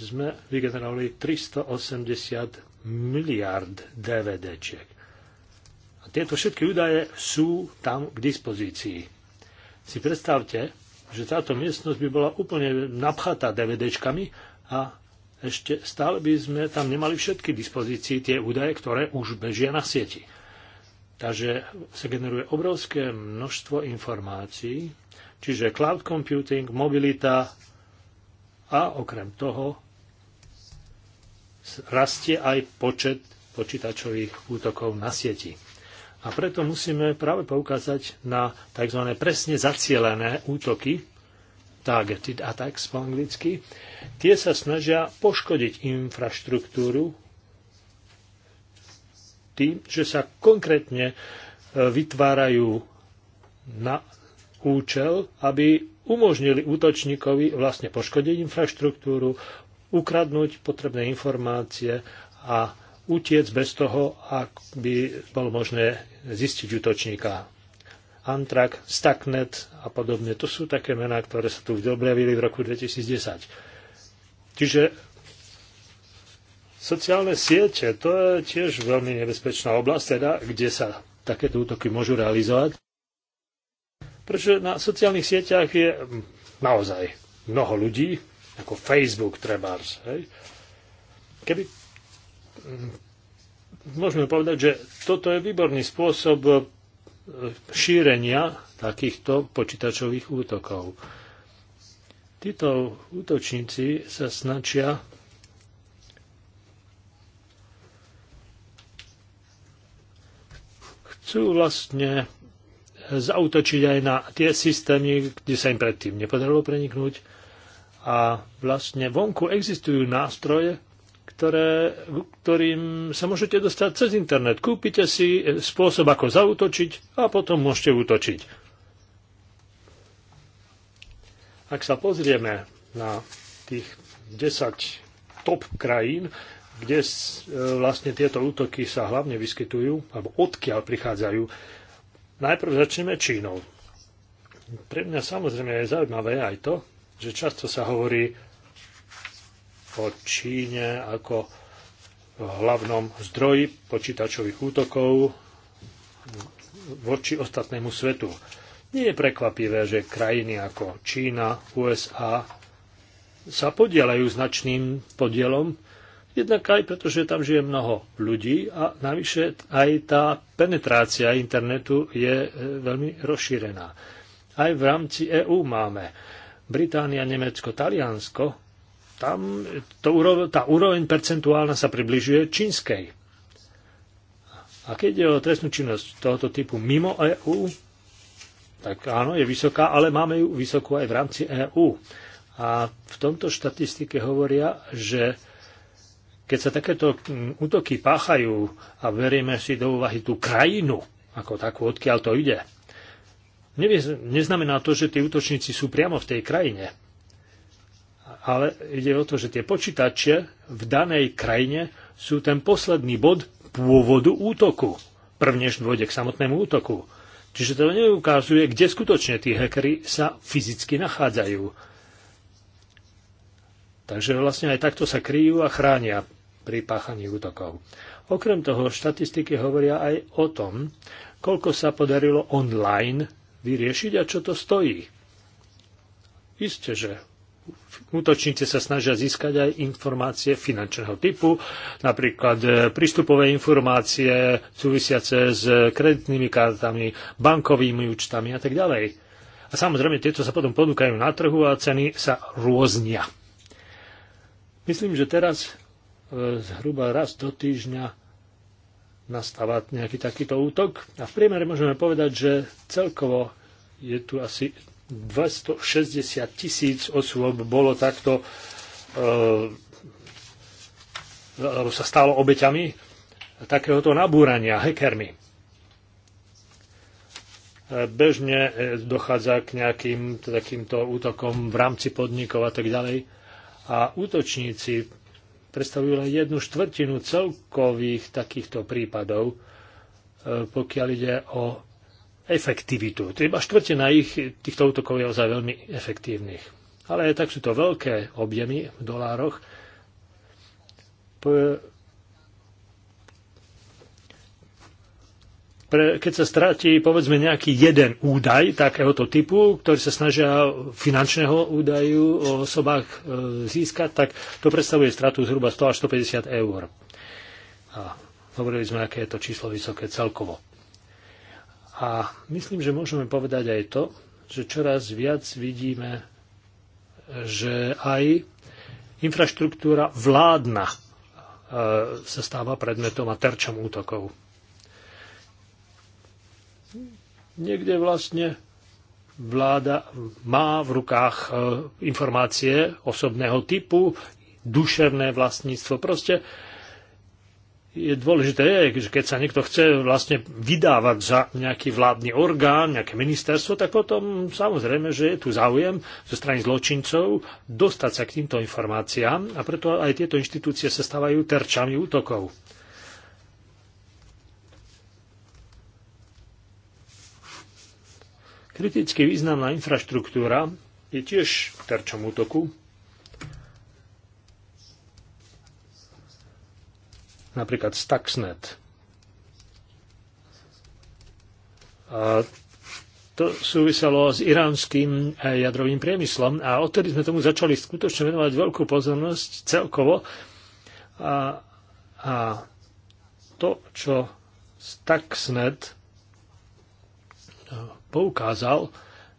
sme vygenerovali 380 miliard DVDčiek. A tieto všetky údaje sú tam k dispozícii. Si predstavte, že táto miestnosť by bola úplne napchatá DVDčkami a ešte stále by sme tam nemali všetky dispozícii tie údaje, ktoré už bežia na sieti. Takže sa generuje obrovské množstvo informácií, čiže cloud computing, mobilita a okrem toho rastie aj počet počítačových útokov na sieti. A preto musíme práve poukázať na tzv. presne zacielené útoky, targeted attacks po anglicky, tie sa snažia poškodiť infraštruktúru tým, že sa konkrétne e, vytvárajú na účel, aby umožnili útočníkovi vlastne poškodiť infraštruktúru, ukradnúť potrebné informácie a utiec bez toho, ak by bolo možné zistiť útočníka. Antrak, Stacknet a podobne. To sú také mená, ktoré sa tu objavili v roku 2010. Čiže sociálne siete, to je tiež veľmi nebezpečná oblasť, teda, kde sa takéto útoky môžu realizovať. Pretože na sociálnych sieťach je naozaj mnoho ľudí, ako Facebook trebárs. Hej? Keby môžeme povedať, že toto je výborný spôsob e, šírenia takýchto počítačových útokov. Títo útočníci sa snačia chcú vlastne zautočiť aj na tie systémy, kde sa im predtým nepodarilo preniknúť a vlastne vonku existujú nástroje, ktoré, ktorým sa môžete dostať cez internet. Kúpite si spôsob, ako zautočiť a potom môžete útočiť. Ak sa pozrieme na tých 10 top krajín, kde e, vlastne tieto útoky sa hlavne vyskytujú, alebo odkiaľ prichádzajú, najprv začneme Čínou. Pre mňa samozrejme je zaujímavé aj to, že často sa hovorí o Číne ako hlavnom zdroji počítačových útokov voči ostatnému svetu. Nie je prekvapivé, že krajiny ako Čína, USA sa podielajú značným podielom, jednak aj preto, že tam žije mnoho ľudí a navyše aj tá penetrácia internetu je e, veľmi rozšírená. Aj v rámci EÚ máme Británia, Nemecko, Taliansko, tam to, tá úroveň percentuálna sa približuje čínskej. A keď je o trestnú činnosť tohoto typu mimo EÚ, tak áno, je vysoká, ale máme ju vysokú aj v rámci EÚ. A v tomto štatistike hovoria, že keď sa takéto mm, útoky páchajú a verieme si do úvahy tú krajinu ako takú, odkiaľ to ide, neznamená to, že tí útočníci sú priamo v tej krajine. Ale ide o to, že tie počítače v danej krajine sú ten posledný bod pôvodu útoku, prvnež dôjde k samotnému útoku. Čiže to neukazuje, kde skutočne tí hekery sa fyzicky nachádzajú. Takže vlastne aj takto sa kryjú a chránia pri páchaní útokov. Okrem toho, štatistiky hovoria aj o tom, koľko sa podarilo online vyriešiť a čo to stojí. Isté, že útočníci sa snažia získať aj informácie finančného typu, napríklad e, prístupové informácie súvisiace s kreditnými kartami, bankovými účtami a tak ďalej. A samozrejme tieto sa potom ponúkajú na trhu a ceny sa rôznia. Myslím, že teraz e, zhruba raz do týždňa nastáva nejaký takýto útok. A v priemere môžeme povedať, že celkovo je tu asi 260 tisíc osôb bolo takto e, alebo e, sa stalo obeťami takéhoto nabúrania hackermi. E, bežne e, dochádza k nejakým takýmto útokom v rámci podnikov a tak ďalej. A útočníci predstavujú len jednu štvrtinu celkových takýchto prípadov, e, pokiaľ ide o efektivitu. Iba štvrtina ich, týchto útokov je ozaj veľmi efektívnych. Ale tak sú to veľké objemy v dolároch. pre, keď sa stráti povedzme nejaký jeden údaj takéhoto typu, ktorý sa snažia finančného údaju o osobách e, získať, tak to predstavuje stratu zhruba 100 až 150 eur. A hovorili sme, aké je to číslo vysoké celkovo. A myslím, že môžeme povedať aj to, že čoraz viac vidíme, že aj infraštruktúra vládna e, sa stáva predmetom a terčom útokov niekde vlastne vláda má v rukách e, informácie osobného typu, duševné vlastníctvo. Proste je dôležité, že keď sa niekto chce vlastne vydávať za nejaký vládny orgán, nejaké ministerstvo, tak potom samozrejme, že je tu záujem zo strany zločincov dostať sa k týmto informáciám a preto aj tieto inštitúcie sa stávajú terčami útokov. Kriticky významná infraštruktúra je tiež terčom útoku. Napríklad Stuxnet. A to súviselo s iránským e, jadrovým priemyslom a odtedy sme tomu začali skutočne venovať veľkú pozornosť celkovo. A, a to, čo Stuxnet poukázal,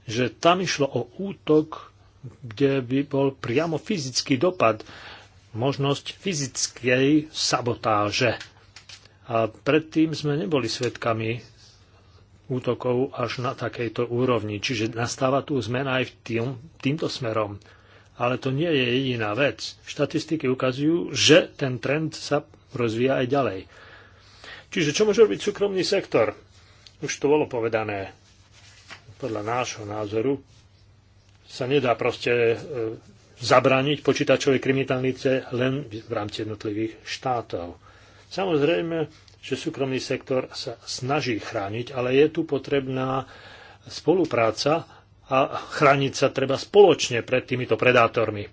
že tam išlo o útok, kde by bol priamo fyzický dopad, možnosť fyzickej sabotáže. A predtým sme neboli svedkami útokov až na takejto úrovni. Čiže nastáva tu zmena aj tým, týmto smerom. Ale to nie je jediná vec. Štatistiky ukazujú, že ten trend sa rozvíja aj ďalej. Čiže čo môže robiť súkromný sektor? Už to bolo povedané podľa nášho názoru sa nedá proste e, zabrániť počítačovej kriminalite len v rámci jednotlivých štátov. Samozrejme, že súkromný sektor sa snaží chrániť, ale je tu potrebná spolupráca a chrániť sa treba spoločne pred týmito predátormi.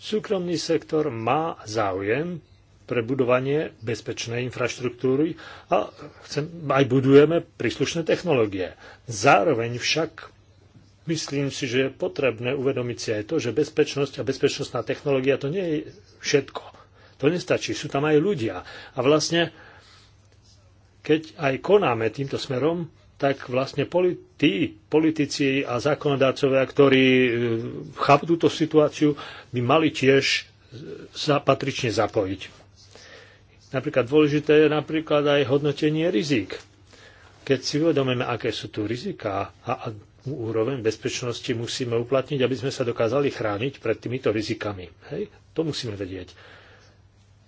Súkromný sektor má záujem pre budovanie bezpečnej infraštruktúry a chcem, aj budujeme príslušné technológie. Zároveň však myslím si, že je potrebné uvedomiť si aj to, že bezpečnosť a bezpečnostná technológia to nie je všetko. To nestačí, sú tam aj ľudia. A vlastne, keď aj konáme týmto smerom, tak vlastne tí politici a zákonodácovia, ktorí e, chápu túto situáciu, by mali tiež sa patrične zapojiť. Napríklad dôležité je napríklad aj hodnotenie rizik. Keď si uvedomíme, aké sú tu riziká a, a úroveň bezpečnosti musíme uplatniť, aby sme sa dokázali chrániť pred týmito rizikami. Hej? To musíme vedieť.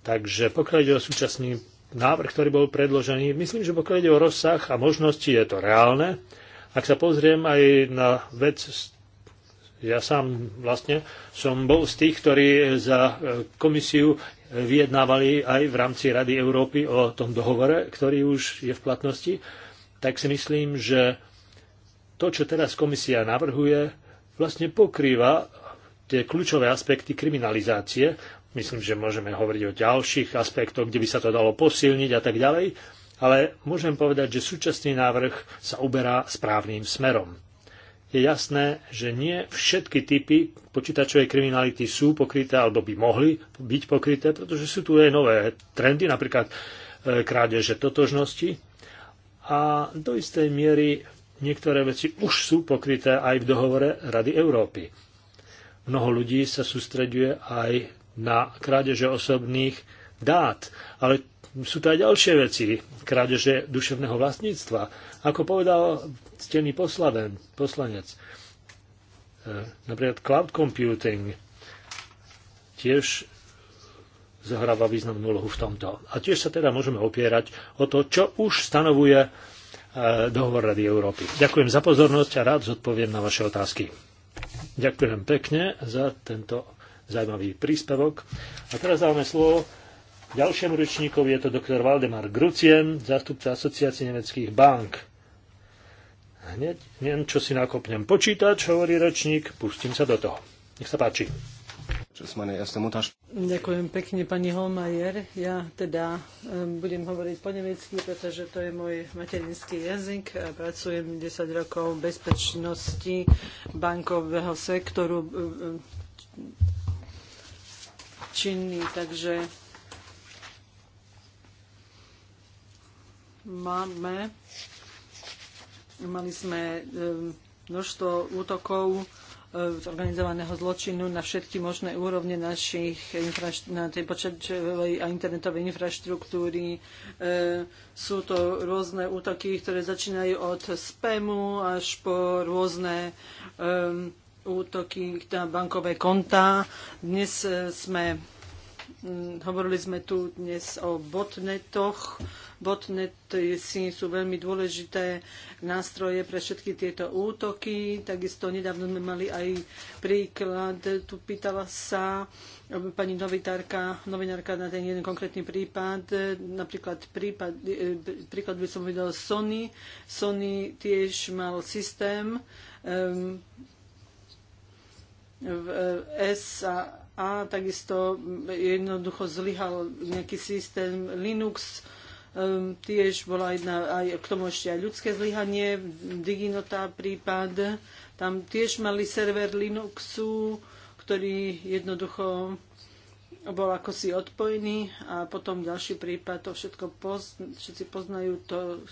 Takže pokiaľ ide o súčasný návrh, ktorý bol predložený, myslím, že pokiaľ ide o rozsah a možnosti, je to reálne. Ak sa pozriem aj na vec ja sám vlastne som bol z tých, ktorí za e, komisiu vyjednávali aj v rámci Rady Európy o tom dohovore, ktorý už je v platnosti, tak si myslím, že to, čo teraz komisia navrhuje, vlastne pokrýva tie kľúčové aspekty kriminalizácie. Myslím, že môžeme hovoriť o ďalších aspektoch, kde by sa to dalo posilniť a tak ďalej, ale môžem povedať, že súčasný návrh sa uberá správnym smerom je jasné, že nie všetky typy počítačovej kriminality sú pokryté alebo by mohli byť pokryté, pretože sú tu aj nové trendy, napríklad e, krádeže totožnosti. A do istej miery niektoré veci už sú pokryté aj v dohovore Rady Európy. Mnoho ľudí sa sústreďuje aj na krádeže osobných dát, ale sú to aj ďalšie veci, krádeže duševného vlastníctva. Ako povedal ctený poslaven, poslanec e, napríklad cloud computing tiež zohráva významnú úlohu v tomto. A tiež sa teda môžeme opierať o to, čo už stanovuje e, dohovor Rady Európy. Ďakujem za pozornosť a rád zodpoviem na vaše otázky. Ďakujem pekne za tento zaujímavý príspevok. A teraz dáme slovo Ďalšiemu rečníkovi je to doktor Valdemar Grucien, zástupca Asociácie nemeckých bank. Hneď, neviem, čo si nakopnem počítač, hovorí rečník, pustím sa do toho. Nech sa páči. Ďakujem pekne, pani Holmajer. Ja teda budem hovoriť po nemecky, pretože to je môj materinský jazyk a pracujem 10 rokov v bezpečnosti bankového sektoru činný, takže máme, mali sme množstvo útokov zorganizovaného zločinu na všetky možné úrovne našich na tej počačovej a internetovej infraštruktúry. E, sú to rôzne útoky, ktoré začínajú od spamu až po rôzne e, útoky na bankové kontá. Dnes sme Mm, hovorili sme tu dnes o botnetoch. Botnety sú veľmi dôležité nástroje pre všetky tieto útoky. Takisto nedávno sme mali aj príklad, tu pýtala sa pani novitárka, novinárka na ten jeden konkrétny prípad. Napríklad prípad, e, príklad by som videl Sony. Sony tiež mal systém v e, a a takisto jednoducho zlyhal nejaký systém Linux, um, tiež bola jedna, aj k tomu ešte aj ľudské zlyhanie, Diginota prípad, tam tiež mali server Linuxu, ktorý jednoducho bol ako si odpojený a potom ďalší prípad, to všetko poz, všetci poznajú, to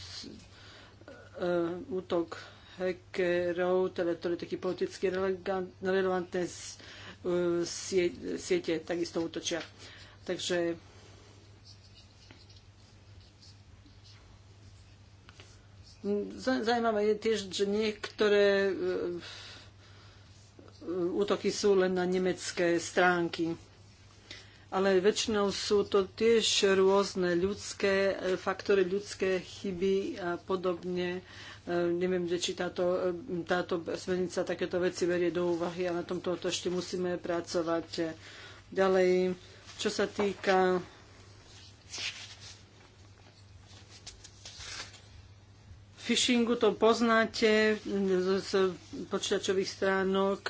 uh, útok hackerov, teda, ktorý je taký politicky relevantné E, siete takisto útočia. Takže Zajímavé je tiež, že niektoré e, útoky sú len na nemecké stránky. Ale väčšinou sú to tiež rôzne ľudské e, faktory, ľudské chyby a podobne. Eh, neviem, či táto, eh, táto smernica takéto veci berie do úvahy a na tomto to ešte musíme pracovať ďalej. Čo sa týka phishingu, to poznáte z počítačových stránok.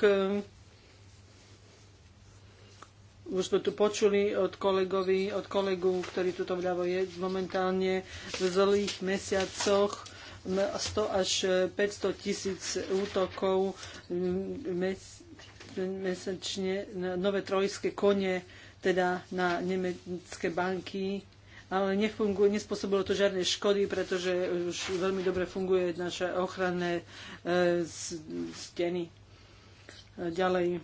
Už sme tu počuli od, kolegovi, od kolegu, ktorý tuto vľavo je momentálne v zlých mesiacoch 100 až 500 e, tisíc útokov mm, mesačne na nové trojské kone, teda na nemecké banky, ale nefungu, nespôsobilo to žiadne škody, pretože už veľmi dobre funguje naše ochranné e, steny. E, Ďalej.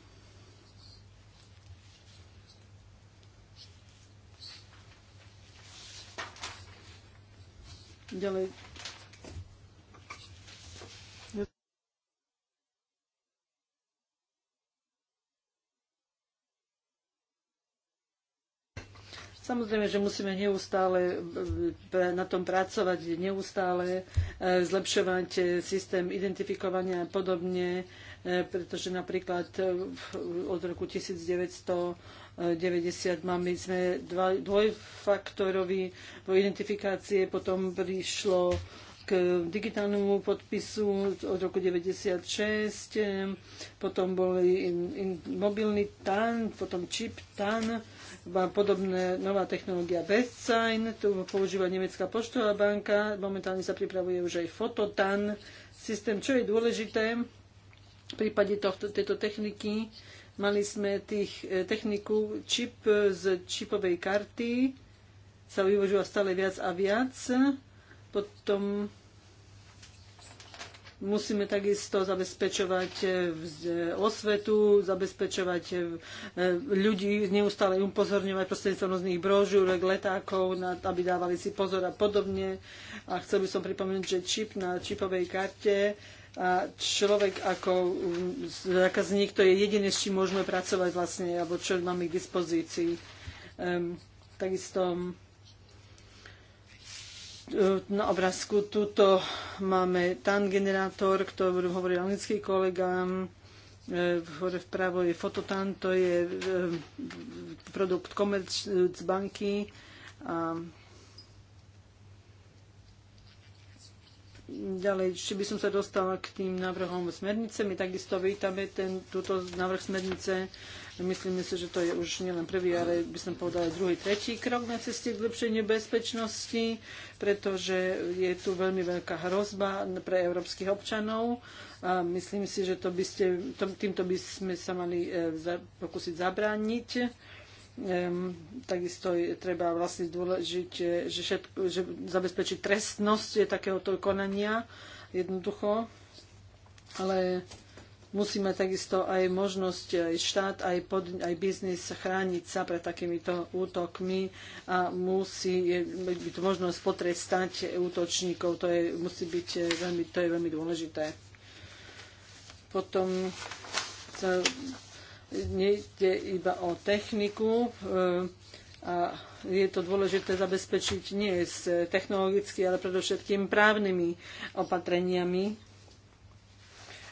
Ďalej Samozrejme, že musíme neustále e, e, na tom pracovať, neustále e, zlepšovať systém identifikovania a podobne, pretože napríklad od roku 1900 90 sme dva, dvojfaktorový identifikácie, potom prišlo k digitálnemu podpisu od roku 96, potom boli in, in, mobilný TAN, potom čip TAN, má podobné nová technológia BestSign, tu používa Nemecká poštová banka, momentálne sa pripravuje už aj Fototan systém. Čo je dôležité v prípade tohto, tejto techniky, mali sme tých, e, techniku čip z čipovej karty, sa využíva stále viac a viac. Potom Musíme takisto zabezpečovať eh, eh, osvetu, zabezpečovať eh, ľudí, neustále upozorňovať prostredníctvom rôznych brožúrek, letákov, aby dávali si pozor a podobne. A chcel by som pripomenúť, že čip na čipovej karte a človek ako mm, zákazník, to je jediné, s čím môžeme pracovať vlastne, alebo čo máme k dispozícii. Um, takisto E, na obrázku tuto máme tan generátor, ktorý hovorí anglický kolega. E, hore vpravo je fototan, to je e, produkt komerč z banky. A ďalej, či by som sa dostala k tým návrhom smernice. My takisto vítame ten, túto návrh smernice Myslím si, že to je už nielen prvý, ale by som povedala druhý, tretí krok na ceste k lepšeniu bezpečnosti, pretože je tu veľmi veľká hrozba pre európskych občanov. A myslím si, že to by ste, to, týmto by sme sa mali e, za, pokúsiť zabrániť. Um, takisto je treba vlastne dôležiť, e, že, všetko, že zabezpečiť trestnosť takéhoto konania jednoducho. Ale musí mať takisto aj možnosť aj štát, aj, pod, aj biznis chrániť sa pred takýmito útokmi a musí byť možnosť potrestať útočníkov. To je, musí byť eh, veľmi, to je veľmi dôležité. Potom sa nejde iba o techniku, eh, a je to dôležité zabezpečiť nie s technologicky, ale predovšetkým právnymi opatreniami,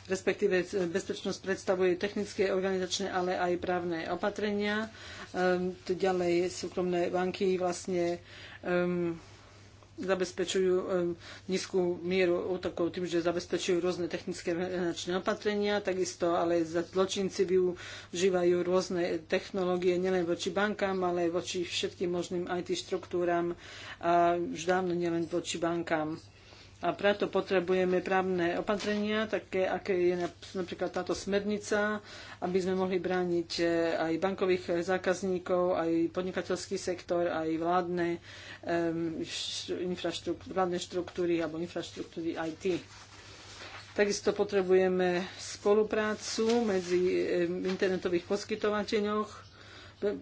respektíve bezpečnosť predstavuje technické, organizačné, ale aj právne opatrenia. Ehm, ďalej súkromné banky vlastne ehm, zabezpečujú ehm, nízku mieru útokov tým, že zabezpečujú rôzne technické organizačné opatrenia, takisto ale zločinci využívajú rôzne technológie nielen voči bankám, ale voči všetkým možným IT štruktúram a už dávno nielen voči bankám a preto potrebujeme právne opatrenia, také aké je napríklad táto smernica, aby sme mohli brániť e, aj bankových zákazníkov, aj podnikateľský sektor, aj vládne, um, infraštruktúry, vládne štruktúry alebo infraštruktúry IT. Takisto potrebujeme spoluprácu medzi internetových poskytovateľoch,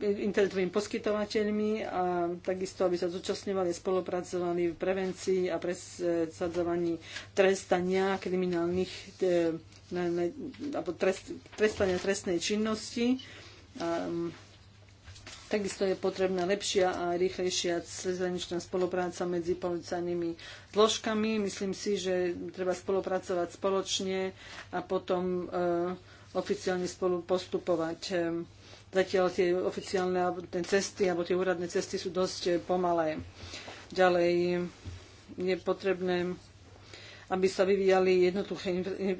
internetovými poskytovateľmi a takisto, aby sa zúčastňovali a spolupracovali v prevencii a presadzovaní trestania kriminálnych e, alebo trest, trestania trestnej činnosti. Mm, takisto je potrebná lepšia a rýchlejšia cezhraničná spolupráca medzi policajnými zložkami. Myslím si, že treba spolupracovať spoločne a potom e, oficiálne spolu postupovať. E, Zatiaľ tie oficiálne alebo tie cesty alebo tie úradné cesty sú dosť e, pomalé. Ďalej je potrebné aby sa vyvíjali jednoduché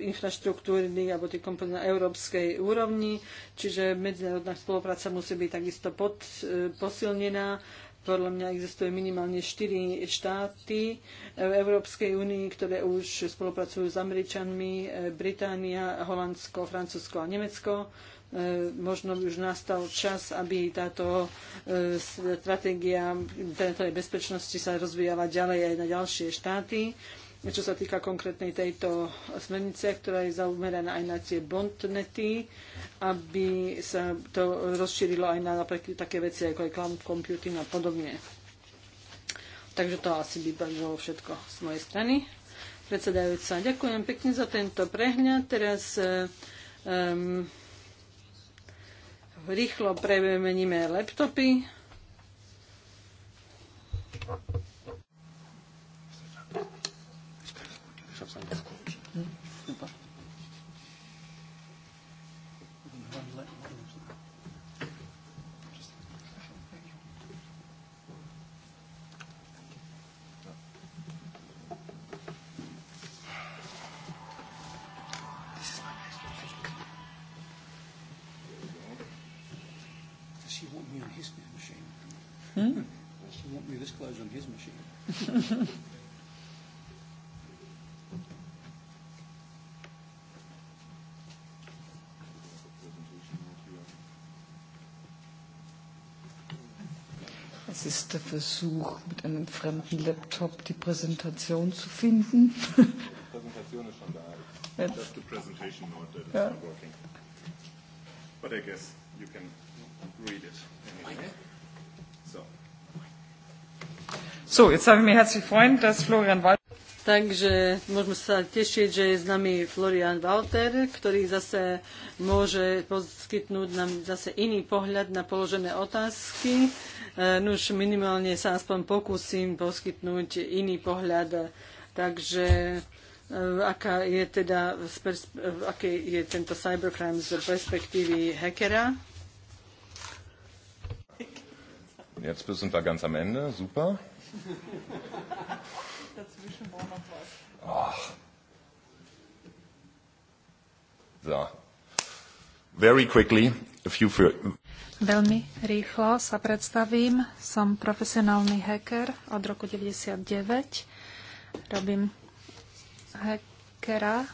infraštruktúry alebo tie komponenty na európskej úrovni, čiže medzinárodná spolupráca musí byť takisto pod, e, posilnená. Podľa mňa existuje minimálne 4 štáty e, v Európskej únii, ktoré už spolupracujú s Američanmi, Británia, Holandsko, Francúzsko a Nemecko. E, možno už nastal čas, aby táto e, stratégia internetovej bezpečnosti sa rozvíjala ďalej aj na ďalšie štáty. Čo sa týka konkrétnej tejto smernice, ktorá je zaumeraná aj na tie bondnety, aby sa to rozšírilo aj na napríklad také veci ako je cloud computing a podobne. Takže to asi by bolo všetko z mojej strany. Predsedajúca, ďakujem pekne za tento prehľad. Teraz um, rýchlo premeníme laptopy. ist der Versuch, mit einem fremden Laptop die Präsentation zu finden. Die Präsentation ist schon da. just the presentation note that is yeah. not working. But I guess you can read it anyway. So. So, jetzt habe ich mir herzlich freuen, dass Florian Wald Takže môžeme sa tešiť, že je s nami Florian Walter, ktorý zase môže poskytnúť nám zase iný pohľad na položené otázky. E, už minimálne sa aspoň pokúsim poskytnúť iný pohľad. Takže e, aká je teda, e, aký je tento cybercrime z perspektívy hackera? Jetzt sind wir ganz am Ende. Super dazwischen war noch was. Ach. So. Very quickly, a few Veľmi rýchlo sa predstavím. Som profesionálny hacker od roku 99. Robím hackera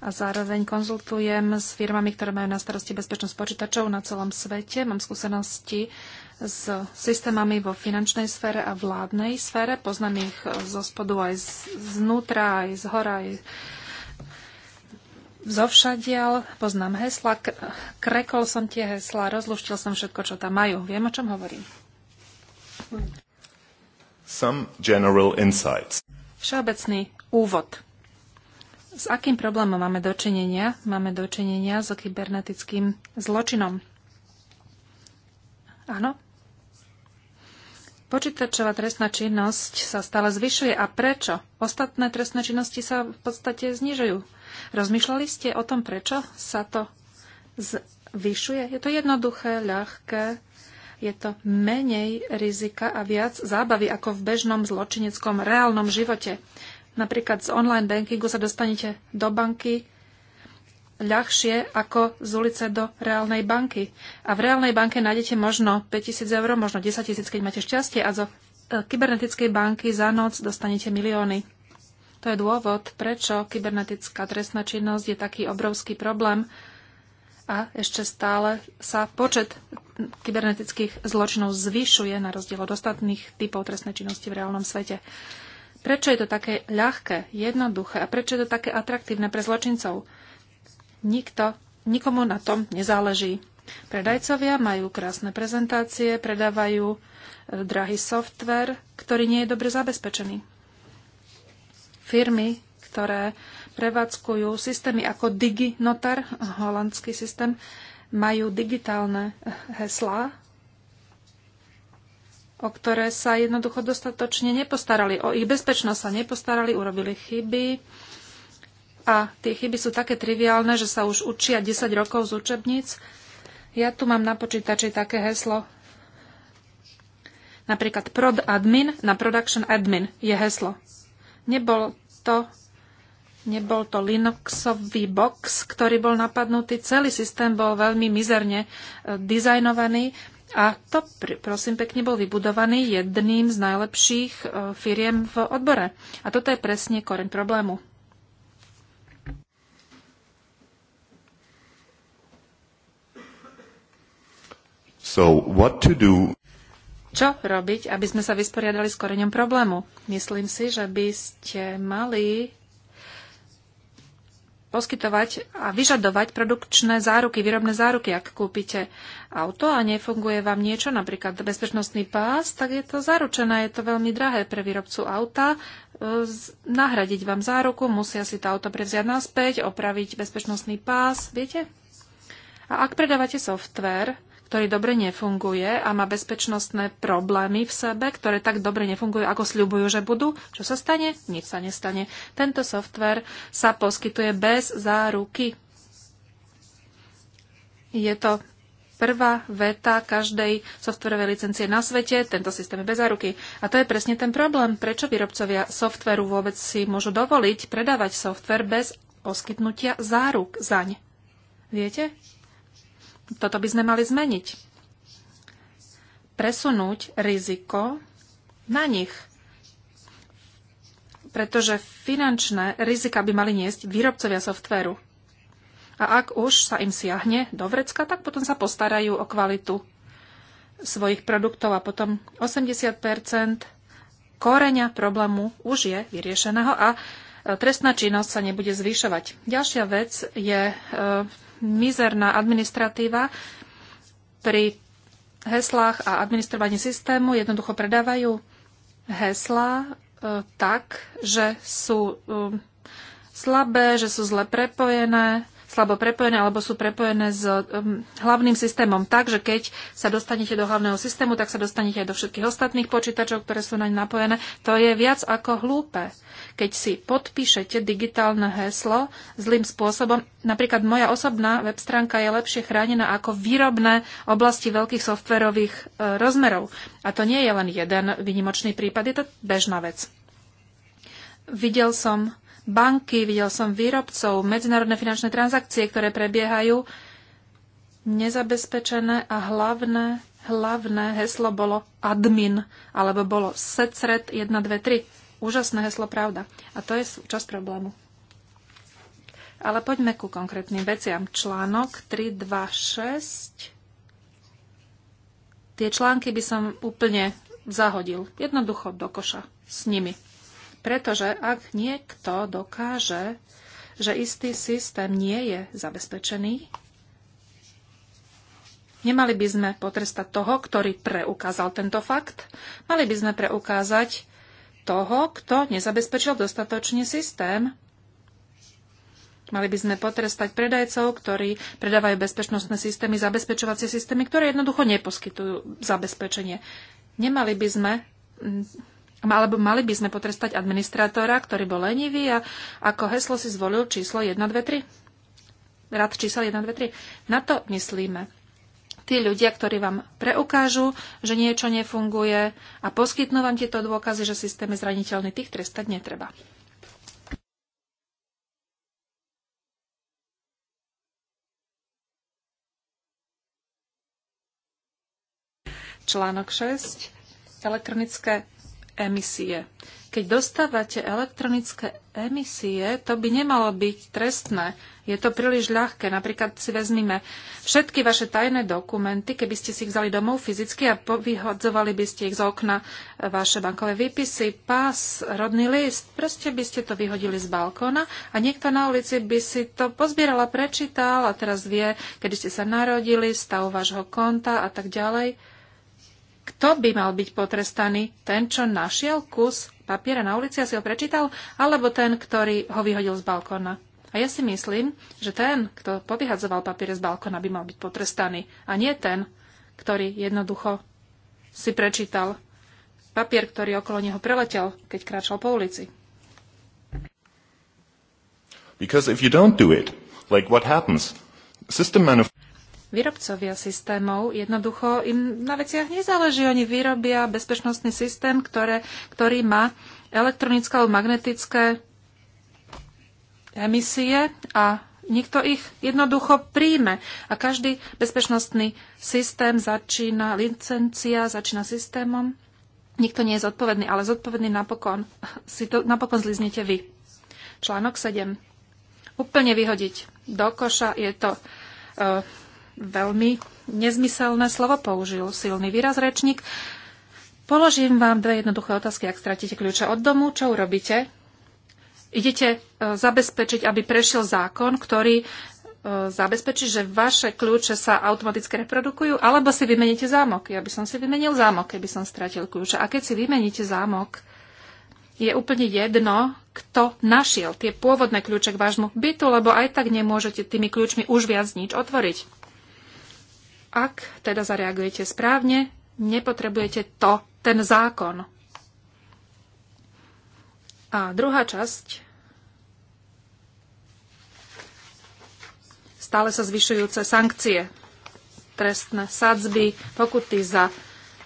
a zároveň konzultujem s firmami, ktoré majú na starosti bezpečnosť počítačov na celom svete. Mám skúsenosti s systémami vo finančnej sfére a vládnej sfére. Poznám ich zo spodu aj znútra, aj z hora, aj zovšadial. Poznám hesla, krekol som tie hesla, rozluštil som všetko, čo tam majú. Viem, o čom hovorím. Some general insights. Všeobecný úvod. S akým problémom máme dočinenia? Máme dočinenia so kybernetickým zločinom. Áno, Počítačová trestná činnosť sa stále zvyšuje. A prečo? Ostatné trestné činnosti sa v podstate znižujú. Rozmýšľali ste o tom, prečo sa to zvyšuje? Je to jednoduché, ľahké, je to menej rizika a viac zábavy ako v bežnom zločineckom reálnom živote. Napríklad z online bankingu sa dostanete do banky, ľahšie ako z ulice do reálnej banky. A v reálnej banke nájdete možno 5000 eur, možno 10 000, keď máte šťastie a zo e, kybernetickej banky za noc dostanete milióny. To je dôvod, prečo kybernetická trestná činnosť je taký obrovský problém a ešte stále sa počet kybernetických zločinov zvyšuje na rozdiel od ostatných typov trestnej činnosti v reálnom svete. Prečo je to také ľahké, jednoduché a prečo je to také atraktívne pre zločincov? Nikto, nikomu na tom nezáleží. Predajcovia majú krásne prezentácie, predávajú e, drahý software, ktorý nie je dobre zabezpečený. Firmy, ktoré prevádzkujú systémy ako DigiNotar, holandský systém, majú digitálne heslá, o ktoré sa jednoducho dostatočne nepostarali. O ich bezpečnosť sa nepostarali, urobili chyby, a tie chyby sú také triviálne, že sa už učia 10 rokov z učebníc. Ja tu mám na počítači také heslo. Napríklad prod admin na production admin je heslo. Nebol to, nebol to Linuxový box, ktorý bol napadnutý. Celý systém bol veľmi mizerne e, dizajnovaný. A to, prosím pekne, bol vybudovaný jedným z najlepších e, firiem v odbore. A toto je presne koreň problému. So what to do? Čo robiť, aby sme sa vysporiadali s koreňom problému? Myslím si, že by ste mali poskytovať a vyžadovať produkčné záruky, výrobné záruky. Ak kúpite auto a nefunguje vám niečo, napríklad bezpečnostný pás, tak je to zaručené, je to veľmi drahé pre výrobcu auta. Nahradiť vám záruku, musia si to auto prevziať naspäť, opraviť bezpečnostný pás, viete? A ak predávate software, ktorý dobre nefunguje a má bezpečnostné problémy v sebe, ktoré tak dobre nefungujú, ako sľubujú, že budú. Čo sa stane? Nič sa nestane. Tento software sa poskytuje bez záruky. Je to prvá veta každej softverovej licencie na svete. Tento systém je bez záruky. A to je presne ten problém, prečo výrobcovia softveru vôbec si môžu dovoliť predávať software bez poskytnutia záruk zaň. Viete? toto by sme mali zmeniť. Presunúť riziko na nich. Pretože finančné rizika by mali niesť výrobcovia softvéru. A ak už sa im siahne do vrecka, tak potom sa postarajú o kvalitu svojich produktov a potom 80 koreňa problému už je vyriešeného a trestná činnosť sa nebude zvyšovať. Ďalšia vec je e, mizerná administratíva pri heslách a administrovaní systému jednoducho predávajú heslá e, tak, že sú e, slabé, že sú zle prepojené, slabo prepojené alebo sú prepojené s um, hlavným systémom. Takže keď sa dostanete do hlavného systému, tak sa dostanete aj do všetkých ostatných počítačov, ktoré sú naň napojené. To je viac ako hlúpe. Keď si podpíšete digitálne heslo zlým spôsobom, napríklad moja osobná web stránka je lepšie chránená ako výrobné oblasti veľkých softverových e, rozmerov. A to nie je len jeden vynimočný prípad, je to bežná vec. Videl som banky, videl som výrobcov, medzinárodné finančné transakcie, ktoré prebiehajú nezabezpečené a hlavné, hlavné heslo bolo admin, alebo bolo secret 1, 2, 3. Úžasné heslo, pravda. A to je čas problému. Ale poďme ku konkrétnym veciam. Článok 3, 2, 6. Tie články by som úplne zahodil. Jednoducho do koša s nimi. Pretože ak niekto dokáže, že istý systém nie je zabezpečený, nemali by sme potrestať toho, ktorý preukázal tento fakt, mali by sme preukázať toho, kto nezabezpečil dostatočne systém. Mali by sme potrestať predajcov, ktorí predávajú bezpečnostné systémy, zabezpečovacie systémy, ktoré jednoducho neposkytujú zabezpečenie. Nemali by sme alebo mali by sme potrestať administrátora, ktorý bol lenivý a ako heslo si zvolil číslo 1, 2, 3? Rad čísel 3. Na to myslíme. Tí ľudia, ktorí vám preukážu, že niečo nefunguje a poskytnú vám tieto dôkazy, že systém je zraniteľný, tých trestať netreba. Článok 6. Elektronické emisie. Keď dostávate elektronické emisie, to by nemalo byť trestné. Je to príliš ľahké. Napríklad si vezmime všetky vaše tajné dokumenty, keby ste si ich vzali domov fyzicky a vyhodzovali by ste ich z okna, vaše bankové výpisy, pás, rodný list, proste by ste to vyhodili z balkóna a niekto na ulici by si to pozbierala, prečítal a teraz vie, kedy ste sa narodili, stav vášho konta a tak ďalej kto by mal byť potrestaný? Ten, čo našiel kus papiera na ulici a si ho prečítal, alebo ten, ktorý ho vyhodil z balkóna? A ja si myslím, že ten, kto povyhadzoval papiere z balkóna, by mal byť potrestaný. A nie ten, ktorý jednoducho si prečítal papier, ktorý okolo neho preletel, keď kráčal po ulici. Because if you don't do it, like what happens? System manufacturing... Výrobcovia systémov jednoducho im na veciach nezáleží. Oni vyrobia bezpečnostný systém, ktoré, ktorý má elektronické alebo magnetické emisie a nikto ich jednoducho príjme. A každý bezpečnostný systém začína, licencia začína systémom. Nikto nie je zodpovedný, ale zodpovedný napokon [laughs] si to napokon zliznete vy. Článok 7. Úplne vyhodiť do koša je to eh, veľmi nezmyselné slovo použil, silný výraz rečník. Položím vám dve jednoduché otázky, ak stratíte kľúče od domu, čo urobíte? Idete e, zabezpečiť, aby prešiel zákon, ktorý e, zabezpečí, že vaše kľúče sa automaticky reprodukujú, alebo si vymeníte zámok. Ja by som si vymenil zámok, keby som stratil kľúče. A keď si vymeníte zámok, je úplne jedno, kto našiel tie pôvodné kľúče k vášmu bytu, lebo aj tak nemôžete tými kľúčmi už viac nič otvoriť. Ak teda zareagujete správne, nepotrebujete to, ten zákon. A druhá časť stále sa zvyšujúce sankcie, trestné sadzby, pokuty za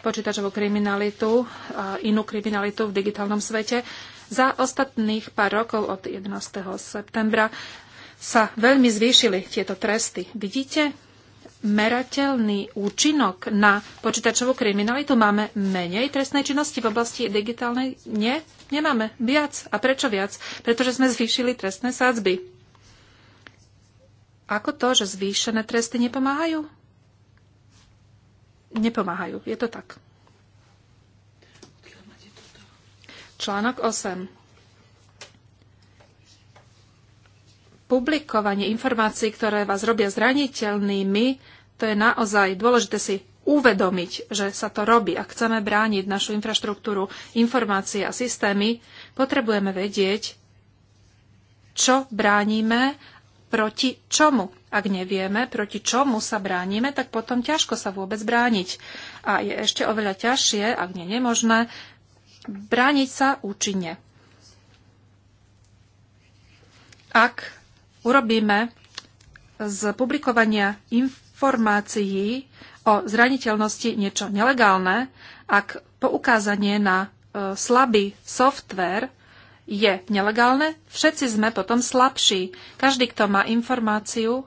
počítačovú kriminalitu a inú kriminalitu v digitálnom svete. Za ostatných pár rokov od 11. septembra sa veľmi zvýšili tieto tresty. Vidíte, merateľný účinok na počítačovú kriminalitu? Máme menej trestnej činnosti v oblasti digitálnej? Nie, nemáme. Viac. A prečo viac? Pretože sme zvýšili trestné sádzby. Ako to, že zvýšené tresty nepomáhajú? Nepomáhajú. Je to tak. Článok 8. publikovanie informácií, ktoré vás robia zraniteľnými, to je naozaj dôležité si uvedomiť, že sa to robí. Ak chceme brániť našu infraštruktúru, informácie a systémy, potrebujeme vedieť, čo bránime, proti čomu. Ak nevieme, proti čomu sa bránime, tak potom ťažko sa vôbec brániť. A je ešte oveľa ťažšie, ak nie nemožné, brániť sa účinne. Ak urobíme z publikovania inf- informácií o zraniteľnosti niečo nelegálne, ak poukázanie na e, slabý software je nelegálne, všetci sme potom slabší. Každý, kto má informáciu e,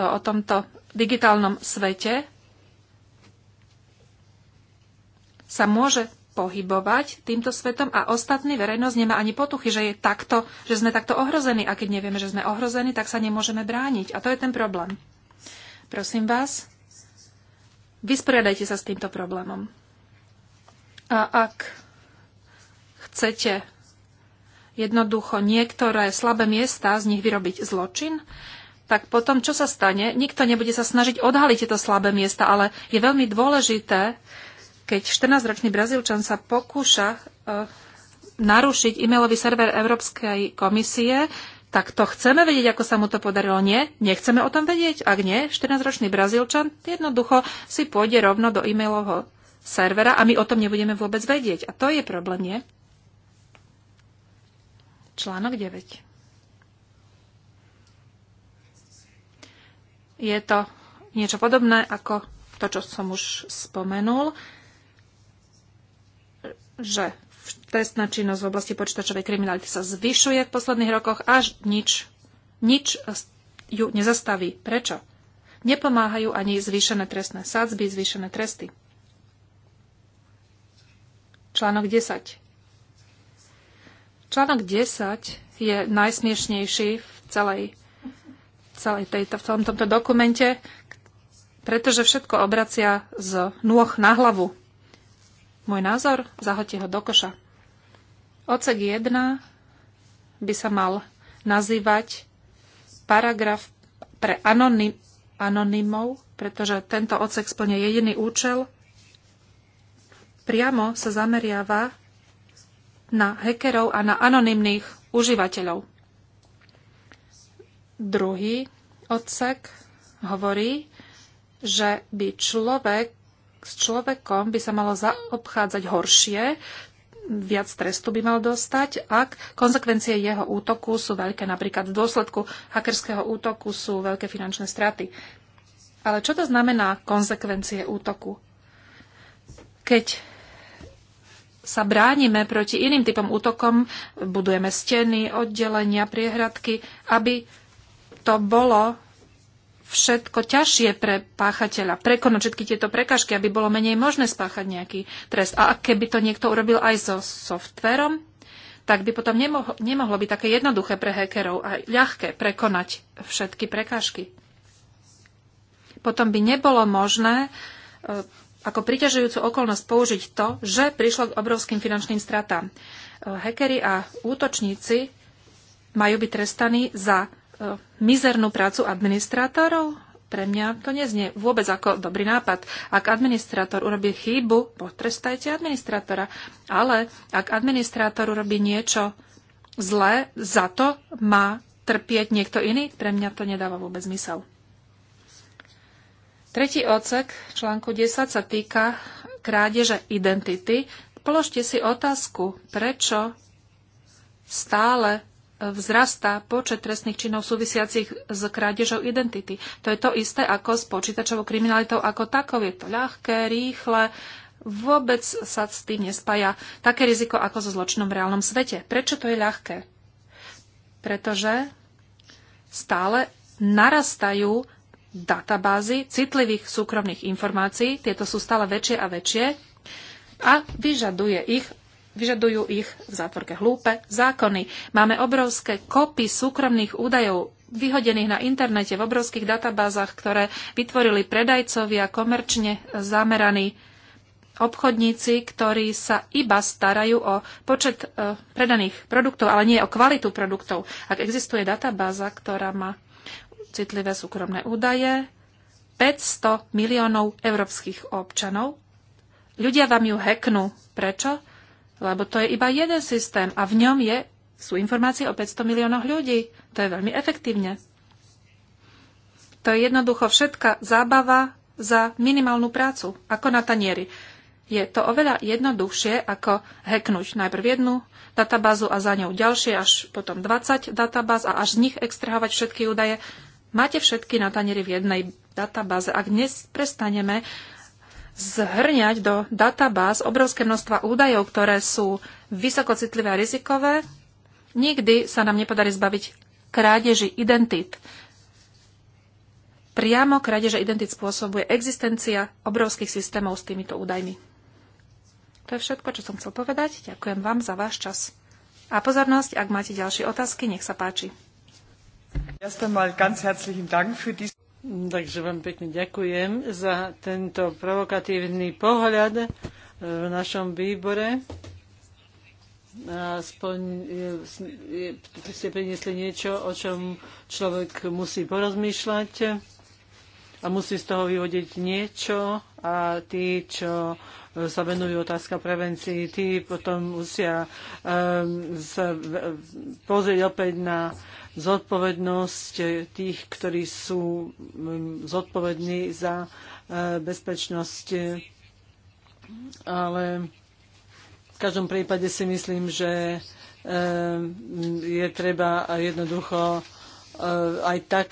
o tomto digitálnom svete, sa môže pohybovať týmto svetom a ostatný verejnosť nemá ani potuchy, že, je takto, že sme takto ohrození. A keď nevieme, že sme ohrození, tak sa nemôžeme brániť. A to je ten problém. Prosím vás, vysporiadajte sa s týmto problémom. A ak chcete jednoducho niektoré slabé miesta z nich vyrobiť zločin, tak potom čo sa stane? Nikto nebude sa snažiť odhaliť tieto slabé miesta, ale je veľmi dôležité, keď 14-ročný Brazílčan sa pokúša e, narušiť e-mailový server Európskej komisie, tak to chceme vedieť, ako sa mu to podarilo. Nie, nechceme o tom vedieť. Ak nie, 14-ročný Brazílčan jednoducho si pôjde rovno do e-mailového servera a my o tom nebudeme vôbec vedieť. A to je problém, nie? Článok 9. Je to niečo podobné ako to, čo som už spomenul, že trestná činnosť v oblasti počítačovej kriminality sa zvyšuje v posledných rokoch, až nič, nič ju nezastaví. Prečo? Nepomáhajú ani zvýšené trestné sádzby, zvýšené tresty. Článok 10. Článok 10 je najsmiešnejší v celej, celej tejto, v tomto dokumente, pretože všetko obracia z nôh na hlavu. Môj názor? Zahoďte ho do koša. Ocek 1 by sa mal nazývať paragraf pre anonym, anonymov, pretože tento ocek splne jediný účel. Priamo sa zameriava na hekerov a na anonymných užívateľov. Druhý odsek hovorí, že by človek s človekom by sa malo zaobchádzať horšie, viac trestu by mal dostať, ak konsekvencie jeho útoku sú veľké. Napríklad v dôsledku hackerského útoku sú veľké finančné straty. Ale čo to znamená konsekvencie útoku? Keď sa bránime proti iným typom útokom, budujeme steny, oddelenia, priehradky, aby to bolo všetko ťažšie pre páchateľa prekonať všetky tieto prekažky, aby bolo menej možné spáchať nejaký trest. A keby to niekto urobil aj so softverom, tak by potom nemohlo, nemohlo byť také jednoduché pre hekerov a ľahké prekonať všetky prekažky. Potom by nebolo možné e, ako priťažujúcu okolnosť použiť to, že prišlo k obrovským finančným stratám. E, Hekery a útočníci majú byť trestaní za E, mizernú prácu administrátorov? Pre mňa to neznie vôbec ako dobrý nápad. Ak administrátor urobí chybu, potrestajte administrátora. Ale ak administrátor urobí niečo zlé, za to má trpieť niekto iný? Pre mňa to nedáva vôbec zmysel. Tretí odsek článku 10 sa týka krádeže identity. Položte si otázku, prečo stále vzrastá počet trestných činov súvisiacich s krádežou identity. To je to isté ako s počítačovou kriminalitou ako takov. Je to ľahké, rýchle, vôbec sa s tým nespája také riziko ako so zločinom v reálnom svete. Prečo to je ľahké? Pretože stále narastajú databázy citlivých súkromných informácií, tieto sú stále väčšie a väčšie a vyžaduje ich vyžadujú ich v zátvorke hlúpe zákony. Máme obrovské kopy súkromných údajov vyhodených na internete v obrovských databázach, ktoré vytvorili predajcovia, komerčne zameraní obchodníci, ktorí sa iba starajú o počet e, predaných produktov, ale nie o kvalitu produktov. Ak existuje databáza, ktorá má citlivé súkromné údaje, 500 miliónov európskych občanov, ľudia vám ju hacknú. Prečo? Lebo to je iba jeden systém a v ňom je, sú informácie o 500 miliónoch ľudí. To je veľmi efektívne. To je jednoducho všetka zábava za minimálnu prácu, ako na tanieri. Je to oveľa jednoduchšie, ako heknúť najprv jednu databázu a za ňou ďalšie, až potom 20 databáz a až z nich extrahovať všetky údaje. Máte všetky na tanieri v jednej databáze. Ak dnes prestaneme zhrňať do databáz obrovské množstva údajov, ktoré sú vysokocitlivé a rizikové, nikdy sa nám nepodarí zbaviť krádeži identit. Priamo krádeže identit spôsobuje existencia obrovských systémov s týmito údajmi. To je všetko, čo som chcel povedať. Ďakujem vám za váš čas. A pozornosť, ak máte ďalšie otázky, nech sa páči. Takže vám pekne ďakujem za tento provokatívny pohľad e, v našom výbore. Aspoň e, e, ste priniesli niečo, o čom človek musí porozmýšľať a musí z toho vyvodiť niečo a tí, čo sa venujú otázka prevencii, tí potom musia um, sa pozrieť opäť na uh, zodpovednosť tých, ktorí sú mm, zodpovední za e, bezpečnosť. Ale v každom prípade si myslím, že e, je treba jednoducho e, aj tak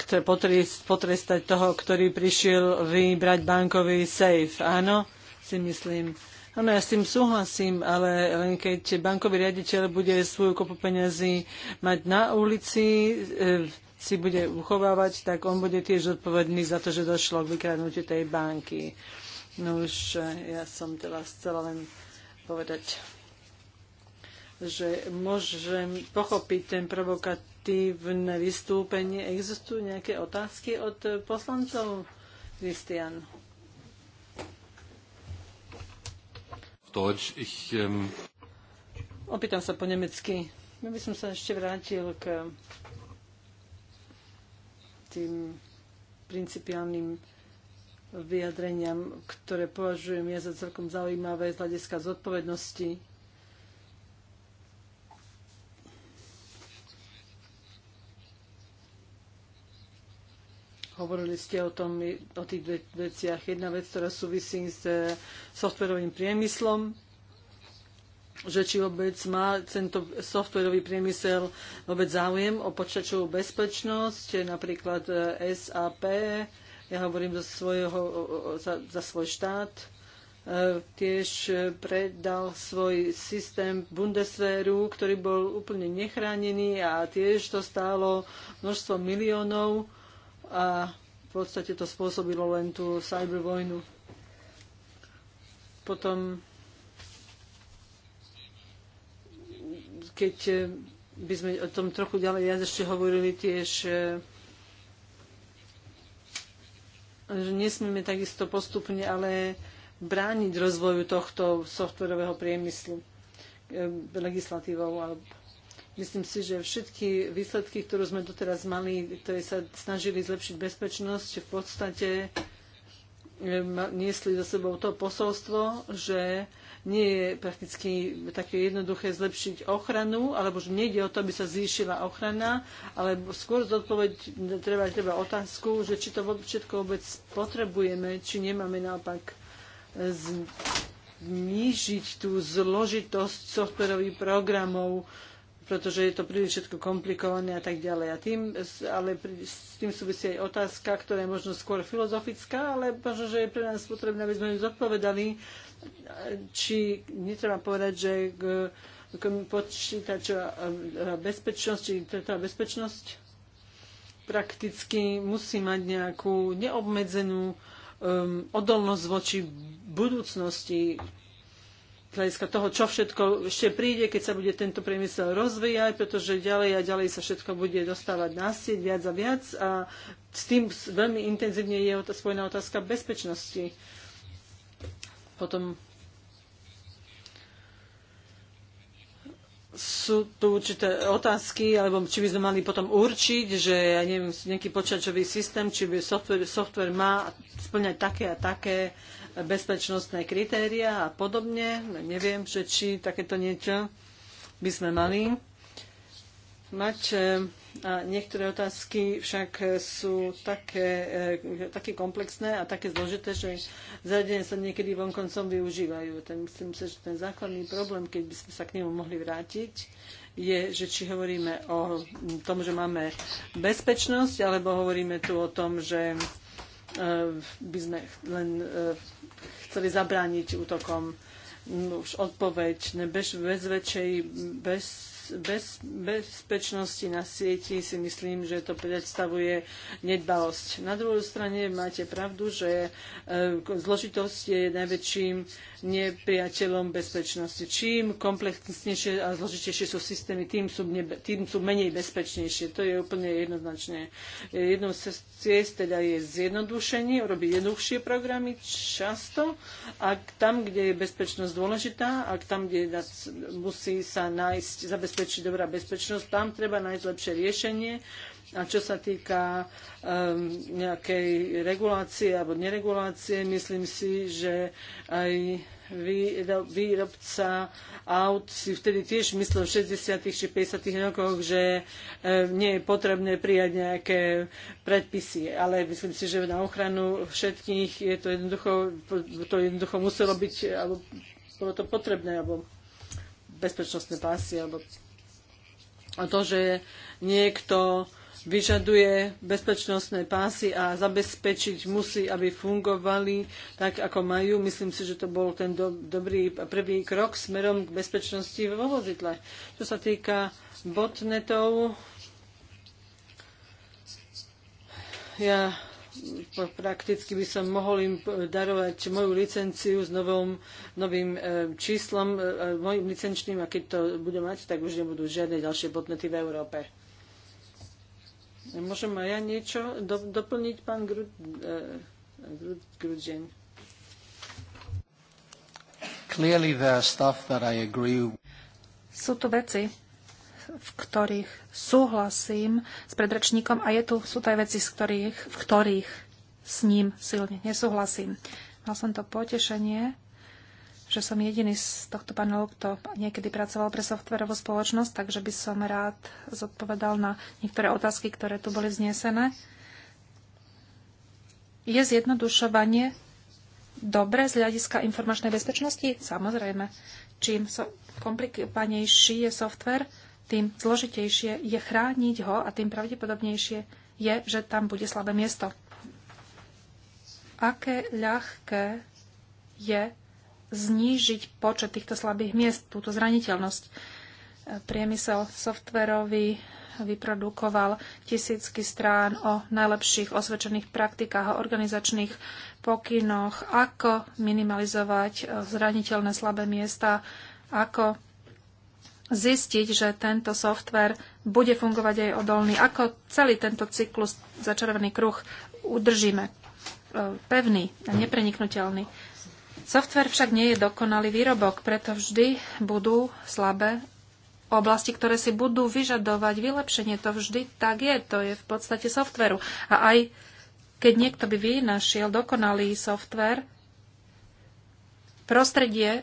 potrestať toho, ktorý prišiel vybrať bankový safe. Áno, si myslím. Áno, ja s tým súhlasím, ale len keď bankový riaditeľ bude svoju kopu peňazí mať na ulici, e, si bude uchovávať, tak on bude tiež odpovedný za to, že došlo k vykradnutiu tej banky. No už e, ja som teraz chcela len povedať, že môžem pochopiť ten provokatívne vystúpenie. Existujú nejaké otázky od poslancov? Kristian. Deutsch. Ich, ähm... Opýtam sa po nemecky. Ja by som sa ešte vrátil k tým principiálnym vyjadreniam, ktoré považujem ja za celkom zaujímavé z hľadiska zodpovednosti hovorili ste o tom, o tých veciach. Jedna vec, ktorá súvisí s e, softverovým priemyslom, že či vôbec má tento softverový priemysel vôbec záujem o počítačovú bezpečnosť, napríklad e, SAP, ja hovorím za, svojho, za, za svoj štát, e, tiež predal svoj systém Bundeswehru, ktorý bol úplne nechránený a tiež to stálo množstvo miliónov a v podstate to spôsobilo len tú cybervojnu. Potom, keď eh, by sme o tom trochu ďalej ja ešte hovorili tiež, eh, že nesmieme takisto postupne ale brániť rozvoju tohto softverového priemyslu eh, legislatívou alebo Myslím si, že všetky výsledky, ktoré sme doteraz mali, ktoré sa snažili zlepšiť bezpečnosť, v podstate niesli za sebou to posolstvo, že nie je prakticky také jednoduché zlepšiť ochranu, alebo že nejde o to, aby sa zvýšila ochrana, ale skôr zodpoveď treba, treba otázku, že či to všetko vôbec potrebujeme, či nemáme naopak e, znížiť tú zložitosť softverových programov, pretože je to príliš všetko komplikované a tak ďalej. A tým, ale s tým súvisí aj otázka, ktorá je možno skôr filozofická, ale možno, že je pre nás potrebné, aby sme ju zodpovedali, či netreba povedať, že počítačová bezpečnosť, či tá teda bezpečnosť prakticky musí mať nejakú neobmedzenú um, odolnosť voči budúcnosti, hľadiska toho, čo všetko ešte príde, keď sa bude tento priemysel rozvíjať, pretože ďalej a ďalej sa všetko bude dostávať na sieť viac a viac a s tým veľmi intenzívne je spojená otázka bezpečnosti. Potom sú tu určité otázky, alebo či by sme mali potom určiť, že ja neviem, nejaký počítačový systém, či by software, software má splňať také a také bezpečnostné kritéria a podobne. Neviem, že či takéto niečo by sme mali mať. A niektoré otázky však sú také, e, také komplexné a také zložité, že zariadenia sa niekedy vonkoncom využívajú. Ten, myslím si, že ten základný problém, keď by sme sa k nemu mohli vrátiť, je, že či hovoríme o tom, že máme bezpečnosť, alebo hovoríme tu o tom, že e, by sme len e, chceli zabrániť útokom. Už odpoveď bez, bez väčšej, bez bez bezpečnosti na sieti si myslím, že to predstavuje nedbalosť. Na druhej strane máte pravdu, že e, zložitosť je najväčším nepriateľom bezpečnosti. Čím komplexnejšie a zložitejšie sú systémy, tým sú, nebe, tým sú menej bezpečnejšie. To je úplne jednoznačné. Jednou z ciest teda je zjednodušenie, robiť jednoduchšie programy často a tam, kde je bezpečnosť dôležitá, a tam, kde musí sa nájsť zabezpečenie zabezpečí dobrá bezpečnosť. Tam treba nájsť lepšie riešenie. A čo sa týka um, nejakej regulácie alebo neregulácie, myslím si, že aj výrobca aut si vtedy tiež myslel v 60. či 50. rokoch, že ehm, nie je potrebné prijať nejaké predpisy. Ale myslím si, že na ochranu všetkých je to jednoducho, to jednoducho muselo byť, alebo bolo to potrebné, alebo bezpečnostné pásy, alebo a to, že niekto vyžaduje bezpečnostné pásy a zabezpečiť musí, aby fungovali tak, ako majú. Myslím si, že to bol ten do, dobrý prvý krok smerom k bezpečnosti vo vozidle. Čo sa týka botnetov, ja prakticky by som mohol im darovať moju licenciu s novom, novým e, číslom, e, e, mojim licenčným a keď to budú mať, tak už nebudú žiadne ďalšie podnety v Európe. Môžem aj ja niečo do, doplniť, pán Grudžen? Clearly there are stuff that I agree. Sú to veci, v ktorých súhlasím s predrečníkom a je tu, sú to aj veci, z ktorých, v ktorých s ním silne nesúhlasím. Mal som to potešenie, že som jediný z tohto panelu, kto niekedy pracoval pre softverovú spoločnosť, takže by som rád zodpovedal na niektoré otázky, ktoré tu boli vznesené. Je zjednodušovanie dobre z hľadiska informačnej bezpečnosti? Samozrejme. Čím so komplikovanejší je software, tým zložitejšie je chrániť ho a tým pravdepodobnejšie je, že tam bude slabé miesto. Aké ľahké je znížiť počet týchto slabých miest, túto zraniteľnosť. Priemysel softverový vyprodukoval tisícky strán o najlepších osvedčených praktikách a organizačných pokynoch, ako minimalizovať zraniteľné slabé miesta, ako zistiť, že tento software bude fungovať aj odolný. Ako celý tento cyklus červený kruh udržíme e, pevný a nepreniknutelný. Software však nie je dokonalý výrobok, preto vždy budú slabé oblasti, ktoré si budú vyžadovať vylepšenie. To vždy tak je, to je v podstate softveru. A aj keď niekto by vynašiel dokonalý software, prostredie e,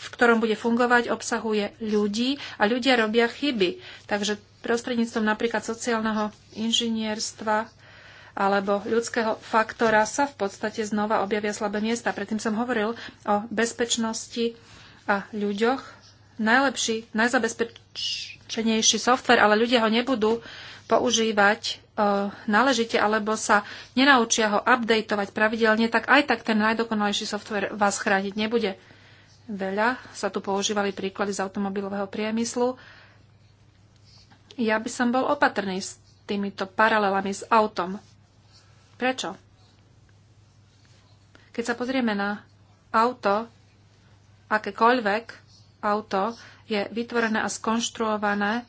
v ktorom bude fungovať, obsahuje ľudí a ľudia robia chyby. Takže prostredníctvom napríklad sociálneho inžinierstva alebo ľudského faktora sa v podstate znova objavia slabé miesta. Predtým som hovoril o bezpečnosti a ľuďoch. Najlepší, najzabezpečenejší software, ale ľudia ho nebudú používať e, náležite alebo sa nenaučia ho updateovať pravidelne, tak aj tak ten najdokonalejší software vás chrániť nebude veľa. Sa tu používali príklady z automobilového priemyslu. Ja by som bol opatrný s týmito paralelami s autom. Prečo? Keď sa pozrieme na auto, akékoľvek auto je vytvorené a skonštruované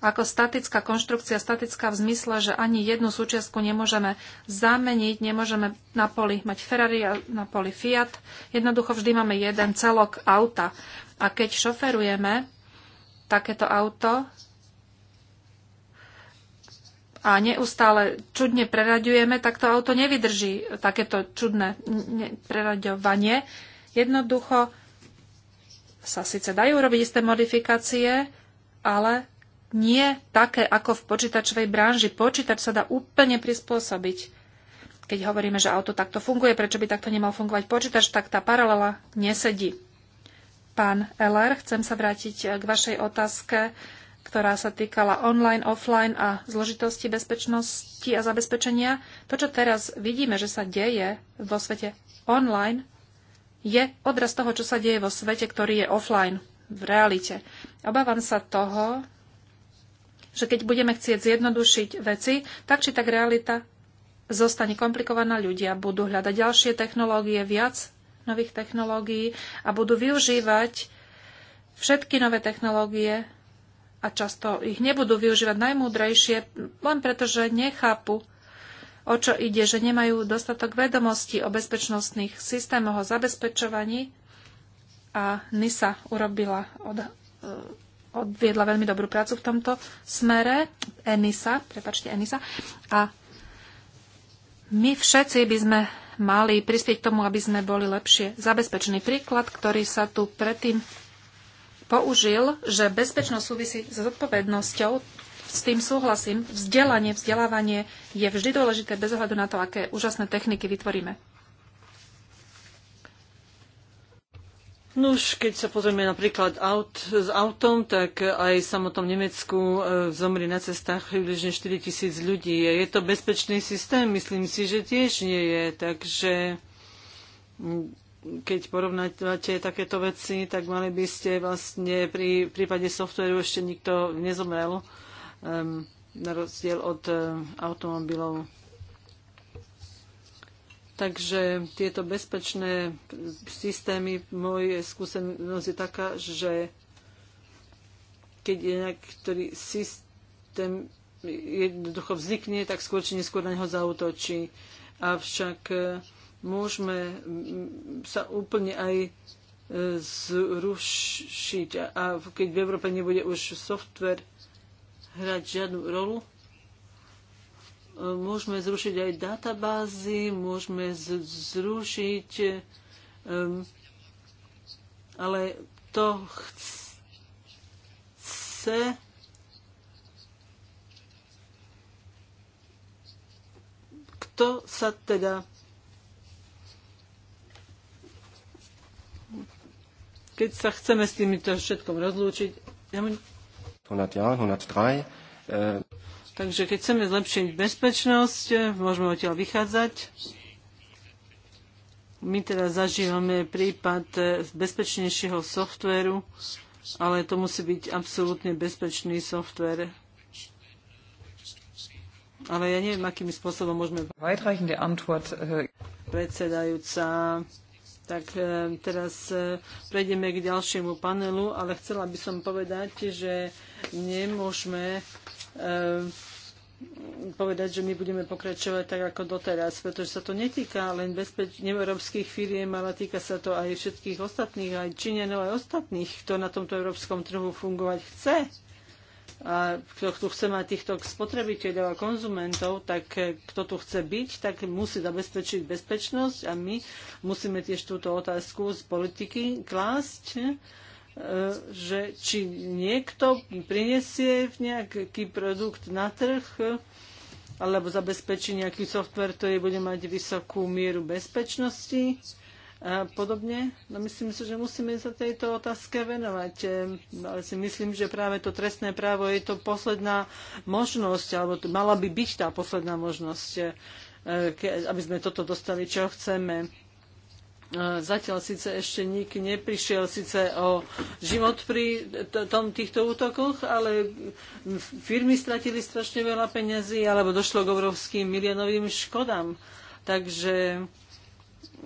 ako statická konštrukcia, statická v zmysle, že ani jednu súčiastku nemôžeme zameniť, nemôžeme na poli mať Ferrari a na poli Fiat. Jednoducho vždy máme jeden celok auta. A keď šoferujeme takéto auto a neustále čudne preraďujeme, tak to auto nevydrží takéto čudné preraďovanie. Jednoducho sa síce dajú robiť isté modifikácie, ale nie také ako v počítačovej branži. Počítač sa dá úplne prispôsobiť. Keď hovoríme, že auto takto funguje, prečo by takto nemal fungovať počítač, tak tá paralela nesedí. Pán Eller, chcem sa vrátiť eh, k vašej otázke, ktorá sa týkala online, offline a zložitosti bezpečnosti a zabezpečenia. To, čo teraz vidíme, že sa deje vo svete online, je odraz toho, čo sa deje vo svete, ktorý je offline, v realite. Obávam sa toho, že keď budeme chcieť zjednodušiť veci, tak či tak realita zostane komplikovaná, ľudia budú hľadať ďalšie technológie, viac nových technológií a budú využívať všetky nové technológie a často ich nebudú využívať najmúdrejšie, len preto, že nechápu, o čo ide, že nemajú dostatok vedomostí o bezpečnostných systémoch, o zabezpečovaní. A NISA urobila od, odviedla veľmi dobrú prácu v tomto smere, Enisa, prepačte Enisa, a my všetci by sme mali prispieť k tomu, aby sme boli lepšie zabezpečený Príklad, ktorý sa tu predtým použil, že bezpečnosť súvisí s zodpovednosťou, s tým súhlasím. Vzdelanie, vzdelávanie je vždy dôležité bez ohľadu na to, aké úžasné techniky vytvoríme. Nuž, keď sa pozrieme napríklad aut, s autom, tak aj v samotnom Nemecku e, zomri na cestách približne 4 tisíc ľudí. Je to bezpečný systém? Myslím si, že tiež nie je. Takže keď porovnáte takéto veci, tak mali by ste vlastne pri prípade softveru ešte nikto nezomrel, um, na rozdiel od um, automobilov. Takže tieto bezpečné systémy, moje skúsenosť je taká, že keď je niektorý systém jednoducho vznikne, tak skôr či neskôr na neho zautočí. Avšak e, môžeme sa úplne aj e, zrušiť. A keď v Európe nebude už software hrať žiadnu rolu, môžeme zrušiť aj databázy, môžeme zrušiť, um, ale to chce kto sa teda keď sa chceme s týmito všetkom rozlúčiť. Ja 100 103. Takže keď chceme zlepšiť bezpečnosť, eh, môžeme odtiaľ vychádzať. My teraz zažívame prípad eh, bezpečnejšieho softvéru, ale to musí byť absolútne bezpečný softvér. Ale ja neviem, akým spôsobom môžeme... Eh, Predsedajúca, tak teraz prejdeme k ďalšiemu panelu, ale chcela by som povedať, že nemôžeme povedať, že my budeme pokračovať tak ako doteraz, pretože sa to netýka len bezpeč- európskych firiem, ale týka sa to aj všetkých ostatných, aj Číňanov, aj ostatných, kto na tomto európskom trhu fungovať chce a kto tu chce mať týchto spotrebiteľov a konzumentov, tak eh, kto tu chce byť, tak musí zabezpečiť bezpečnosť a my musíme tiež túto otázku z politiky klásť že či niekto prinesie nejaký produkt na trh alebo zabezpečí nejaký software, ktorý bude mať vysokú mieru bezpečnosti a podobne. No myslím si, že musíme sa tejto otázke venovať. Ehm, ale si myslím, že práve to trestné právo je to posledná možnosť, alebo mala by byť tá posledná možnosť, ehm, aby sme toto dostali, čo chceme. E, zatiaľ síce ešte nik neprišiel síce o život pri tom, týchto útokoch, ale firmy stratili strašne veľa peňazí alebo došlo k obrovským miliónovým škodám. Takže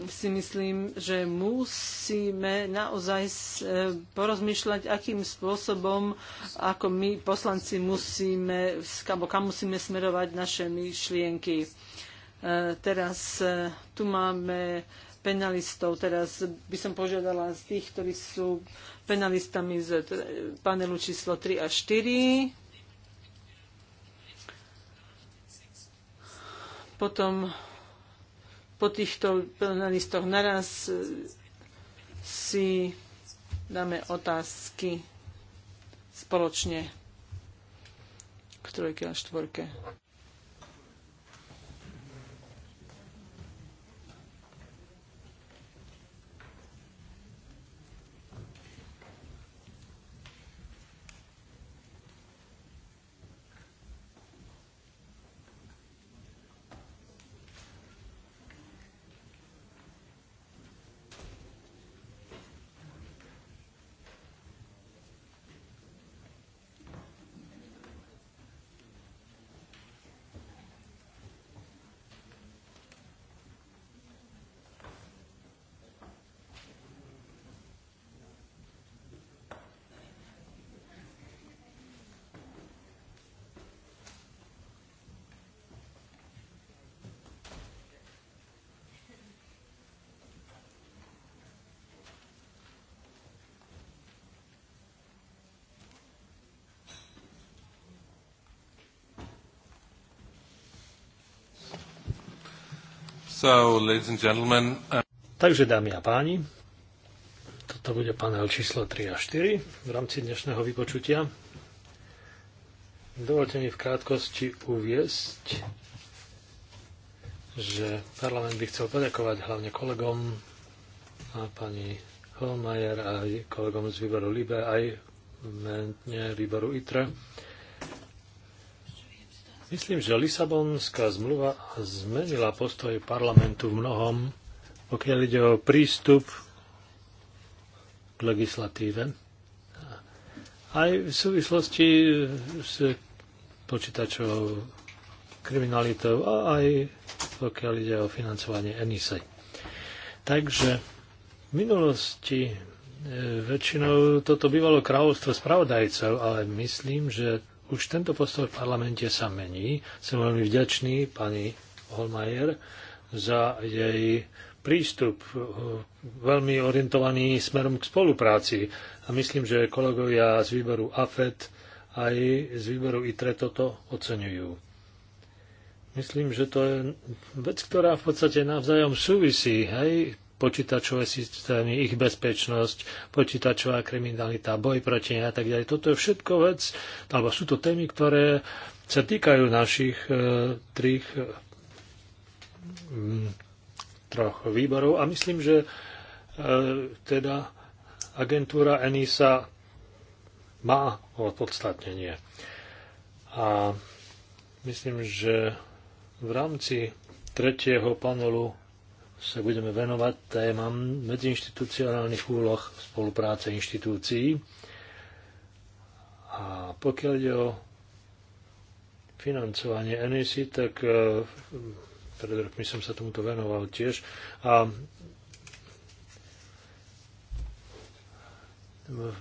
si myslím, že musíme naozaj e, porozmýšľať, akým spôsobom, ako my poslanci musíme, alebo kam musíme smerovať naše myšlienky. E, teraz tu máme penalistov. Teraz by som požiadala z tých, ktorí sú penalistami z panelu číslo 3 a 4. Potom po týchto penalistoch naraz eh, si dáme otázky spoločne k trojke a štvorke. So, ladies and gentlemen, uh... Takže, dámy a páni, toto bude panel číslo 3 a 4 v rámci dnešného vypočutia. Dovolte mi v krátkosti uviesť, že parlament by chcel poďakovať hlavne kolegom a pani Holmajer aj kolegom z výboru LIBE, aj výboru ITRE Myslím, že Lisabonská zmluva zmenila postoje parlamentu v mnohom, pokiaľ ide o prístup k legislatíve. Aj v súvislosti s počítačovou kriminalitou a aj pokiaľ ide o financovanie ENISE. Takže v minulosti e, väčšinou toto bývalo kráľovstvo spravodajcov, ale myslím, že už tento postoj v parlamente sa mení. Som veľmi vďačný pani Holmajer za jej prístup eh, veľmi orientovaný smerom k spolupráci. A myslím, že kolegovia z výboru AFET aj z výboru ITRE toto oceňujú. Myslím, že to je vec, ktorá v podstate navzájom súvisí. Hej? počítačové systémy, ich bezpečnosť, počítačová kriminalita, boj proti nej a tak ďalej. Toto je všetko vec, alebo sú to témy, ktoré sa týkajú našich e, trých, e, m, troch výborov a myslím, že e, teda agentúra ENISA má opodstatnenie. A myslím, že v rámci tretieho panelu sa budeme venovať témam medziinstitucionálnych úloh spolupráce inštitúcií. A pokiaľ ide o financovanie NSI, e tak e, pred rokmi som sa tomuto venoval tiež. A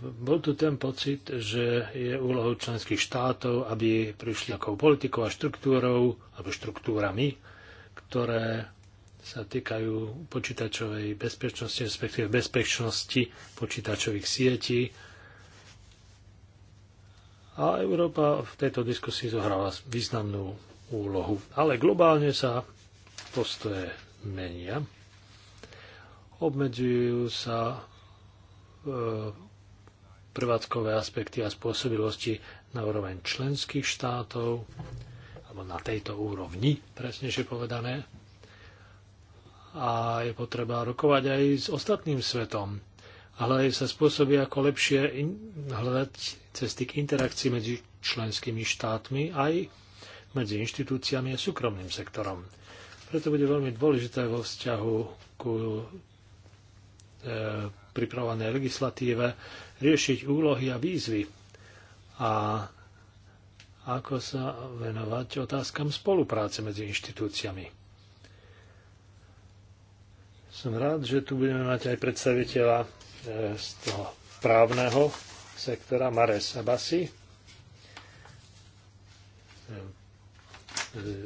Bol tu ten pocit, že je úlohou členských štátov, aby prišli takou politikou a štruktúrou, alebo štruktúrami, ktoré sa týkajú počítačovej bezpečnosti, respektíve bezpečnosti počítačových sietí. A Európa v tejto diskusii zohráva významnú úlohu. Ale globálne sa postoje menia. Obmedzujú sa e, prevádzkové aspekty a spôsobilosti na úroveň členských štátov, alebo na tejto úrovni, presnejšie povedané, a je potreba rokovať aj s ostatným svetom. Ale aj sa spôsobí, ako lepšie hľadať cesty k interakcii medzi členskými štátmi aj medzi inštitúciami a súkromným sektorom. Preto bude veľmi dôležité vo vzťahu ku e, pripravovanej legislatíve riešiť úlohy a výzvy a ako sa venovať otázkam spolupráce medzi inštitúciami. Som rád, že tu budeme mať aj predstaviteľa e, z toho právneho sektora Mare Sabasi. E, e,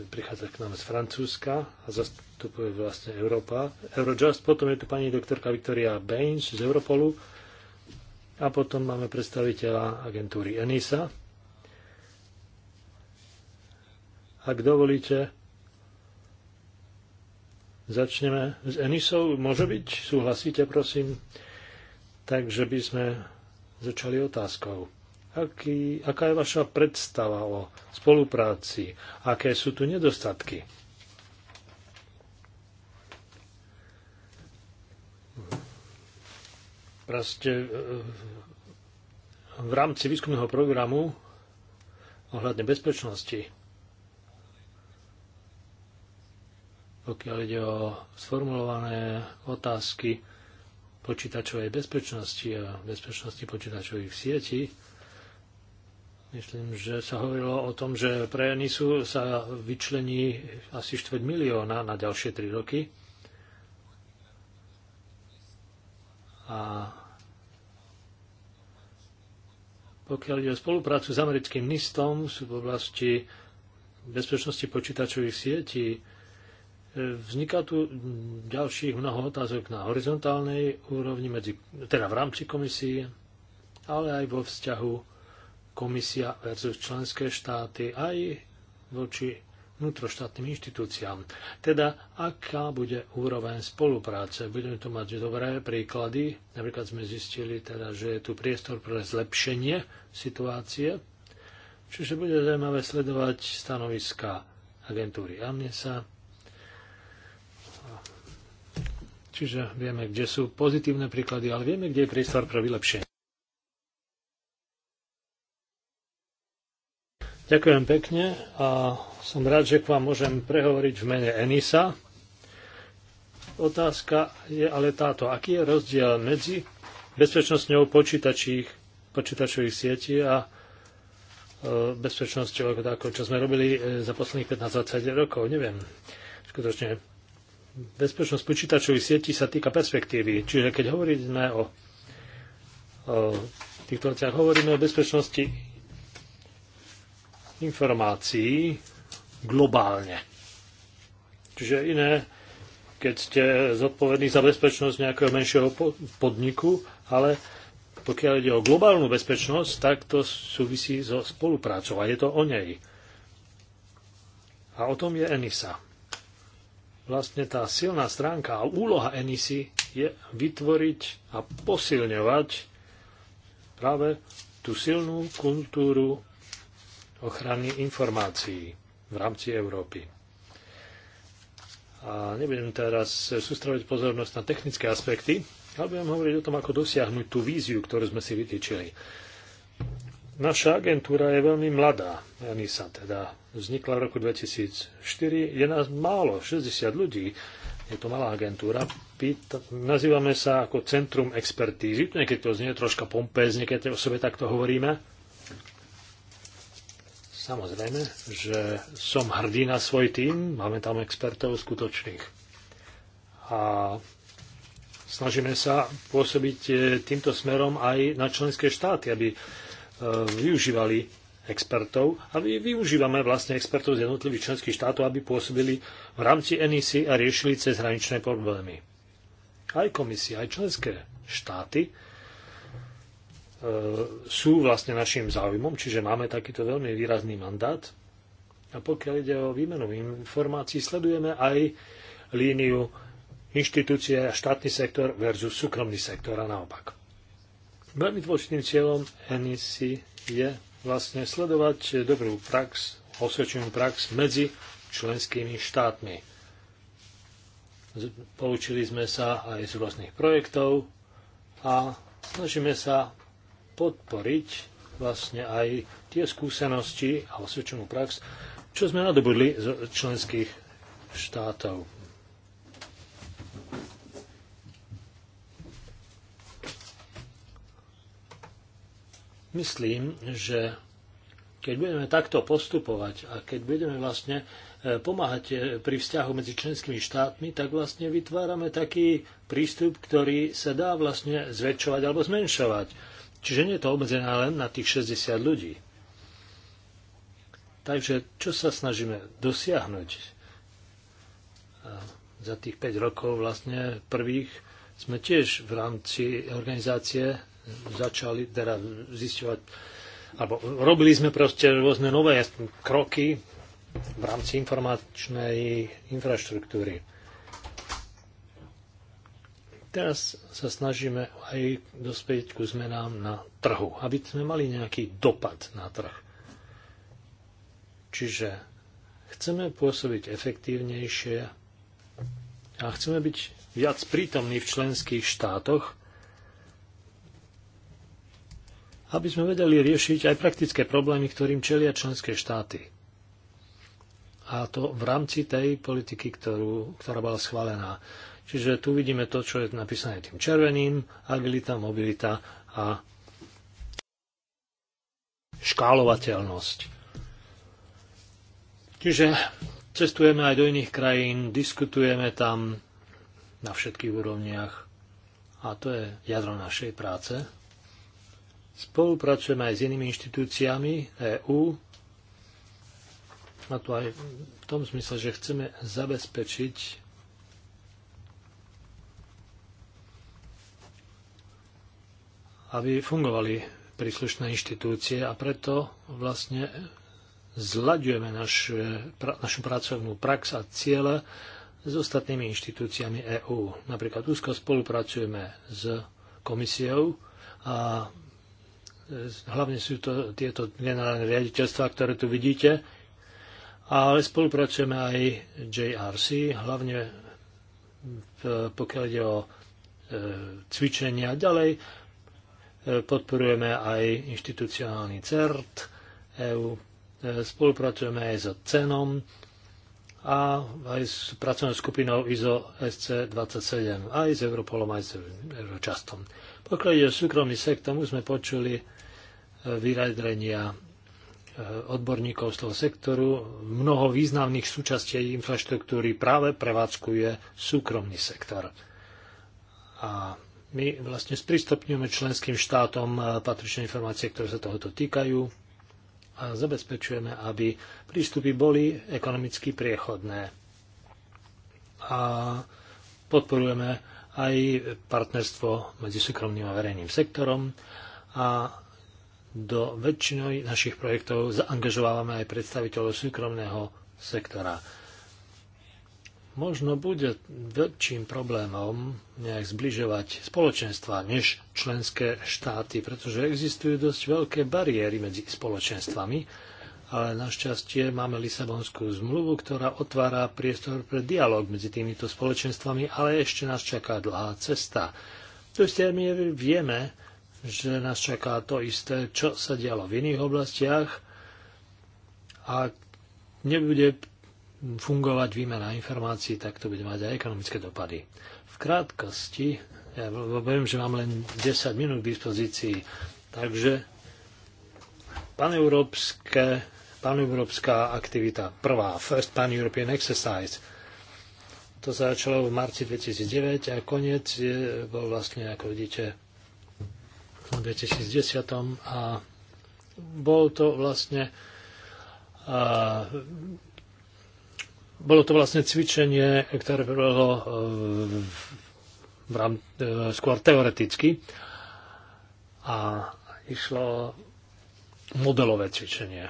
prichádza k nám z Francúzska a zastupuje vlastne Európa. Eurojust, potom je tu pani doktorka Viktoria Baines z Europolu a potom máme predstaviteľa agentúry ENISA. Ak dovolíte, Začneme s Enisou. Môže byť? Súhlasíte, prosím? Takže by sme začali otázkou. Aký, aká je vaša predstava o spolupráci? Aké sú tu nedostatky? Proste e, v rámci výskumného programu ohľadne bezpečnosti pokiaľ ide o sformulované otázky počítačovej bezpečnosti a bezpečnosti počítačových sietí. Myslím, že sa hovorilo o tom, že pre NISu sa vyčlení asi štvrť milióna na ďalšie 3 roky. A pokiaľ ide o spoluprácu s americkým NISTom v oblasti bezpečnosti počítačových sietí, Vzniká tu ďalších mnoho otázok na horizontálnej úrovni, medzi, teda v rámci komisie, ale aj vo vzťahu komisia versus členské štáty, aj voči vnútroštátnym inštitúciám. Teda, aká bude úroveň spolupráce. Budeme tu mať dobré príklady. Napríklad sme zistili, teda, že je tu priestor pre zlepšenie situácie. Čiže bude zaujímavé sledovať stanoviska agentúry. Amnesa, Čiže vieme, kde sú pozitívne príklady, ale vieme, kde je priestor pre vylepšenie. Ďakujem pekne a som rád, že k vám môžem prehovoriť v mene Enisa. Otázka je ale táto. Aký je rozdiel medzi bezpečnosťou počítačových sietí a e, bezpečnosťou, ako, čo sme robili e, za posledných 15-20 rokov? Neviem. Skutočne bezpečnosť počítačových sietí sa týka perspektívy. Čiže keď hovoríme o, o týchto veciach, hovoríme o bezpečnosti informácií globálne. Čiže iné, keď ste zodpovední za bezpečnosť nejakého menšieho podniku, ale pokiaľ ide o globálnu bezpečnosť, tak to súvisí so spoluprácou a je to o nej. A o tom je ENISA vlastne tá silná stránka a úloha Enisy je vytvoriť a posilňovať práve tú silnú kultúru ochrany informácií v rámci Európy. A nebudem teraz sústraviť pozornosť na technické aspekty, ale budem hovoriť o tom, ako dosiahnuť tú víziu, ktorú sme si vytýčili. Naša agentúra je veľmi mladá. ENISA teda vznikla v roku 2004. Je nás málo, 60 ľudí. Je to malá agentúra. Pýta, nazývame sa ako Centrum expertízy. Niekedy to znie troška pompézne, keď o sebe takto hovoríme. Samozrejme, že som hrdý na svoj tým. Máme tam expertov skutočných. A snažíme sa pôsobiť e, týmto smerom aj na členské štáty, aby E, využívali expertov a my využívame vlastne expertov z jednotlivých členských štátov, aby pôsobili v rámci NEC a riešili cezhraničné problémy. Aj komisia, aj členské štáty e, sú vlastne našim záujmom, čiže máme takýto veľmi výrazný mandát. A pokiaľ ide o výmenu informácií, sledujeme aj líniu inštitúcie a štátny sektor versus súkromný sektor a naopak. Veľmi dôležitým cieľom NEC je vlastne sledovať dobrú prax, osvedčenú prax medzi členskými štátmi. Poučili sme sa aj z rôznych projektov a snažíme sa podporiť vlastne aj tie skúsenosti a osvedčenú prax, čo sme nadobudli z členských štátov. Myslím, že keď budeme takto postupovať a keď budeme vlastne e, pomáhať e, pri vzťahu medzi členskými štátmi, tak vlastne vytvárame taký prístup, ktorý sa dá vlastne zväčšovať alebo zmenšovať. Čiže nie je to obmedzené len na tých 60 ľudí. Takže čo sa snažíme dosiahnuť? A e, za tých 5 rokov vlastne prvých sme tiež v rámci organizácie začali teda zisťovať, alebo robili sme proste rôzne nové kroky v rámci informačnej infraštruktúry. Teraz sa snažíme aj dospieť ku zmenám na trhu, aby sme mali nejaký dopad na trh. Čiže chceme pôsobiť efektívnejšie a chceme byť viac prítomní v členských štátoch aby sme vedeli riešiť aj praktické problémy, ktorým čelia členské štáty. A to v rámci tej politiky, ktorú, ktorá bola schválená. Čiže tu vidíme to, čo je napísané tým červeným, agilita, mobilita a škálovateľnosť. Čiže cestujeme aj do iných krajín, diskutujeme tam na všetkých úrovniach a to je jadro našej práce. Spolupracujeme aj s inými inštitúciami EÚ, a to aj v tom smysle, že chceme zabezpečiť aby fungovali príslušné inštitúcie a preto vlastne zlaďujeme naš, pra, našu pracovnú prax a ciele s ostatnými inštitúciami EÚ. Napríklad úzko spolupracujeme s komisiou a E, hlavne sú to tieto generálne riaditeľstva, ktoré tu vidíte, ale spolupracujeme aj JRC, hlavne pokiaľ ide o e, cvičenia ďalej. E, podporujeme aj inštitucionálny CERT, EU, spolupracujeme aj so CENom a aj s pracovnou skupinou ISO SC27, aj s Europolom, aj s Eurojustom. Pokiaľ ide o súkromný sektor, už sme počuli vyjadrenia eh, odborníkov z toho sektoru. Mnoho významných súčastí infraštruktúry práve prevádzkuje súkromný sektor. A my vlastne sprístupňujeme členským štátom eh, patričné informácie, ktoré sa tohoto týkajú a zabezpečujeme, aby prístupy boli ekonomicky priechodné. A podporujeme aj partnerstvo medzi súkromným a verejným sektorom a do väčšiny našich projektov zaangažovávame aj predstaviteľov súkromného sektora. Možno bude väčším problémom nejak zbližovať spoločenstva než členské štáty, pretože existujú dosť veľké bariéry medzi spoločenstvami, ale našťastie máme Lisabonskú zmluvu, ktorá otvára priestor pre dialog medzi týmito spoločenstvami, ale ešte nás čaká dlhá cesta. To ste my vieme, že nás čaká to isté, čo sa dialo v iných oblastiach a nebude fungovať výmena informácií, tak to bude mať aj ekonomické dopady. V krátkosti, ja viem, že mám len 10 minút k dispozícii, takže paneurópske, paneurópska aktivita, prvá, First Pan-European Exercise, to začalo v marci 2009 a koniec je, bol vlastne, ako vidíte, v 2010 a bol to vlastne a, bolo to vlastne cvičenie, ktoré bolo e, v rám, e, skôr teoreticky a išlo modelové cvičenie.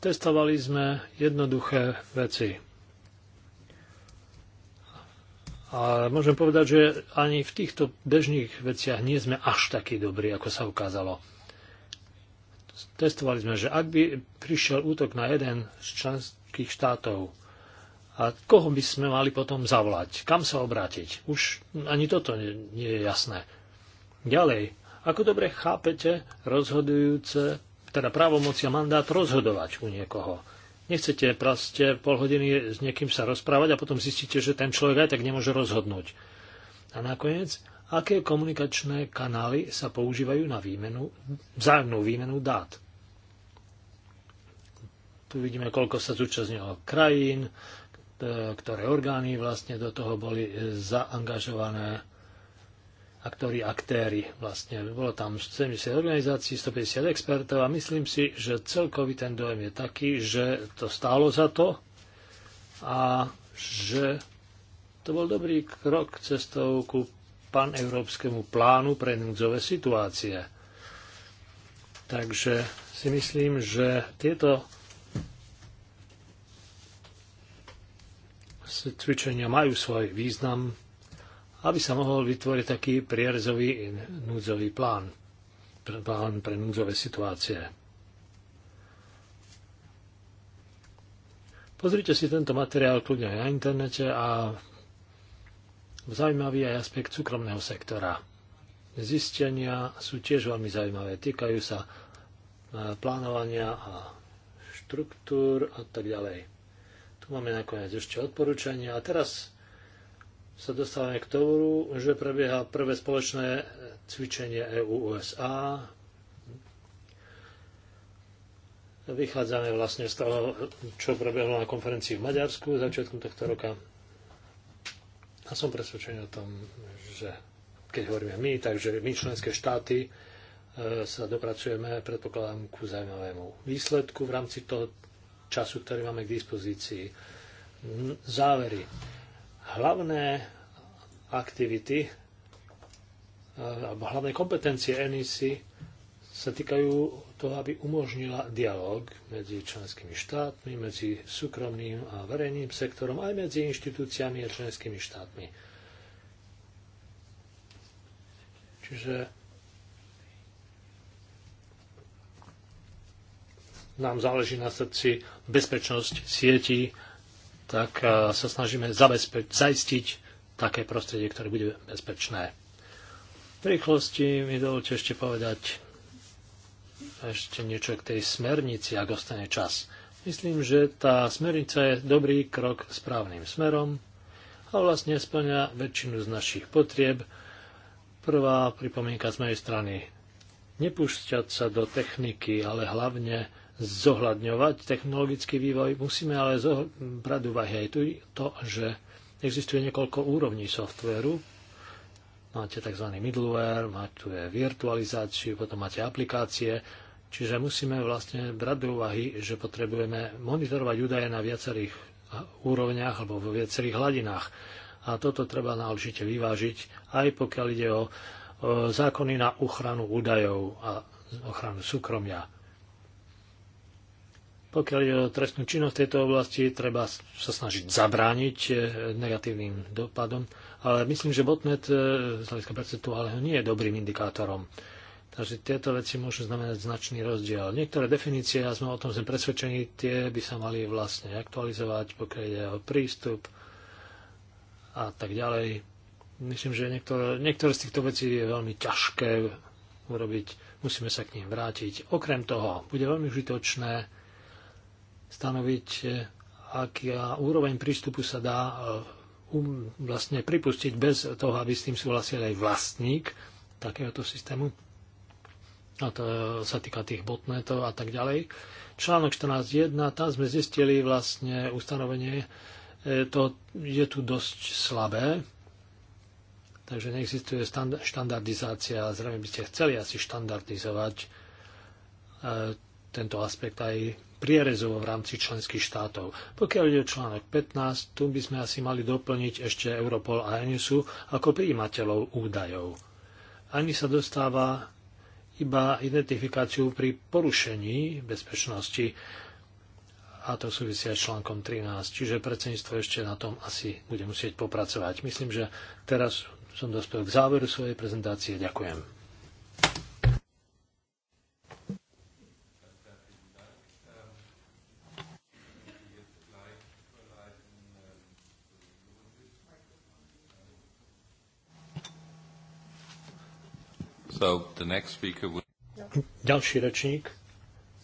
Testovali sme jednoduché veci a môžem povedať, že ani v týchto bežných veciach nie sme až takí dobrí, ako sa ukázalo. Testovali sme, že ak by prišiel útok na jeden z členských štátov, a koho by sme mali potom zavolať? Kam sa obrátiť? Už ani toto nie, je jasné. Ďalej, ako dobre chápete rozhodujúce, teda právomoci a mandát rozhodovať u niekoho? Nechcete proste pol hodiny s niekým sa rozprávať a potom zistíte, že ten človek aj tak nemôže rozhodnúť. A nakoniec, aké komunikačné kanály sa používajú na výmenu, vzájomnú výmenu dát. Tu vidíme, koľko sa zúčastnilo krajín, e, ktoré orgány vlastne do toho boli zaangažované a ktorí aktéry vlastne. Bolo tam 70 organizácií, 150 expertov a myslím si, že celkový ten dojem je taký, že to stálo za to a že to bol dobrý krok cestou ku paneurópskemu plánu pre núdzové situácie. Takže si myslím, že tieto cvičenia majú svoj význam aby sa mohol vytvoriť taký prierezový núdzový plán, plán pre núdzové situácie. Pozrite si tento materiál kľudne na internete a zaujímavý aj aspekt súkromného sektora. Zistenia sú tiež veľmi zaujímavé. Týkajú sa e, plánovania a štruktúr a tak ďalej. Tu máme nakoniec ešte odporúčania a teraz sa dostávame k tomu, že prebieha prvé spoločné cvičenie EU-USA. Vychádzame vlastne z toho, čo prebehlo na konferencii v Maďarsku začiatkom tohto roka. A som presvedčený o tom, že keď hovoríme my, takže my členské štáty e, sa dopracujeme, predpokladám, ku zaujímavému výsledku v rámci toho času, ktorý máme k dispozícii. Závery hlavné aktivity eh, alebo hlavné kompetencie NEC sa týkajú toho, aby umožnila dialog medzi členskými štátmi, medzi súkromným a verejným sektorom, aj medzi inštitúciami a členskými štátmi. Čiže nám záleží na srdci bezpečnosť sietí tak e, sa snažíme zaistiť také prostredie, ktoré bude bezpečné. V rýchlosti mi dovolte ešte povedať ešte niečo k tej smernici, ak ostane čas. Myslím, že tá smernica je dobrý krok správnym smerom a vlastne splňa väčšinu z našich potrieb. Prvá pripomienka z mojej strany. Nepúšťať sa do techniky, ale hlavne zohľadňovať technologický vývoj, musíme ale brať úvahy aj tu to, že existuje niekoľko úrovní softvéru. Máte tzv. middleware, máte virtualizáciu, potom máte aplikácie, čiže musíme vlastne brať do úvahy, že potrebujeme monitorovať údaje na viacerých úrovniach alebo vo viacerých hladinách. A toto treba náležite vyvážiť, aj pokiaľ ide o zákony na ochranu údajov a ochranu súkromia. Pokiaľ je o trestnú činnosť v tejto oblasti, treba sa snažiť zabrániť e, negatívnym dopadom, ale myslím, že botnet e, z hľadiska percentuálneho nie je dobrým indikátorom. Takže tieto veci môžu znamenať značný rozdiel. Niektoré definície, a sme o tom sme presvedčení, tie by sa mali vlastne aktualizovať, pokiaľ je o prístup a tak ďalej. Myslím, že niektoré, niektoré z týchto vecí je veľmi ťažké urobiť, musíme sa k ním vrátiť. Okrem toho, bude veľmi užitočné stanoviť, e, aká úroveň prístupu sa dá e, um, vlastne pripustiť bez toho, aby s tým súhlasil aj vlastník takéhoto systému. A to sa týka tých botnetov a tak ďalej. Článok 14.1, tam sme zistili vlastne ustanovenie, e, to je tu dosť slabé, takže neexistuje štandardizácia. Zrejme by ste chceli asi štandardizovať tento aspekt aj prierezovo v rámci členských štátov. Pokiaľ ide článok 15, tu by sme asi mali doplniť ešte Europol a ENISu ako prijímateľov údajov. Ani sa dostáva iba identifikáciu pri porušení bezpečnosti a to súvisia s článkom 13, čiže predsedníctvo ešte na tom asi bude musieť popracovať. Myslím, že teraz som dospel k záveru svojej prezentácie. Ďakujem. So the next speaker will... Ďalší rečník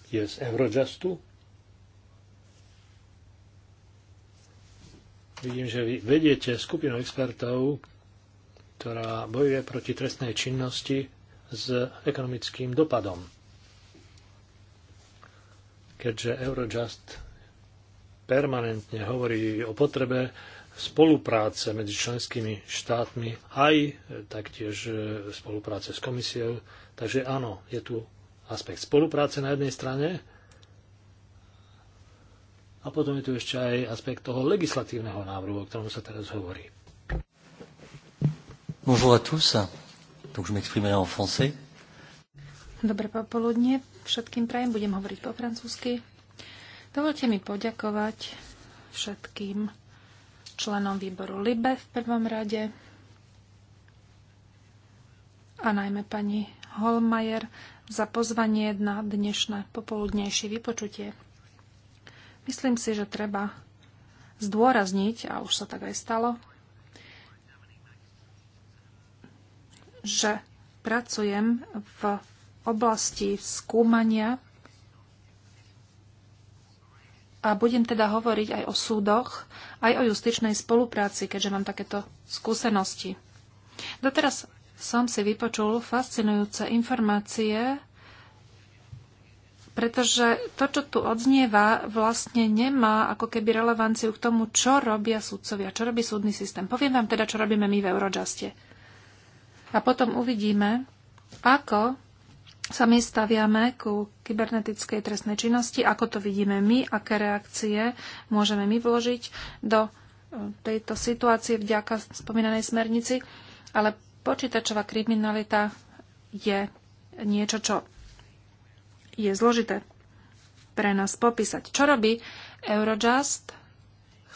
je z Eurojustu. Vidím, že vy vediete skupinu expertov, ktorá bojuje proti trestnej činnosti s ekonomickým dopadom. Keďže Eurojust permanentne hovorí o potrebe spolupráce medzi členskými štátmi, aj e, taktiež e, spolupráce s komisiou. Takže áno, je tu aspekt spolupráce na jednej strane a potom je tu ešte aj aspekt toho legislatívneho návrhu, o ktorom sa teraz hovorí. Bonjour à tous. Donc je m'exprimerai en français. Dobré popoludne. Všetkým prajem budem hovoriť po francúzsky. Dovolte mi poďakovať všetkým členom výboru LIBE v prvom rade a najmä pani Holmajer za pozvanie na dnešné popoludnejšie vypočutie. Myslím si, že treba zdôrazniť, a už sa tak aj stalo, že pracujem v oblasti skúmania a budem teda hovoriť aj o súdoch, aj o justičnej spolupráci, keďže mám takéto skúsenosti. Doteraz som si vypočul fascinujúce informácie, pretože to, čo tu odznieva, vlastne nemá ako keby relevanciu k tomu, čo robia súdcovia, čo robí súdny systém. Poviem vám teda, čo robíme my v Eurojuste. A potom uvidíme, ako sa my staviame ku kybernetickej trestnej činnosti, ako to vidíme my, aké reakcie môžeme my vložiť do e, tejto situácie vďaka spomínanej smernici, ale počítačová kriminalita je niečo, čo je zložité pre nás popísať. Čo robí Eurojust?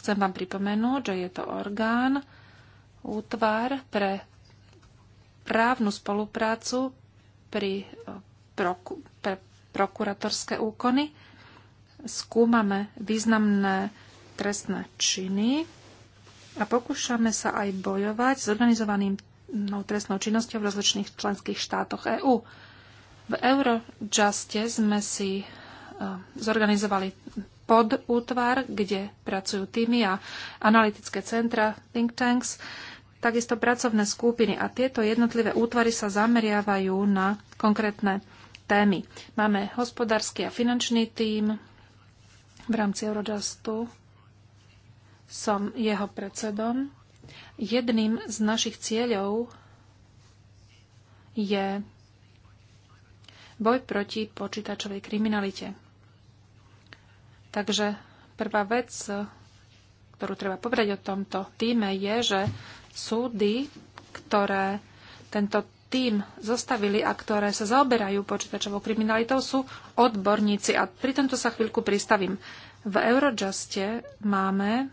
Chcem vám pripomenúť, že je to orgán, útvar pre právnu spoluprácu pri eh, proku, pre prokuratorské úkony. Skúmame významné trestné činy a pokúšame sa aj bojovať s organizovaným no, trestnou činnosťou v rozličných členských štátoch EÚ. EU. V Eurojuste sme si eh, zorganizovali podútvar, kde pracujú týmy a analytické centra think tanks takisto pracovné skupiny a tieto jednotlivé útvary sa zameriavajú na konkrétne témy. Máme hospodársky a finančný tím v rámci Eurojustu. Som jeho predsedom. Jedným z našich cieľov je boj proti počítačovej kriminalite. Takže prvá vec, ktorú treba povedať o tomto týme, je, že súdy, ktoré tento tým zostavili a ktoré sa zaoberajú počítačovou kriminalitou, sú odborníci. A pri tomto sa chvíľku pristavím. V Eurojuste máme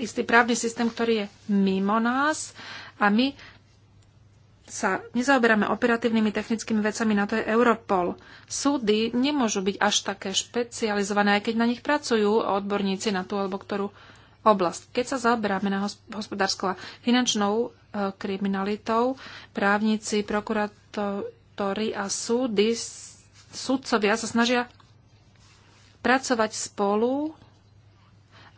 istý právny systém, ktorý je mimo nás a my sa nezaoberáme operatívnymi technickými vecami, na to je Europol. Súdy nemôžu byť až také špecializované, aj keď na nich pracujú odborníci na tú alebo ktorú oblasť. Keď sa zaoberáme na hospodárskou a finančnou e, kriminalitou, právnici, prokurátori a súdy, súdcovia sa snažia pracovať spolu,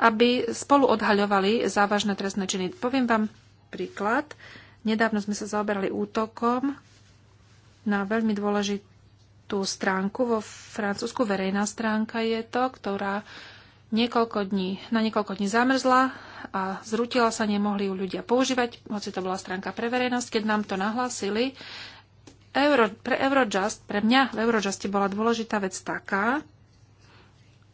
aby spolu odhaľovali závažné trestné činy. Poviem vám príklad. Nedávno sme sa zaoberali útokom na veľmi dôležitú stránku. Vo Francúzsku verejná stránka je to, ktorá niekoľko dní, na niekoľko dní zamrzla a zrutila sa, nemohli ju ľudia používať, hoci to bola stránka pre verejnosť. Keď nám to nahlásili, Euro, pre Eurojust, pre mňa v Eurojuste bola dôležitá vec taká,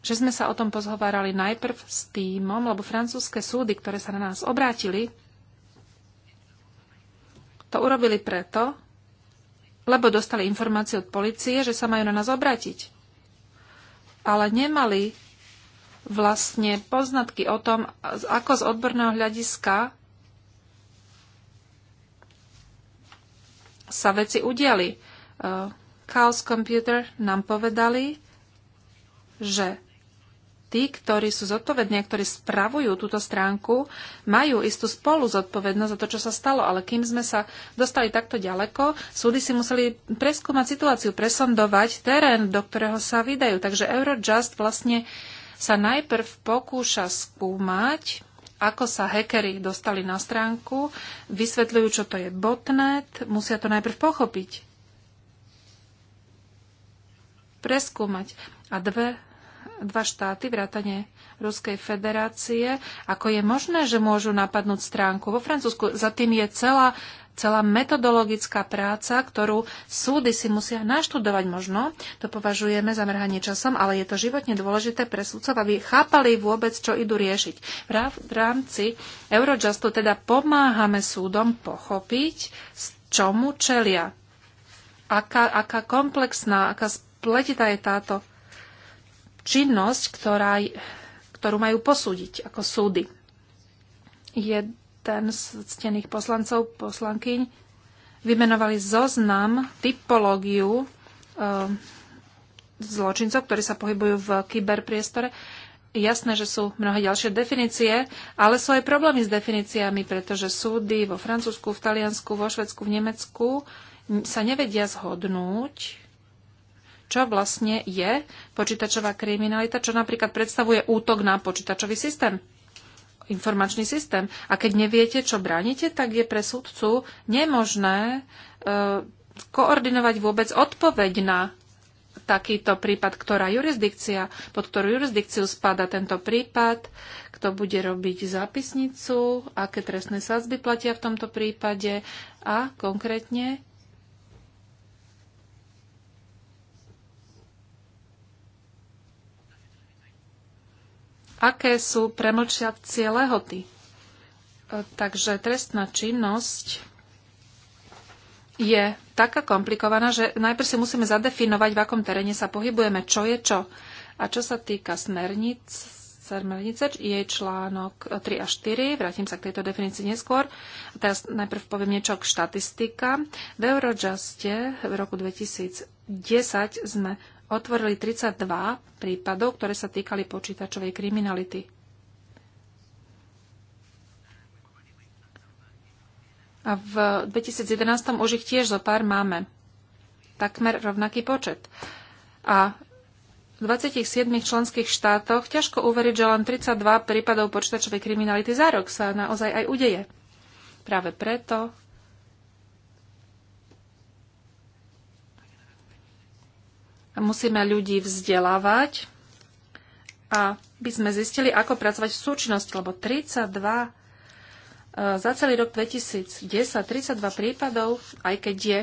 že sme sa o tom pozhovárali najprv s týmom, lebo francúzske súdy, ktoré sa na nás obrátili, to urobili preto, lebo dostali informácie od policie, že sa majú na nás obrátiť. Ale nemali vlastne poznatky o tom, ako z odborného hľadiska sa veci udiali. E, Chaos Computer nám povedali, že tí, ktorí sú zodpovední a ktorí spravujú túto stránku, majú istú spolu zodpovednosť za to, čo sa stalo. Ale kým sme sa dostali takto ďaleko, súdy si museli preskúmať situáciu, presondovať terén, do ktorého sa vydajú. Takže Eurojust vlastne uh, sa najprv pokúša skúmať, ako sa hekery dostali na stránku, vysvetľujú, čo to je botnet, musia to najprv pochopiť, preskúmať. A dve, dva štáty, vrátane Ruskej federácie, ako je možné, že môžu napadnúť stránku. Vo Francúzsku za tým je celá celá metodologická práca, ktorú súdy si musia naštudovať možno. To považujeme za mrhanie časom, ale je to životne dôležité pre súdcov, aby chápali vôbec, čo idú riešiť. V rámci Eurojustu teda pomáhame súdom pochopiť, z čomu čelia. Aká, aká komplexná, aká spletitá je táto činnosť, ktorá, ktorú majú posúdiť ako súdy. Je ten z ctených poslancov, poslankyň, vymenovali zoznam, typológiu e, zločincov, ktorí sa pohybujú v kyberpriestore. Jasné, že sú mnohé ďalšie definície, ale sú aj problémy s definíciami, pretože súdy vo Francúzsku, v Taliansku, vo Švedsku, v Nemecku sa nevedia zhodnúť, čo vlastne je počítačová kriminalita, čo napríklad predstavuje útok na počítačový systém informačný systém. A keď neviete, čo bránite, tak je pre súdcu nemožné e, koordinovať vôbec odpoveď na takýto prípad, ktorá jurisdikcia, pod ktorú jurisdikciu spada tento prípad, kto bude robiť zápisnicu, aké trestné sázby platia v tomto prípade a konkrétne aké sú premlčiacie lehoty. E, takže trestná činnosť je taká komplikovaná, že najprv si musíme zadefinovať, v akom teréne sa pohybujeme, čo je čo. A čo sa týka smernic, smernice, jej článok 3 a 4, vrátim sa k tejto definícii neskôr. A teraz najprv poviem niečo k štatistikám. V Eurojuste v roku 2010 sme otvorili 32 prípadov, ktoré sa týkali počítačovej kriminality. A v 2011 už ich tiež zo pár máme. Takmer rovnaký počet. A v 27 členských štátoch ťažko uveriť, že len 32 prípadov počítačovej kriminality za rok sa naozaj aj udeje. Práve preto Musíme ľudí vzdelávať a by sme zistili, ako pracovať v súčinnosti, lebo 32 e, za celý rok 2010 32 prípadov, aj keď je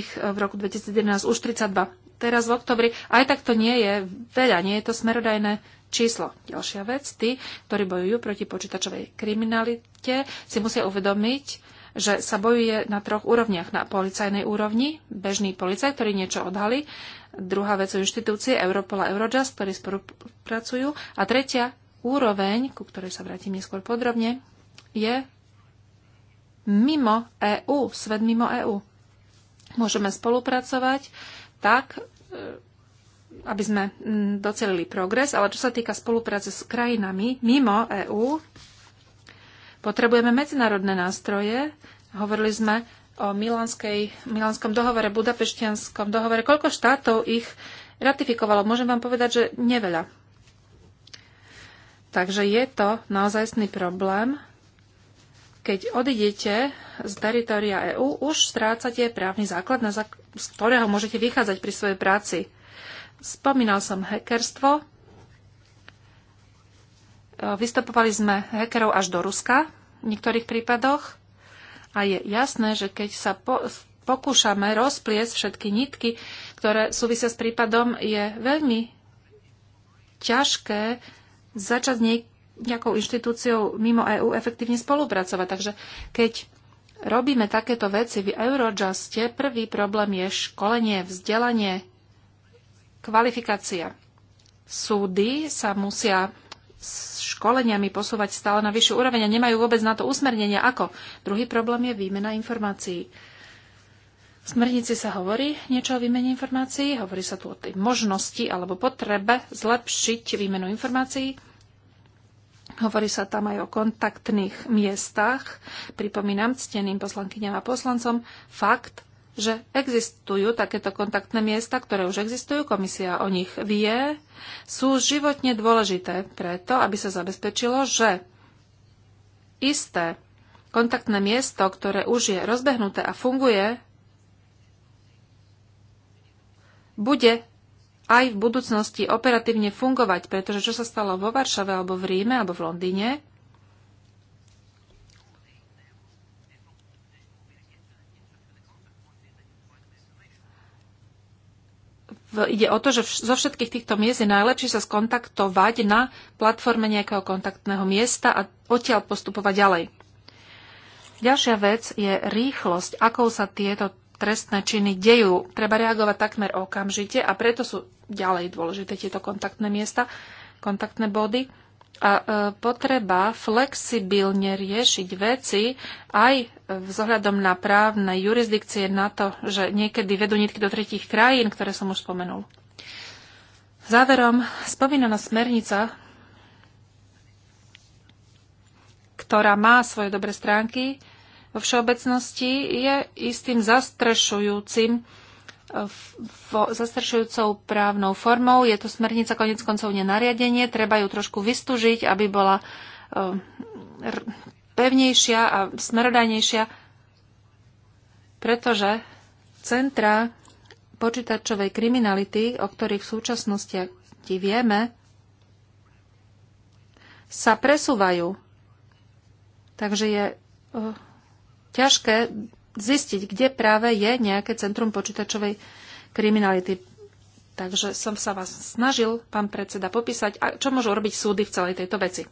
ich e, v roku 2011 už 32. Teraz v oktobri aj tak to nie je veľa, nie je to smerodajné číslo. Ďalšia vec, tí, ktorí bojujú proti počítačovej kriminalite, si musia uvedomiť, že sa bojuje na troch úrovniach. Na policajnej úrovni, bežný policaj, ktorý niečo odhalí, druhá vec sú inštitúcie Europol a Eurojust, ktorí spolupracujú a tretia úroveň, ku ktorej sa vrátim neskôr podrobne, je mimo EÚ, svet mimo EÚ. Môžeme spolupracovať tak, e, aby sme mm, docelili progres, ale čo sa týka spolupráce s krajinami mimo EÚ, Potrebujeme medzinárodné nástroje. Hovorili sme o Milánskej, Milánskom dohovore, Budapeštianskom dohovore. Koľko štátov ich ratifikovalo? Môžem vám povedať, že neveľa. Takže je to naozajstný problém. Keď odidete z teritoria EÚ, už strácate právny základ, z ktorého môžete vychádzať pri svojej práci. Spomínal som hackerstvo, Vystupovali sme hekerov až do Ruska v niektorých prípadoch a je jasné, že keď sa po, pokúšame rozpliesť všetky nitky, ktoré súvisia s prípadom, je veľmi ťažké začať s nejakou inštitúciou mimo EÚ efektívne spolupracovať. Takže keď robíme takéto veci v Eurojuste, prvý problém je školenie, vzdelanie, kvalifikácia. Súdy sa musia s školeniami posúvať stále na vyššiu úroveň a nemajú vôbec na to usmernenie Ako? Druhý problém je výmena informácií. V smernici sa hovorí niečo o výmene informácií, hovorí sa tu o tej možnosti alebo potrebe zlepšiť výmenu informácií. Hovorí sa tam aj o kontaktných miestach. Pripomínam cteným poslankyňam a poslancom fakt, že existujú takéto kontaktné miesta, ktoré už existujú, komisia o nich vie, sú životne dôležité preto, aby sa zabezpečilo, že isté kontaktné miesto, ktoré už je rozbehnuté a funguje, bude aj v budúcnosti operatívne fungovať, pretože čo sa stalo vo Varšave alebo v Ríme alebo v Londýne, ide o to, že zo všetkých týchto miest je najlepšie sa skontaktovať na platforme nejakého kontaktného miesta a odtiaľ postupovať ďalej. Ďalšia vec je rýchlosť, akou sa tieto trestné činy dejú. Treba reagovať takmer okamžite a preto sú ďalej dôležité tieto kontaktné miesta, kontaktné body a e, potreba flexibilne riešiť veci aj vzhľadom na právne jurisdikcie na to, že niekedy vedú nitky do tretích krajín, ktoré som už spomenul. Záverom, spomínaná smernica, ktorá má svoje dobré stránky, vo všeobecnosti je istým zastrešujúcim zastršujúcou právnou formou. Je to smernica konec koncov nenariadenie, treba ju trošku vystužiť, aby bola eh, pevnejšia a smerodajnejšia, pretože centra počítačovej kriminality, o ktorých v súčasnosti vieme, sa presúvajú. Takže je eh, ťažké zistiť, kde práve je nejaké centrum počítačovej kriminality. Takže som sa vás snažil, pán predseda, popísať, a čo môžu robiť súdy v celej tejto veci.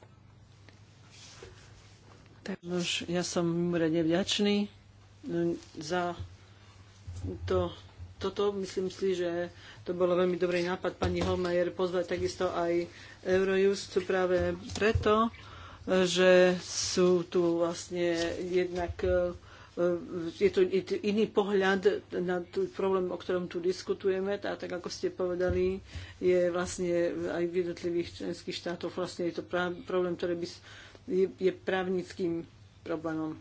Tak. Nož, ja som mimoriadne vďačný no, za to, toto. Myslím si, že to bolo veľmi dobrý nápad pani Holmajer pozvať takisto aj Eurojust práve preto, že sú tu vlastne jednak uh, je to iný pohľad na tú problém, o ktorom tu diskutujeme. A tak ako ste povedali, je vlastne aj v jednotlivých členských štátoch vlastne je to problém, ktorý by, je, je právnickým problémom.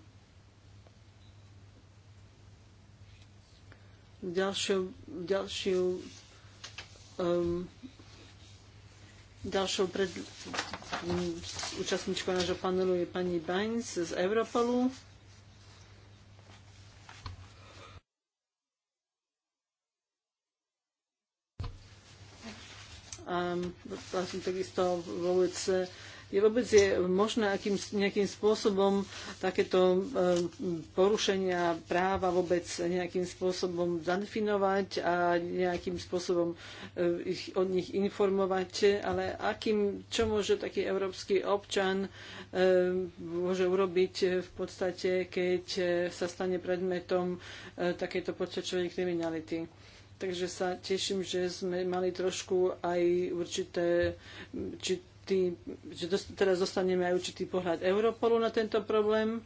Ďalšou, ďalšiu, um, ďalšou pred, um, účastníčkou nášho panelu je pani Bainz z Europolu. a vlastne takisto vôbec je vôbec je možné akým, nejakým spôsobom takéto e, porušenia práva vôbec nejakým spôsobom zadefinovať a nejakým spôsobom e, ich, od nich informovať, ale akým, čo môže taký európsky občan e, môže urobiť v podstate, keď sa stane predmetom takéto počačovej kriminality. Takže sa teším, že sme mali trošku aj určité, či tý, že dost, teraz dostaneme aj určitý pohľad Europolu na tento problém.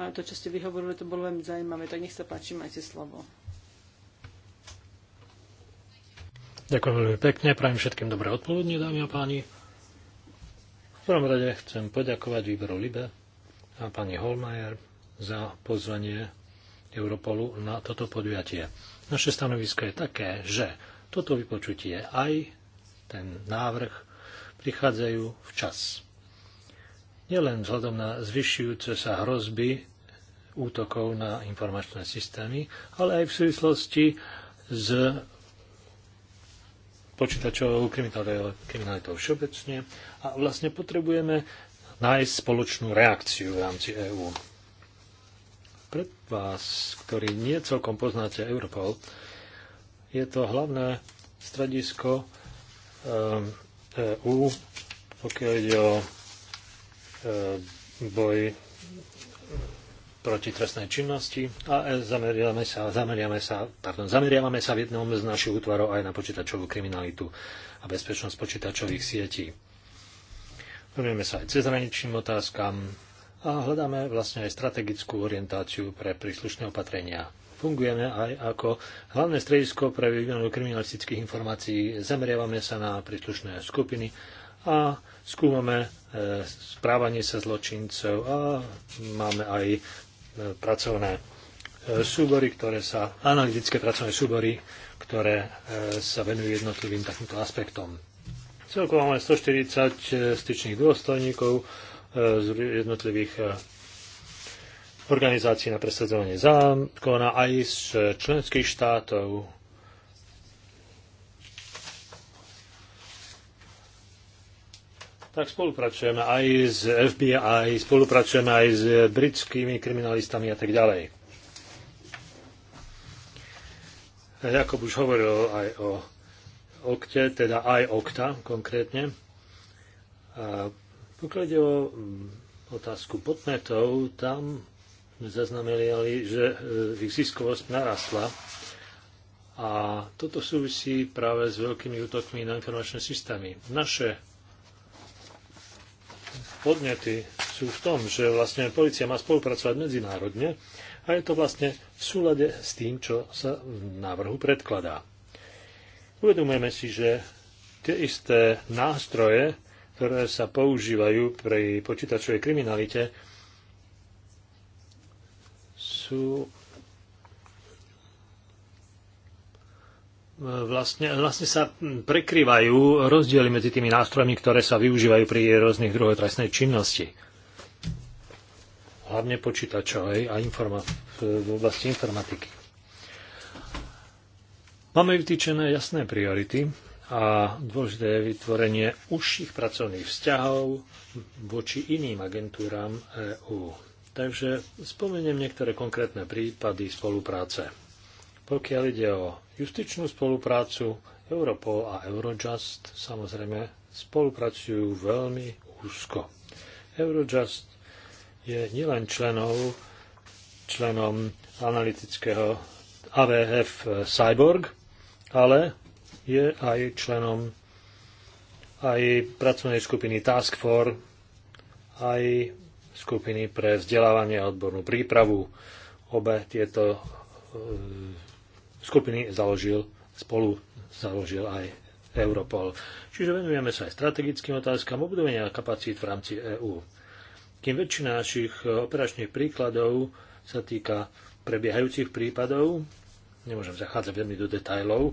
A to, čo ste vyhovorili, to bolo veľmi zaujímavé. Tak nech sa páči, majte slovo. Ďakujem veľmi pekne, prajem všetkým dobré odpoludne, dámy a páni. V prvom rade chcem poďakovať výboru Libe a pani Holmajer za pozvanie Europolu na toto podujatie. Naše stanovisko je také, že toto vypočutie aj ten návrh prichádzajú včas. Nielen vzhľadom na zvyšujúce sa hrozby útokov na informačné systémy, ale aj v súvislosti s počítačovou kriminalitou všeobecne a vlastne potrebujeme nájsť spoločnú reakciu v rámci EÚ vás, ktorí nie celkom poznáte Europol, je to hlavné stredisko EU, eh, e pokiaľ ide o eh, boj proti trestnej činnosti a eh, zameriavame sa, zameriame sa, pardon, zameriavame sa v jednom z našich útvarov aj na počítačovú kriminalitu a bezpečnosť počítačových sietí. Venujeme sa aj cezhraničným otázkam, a hľadáme vlastne aj strategickú orientáciu pre príslušné opatrenia. Fungujeme aj ako hlavné stredisko pre výmenu kriminalistických informácií, zameriavame sa na príslušné skupiny a skúmame e, správanie sa zločincov a máme aj e, pracovné e, súbory, ktoré sa, analytické pracovné súbory, ktoré sa venujú jednotlivým takýmto aspektom. Celkovo máme 140 styčných dôstojníkov, E, z jednotlivých e, organizácií na presadzovanie zákona aj z členských štátov. Tak spolupracujeme aj s FBI, spolupracujeme aj s britskými kriminalistami a tak ďalej. Jakob už hovoril aj o okte, teda aj okta konkrétne. Pokiaľ ide o mm, otázku podnetov, tam sme zaznamenali, že e, ich ziskovosť narastla a toto súvisí práve s veľkými útokmi na informačné systémy. Naše podnety sú v tom, že vlastne policia má spolupracovať medzinárodne a je to vlastne v súlade s tým, čo sa v návrhu predkladá. Uvedomujeme si, že tie isté nástroje ktoré sa používajú pri počítačovej kriminalite, sú vlastne, vlastne sa prekrývajú rozdiely medzi tými nástrojmi, ktoré sa využívajú pri rôznych druhoch trestnej činnosti. Hlavne počítačovej a informa- v oblasti informatiky. Máme vytýčené jasné priority a dôležité je vytvorenie užších pracovných vzťahov voči iným agentúram EÚ. Takže spomeniem niektoré konkrétne prípady spolupráce. Pokiaľ ide o justičnú spoluprácu, Europol a Eurojust samozrejme spolupracujú veľmi úzko. Eurojust je nielen členov, členom analytického AVF Cyborg, ale je aj členom aj pracovnej skupiny Task Force, aj skupiny pre vzdelávanie a odbornú prípravu. Obe tieto e, skupiny založil, spolu založil aj Europol. Čiže venujeme sa aj strategickým otázkam obudovania kapacít v rámci EÚ. Kým väčšina našich e, operačných príkladov sa týka prebiehajúcich prípadov, nemôžem zachádzať veľmi do detajlov,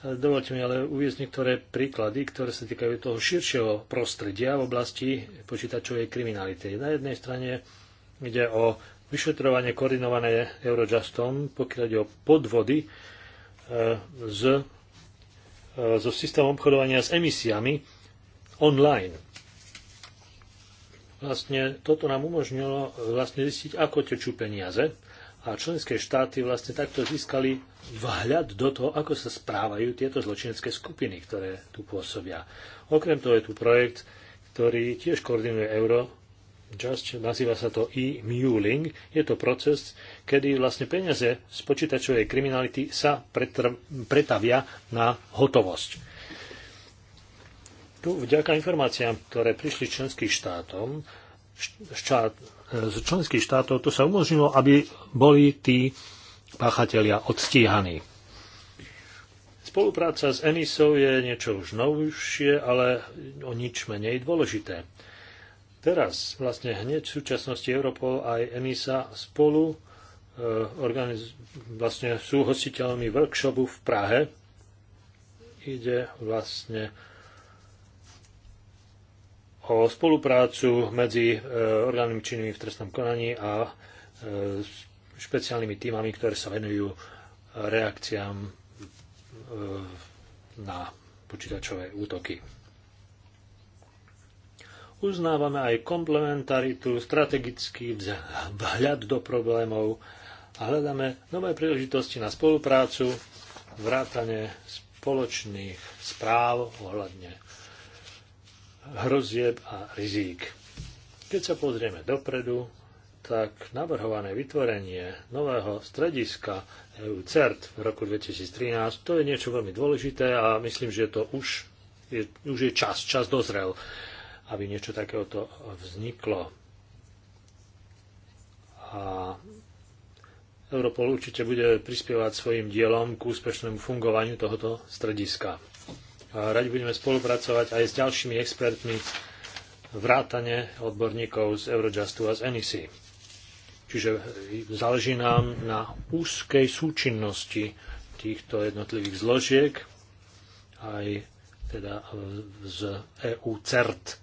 Dovolte mi ale uviezť niektoré príklady, ktoré sa týkajú toho širšieho prostredia v oblasti počítačovej kriminality. Na jednej strane ide o vyšetrovanie koordinované Eurojustom, pokiaľ ide o podvody e, z, so e, systémom obchodovania s emisiami online. Vlastne toto nám umožnilo vlastne zistiť, ako tečú peniaze a členské štáty vlastne takto získali vhľad do toho, ako sa správajú tieto zločinecké skupiny, ktoré tu pôsobia. Okrem toho je tu projekt, ktorý tiež koordinuje euro, Just, nazýva sa to e-muling. Je to proces, kedy vlastne peniaze z počítačovej kriminality sa pretavia na hotovosť. Tu vďaka informáciám, ktoré prišli členským štátom, štát, z členských štátov, to sa umožnilo, aby boli tí páchatelia odstíhaní. Spolupráca s Enisou je niečo už novšie, ale o nič menej dôležité. Teraz, vlastne hneď v súčasnosti Europol aj Enisa spolu e, organiz- vlastne sú hostiteľmi workshopu v Prahe. Ide vlastne o spoluprácu medzi e, orgánmi činnými v trestnom konaní a e, špeciálnymi týmami, ktoré sa venujú reakciám e, na počítačové útoky. Uznávame aj komplementaritu, strategický vhľad do problémov a hľadáme nové príležitosti na spoluprácu, vrátane spoločných správ ohľadne hrozieb a rizík. Keď sa pozrieme dopredu, tak navrhované vytvorenie nového strediska EU CERT v roku 2013, to je niečo veľmi dôležité a myslím, že to už je, už je čas, čas dozrel, aby niečo takéhoto vzniklo. A Europol určite bude prispievať svojim dielom k úspešnému fungovaniu tohoto strediska. A radi budeme spolupracovať aj s ďalšími expertmi vrátane odborníkov z Eurojustu a z NEC. Čiže záleží nám na úzkej súčinnosti týchto jednotlivých zložiek aj teda z EU CERT.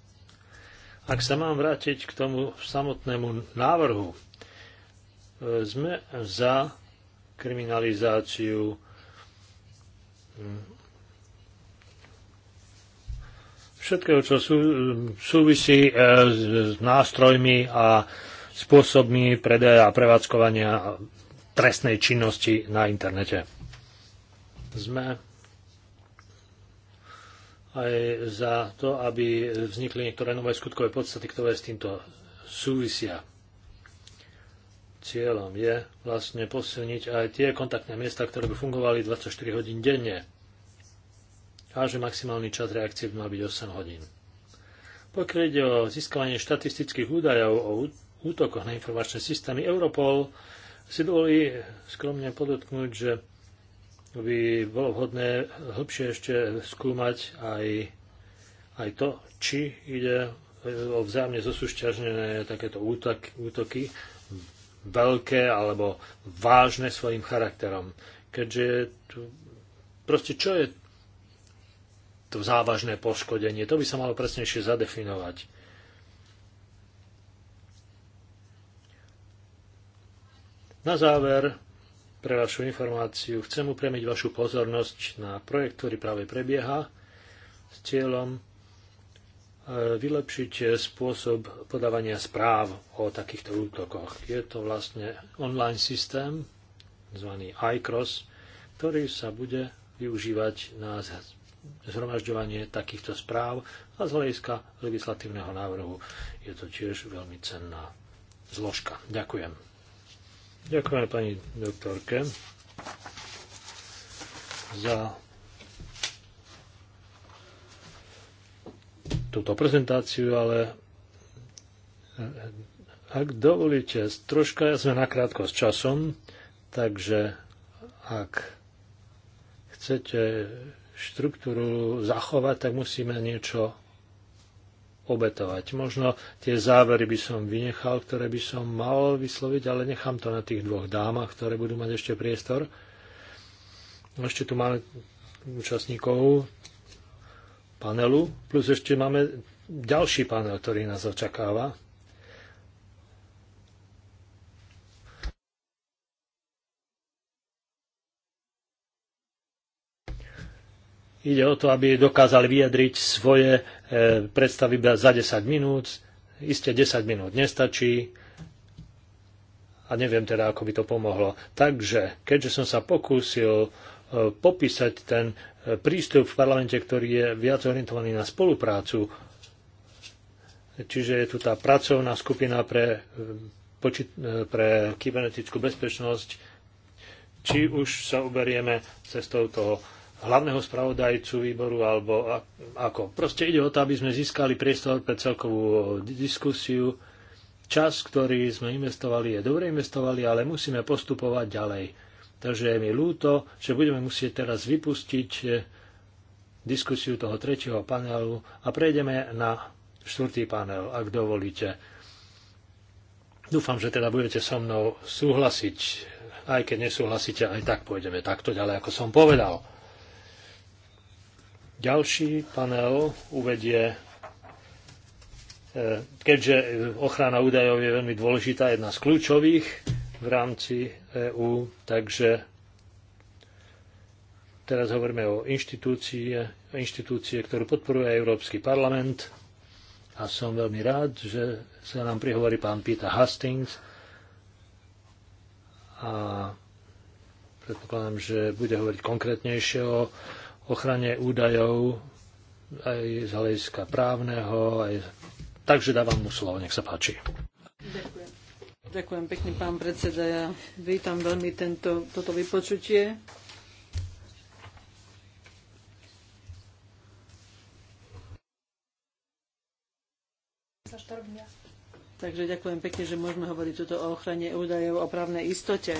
Ak sa mám vrátiť k tomu samotnému návrhu, e, sme za kriminalizáciu všetkého, čo sú, súvisí e, s nástrojmi a spôsobmi predaja a prevádzkovania trestnej činnosti na internete. Sme aj za to, aby vznikli niektoré nové skutkové podstaty, ktoré s týmto súvisia. Cieľom je vlastne posilniť aj tie kontaktné miesta, ktoré by fungovali 24 hodín denne a že maximálny čas reakcie by mal byť 8 hodín. Pokiaľ ide o získavanie štatistických údajov o útokoch na informačné systémy, Europol si dovolí skromne podotknúť, že by bolo vhodné hĺbšie ešte skúmať aj, aj to, či ide o vzájomne zosúšťažnené takéto útok, útoky, veľké alebo vážne svojim charakterom. Keďže tu, proste čo je to závažné poškodenie. To by sa malo presnejšie zadefinovať. Na záver, pre vašu informáciu, chcem upremiť vašu pozornosť na projekt, ktorý práve prebieha s cieľom e, vylepšiť spôsob podávania správ o takýchto útokoch. Je to vlastne online systém, zvaný iCross, ktorý sa bude využívať na zhromažďovanie takýchto správ a z hľadiska legislatívneho návrhu je to tiež veľmi cenná zložka. Ďakujem. Ďakujem pani doktorke za túto prezentáciu, ale eh, ak dovolíte, troška sme nakrátko s časom, takže ak chcete štruktúru zachovať, tak musíme niečo obetovať. Možno tie závery by som vynechal, ktoré by som mal vysloviť, ale nechám to na tých dvoch dámach, ktoré budú mať ešte priestor. Ešte tu máme účastníkov panelu, plus ešte máme ďalší panel, ktorý nás očakáva. Ide o to, aby dokázali vyjadriť svoje e, predstavy za 10 minút. Isté 10 minút nestačí a neviem teda, ako by to pomohlo. Takže, keďže som sa pokúsil e, popísať ten e, prístup v parlamente, ktorý je viac orientovaný na spoluprácu, čiže je tu tá pracovná skupina pre, počít, pre kybernetickú bezpečnosť, či už sa uberieme cestou toho hlavného spravodajcu výboru alebo ako. Proste ide o to, aby sme získali priestor pre celkovú diskusiu. Čas, ktorý sme investovali, je dobre investovali, ale musíme postupovať ďalej. Takže je mi ľúto, že budeme musieť teraz vypustiť e, diskusiu toho tretieho panelu a prejdeme na štvrtý panel, ak dovolíte. Dúfam, že teda budete so mnou súhlasiť, aj keď nesúhlasíte, aj tak pôjdeme takto ďalej, ako som povedal. Ďalší panel uvedie, e, keďže ochrana údajov je veľmi dôležitá, jedna z kľúčových v rámci EÚ, takže teraz hovoríme o inštitúcie, inštitúcie, ktorú podporuje Európsky parlament a som veľmi rád, že sa nám prihovorí pán Peter Hastings a predpokladám, že bude hovoriť konkrétnejšie o ochrane údajov aj z hľadiska právneho. Aj... Takže dávam mu slovo, nech sa páči. Ďakujem. Ďakujem pekne, pán predseda. Ja vítam veľmi tento, toto vypočutie. Takže ďakujem pekne, že môžeme hovoriť tuto o ochrane údajov, o právnej istote.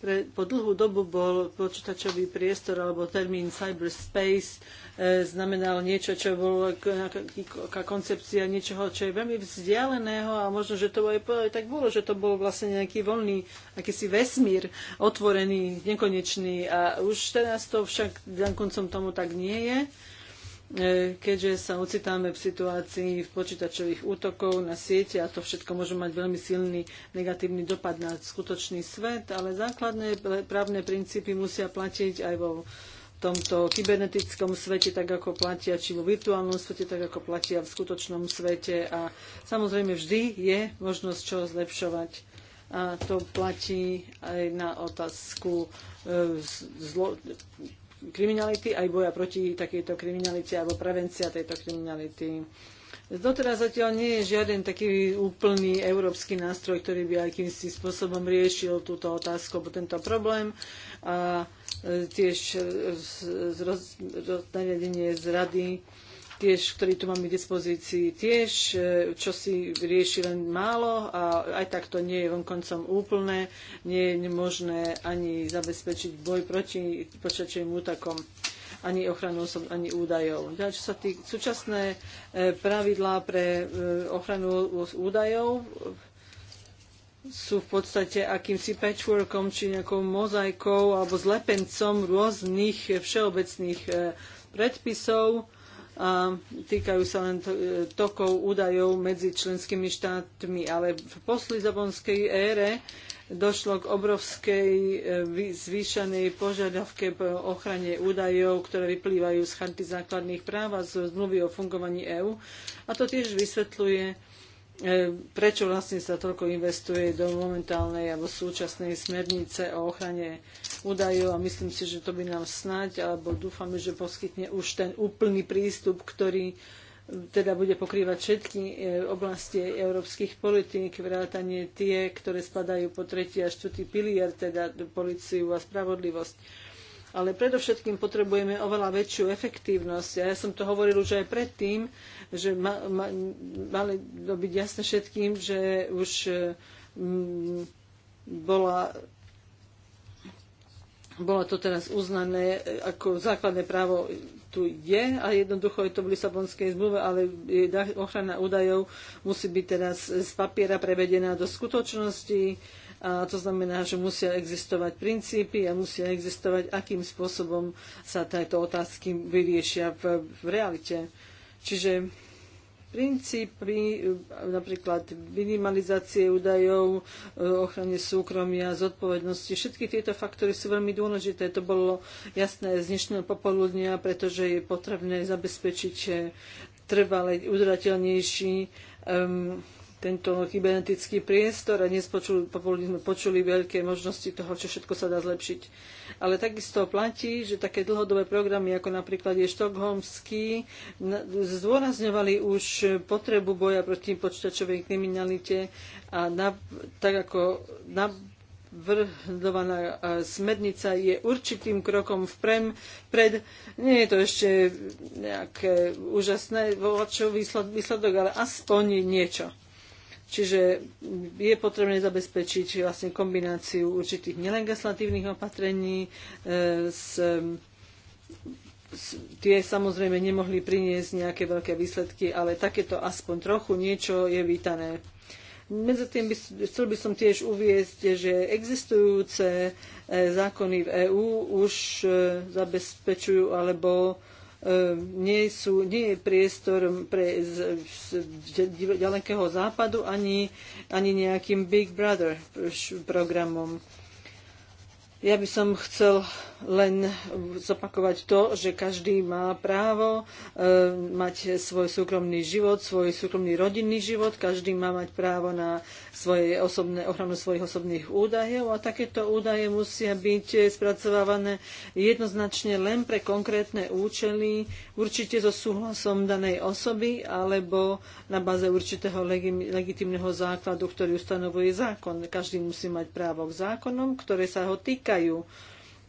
pre, po dlhú dobu bol počítačový priestor alebo termín cyberspace e, znamenal niečo, čo bolo nejaká koncepcia niečoho, čo je veľmi vzdialeného a možno, že to aj, aj tak bolo, že to bol vlastne nejaký voľný, akýsi vesmír otvorený, nekonečný a už teraz to však koncom tomu tak nie je E, keďže sa ocitáme v situácii v počítačových útokov na siete a to všetko môže mať veľmi silný negatívny dopad na skutočný svet, ale základné právne princípy musia platiť aj vo tomto kybernetickom svete, tak ako platia, či vo virtuálnom svete, tak ako platia v skutočnom svete. A samozrejme vždy je možnosť čo zlepšovať. A to platí aj na otázku e, zlo, kriminality, aj boja proti takejto kriminalite alebo prevencia tejto kriminality. Doteraz zatiaľ nie je žiaden taký úplný európsky nástroj, ktorý by akýmsi spôsobom riešil túto otázku, alebo tento problém. A e, tiež e, roz, roz, nariadenie z rady tiež, ktorý tu máme k dispozícii, tiež, e, čo si rieši len málo a aj tak to nie je vonkoncom úplné, nie je možné ani zabezpečiť boj proti počačovým útakom ani ochranu osob, ani údajov. Ďalej, čo sa tých súčasné e, pravidlá pre e, ochranu údajov sú v podstate akýmsi patchworkom či nejakou mozaikou alebo zlepencom rôznych všeobecných predpisov, a týkajú sa len tokov údajov medzi členskými štátmi. Ale v poslizabonskej ére došlo k obrovskej e, zvýšenej požiadavke po ochrane údajov, ktoré vyplývajú z charty základných práv a z zmluvy o fungovaní EÚ. A to tiež vysvetľuje E, prečo vlastne sa toľko investuje do momentálnej alebo súčasnej smernice o ochrane údajov a myslím si, že to by nám snáď alebo dúfame, že poskytne už ten úplný prístup, ktorý e, teda bude pokrývať všetky e, oblasti európskych politík, vrátanie tie, ktoré spadajú po tretí a štvrtý pilier, teda políciu a spravodlivosť ale predovšetkým potrebujeme oveľa väčšiu efektívnosť. A ja som to hovoril už aj predtým, že ma, ma, mali byť jasné všetkým, že už m, mm, bola bolo to teraz uznané ako základné právo tu je a jednoducho je to v Lisabonskej zmluve, ale ochrana údajov musí byť teraz z papiera prevedená do skutočnosti. A to znamená, že musia existovať princípy a musia existovať, akým spôsobom sa tieto otázky vyriešia v, v realite. Čiže princípy napríklad minimalizácie údajov, eh, ochrane súkromia, zodpovednosti. Všetky tieto faktory sú veľmi dôležité. To bolo jasné z dnešného popoludnia, pretože je potrebné zabezpečiť eh, trvalý, udrateľnejší um, tento kybernetický priestor a dnes počuli, sme počuli veľké možnosti toho, čo všetko sa dá zlepšiť. Ale takisto platí, že také dlhodobé programy, ako napríklad je štokholmský, zdôrazňovali už potrebu boja proti počítačovej kriminalite a na, tak ako na, vrhnovaná smernica je určitým krokom vprem, pred, nie je to ešte nejaké úžasné voľačov výsledok, ale aspoň niečo. Čiže je potrebné zabezpečiť vlastne kombináciu určitých nelegislatívnych opatrení e, s tie samozrejme nemohli priniesť nejaké veľké výsledky, ale takéto aspoň trochu niečo je vítané. Medzi tým by, chcel by som tiež uviezť, že existujúce e, zákony v EÚ už e, zabezpečujú alebo E, nie, sú, nie je priestor pre z, z, z ďalekého západu ani, ani nejakým Big Brother programom. Ja by som chcel len zopakovať to, že každý má právo e, mať svoj súkromný život, svoj súkromný rodinný život, každý má mať právo na svoje osobné, ochranu svojich osobných údajov a takéto údaje musia byť spracovávané jednoznačne len pre konkrétne účely, určite so súhlasom danej osoby alebo na báze určitého legitimného základu, ktorý ustanovuje zákon. Každý musí mať právo k zákonom, ktoré sa ho týkajú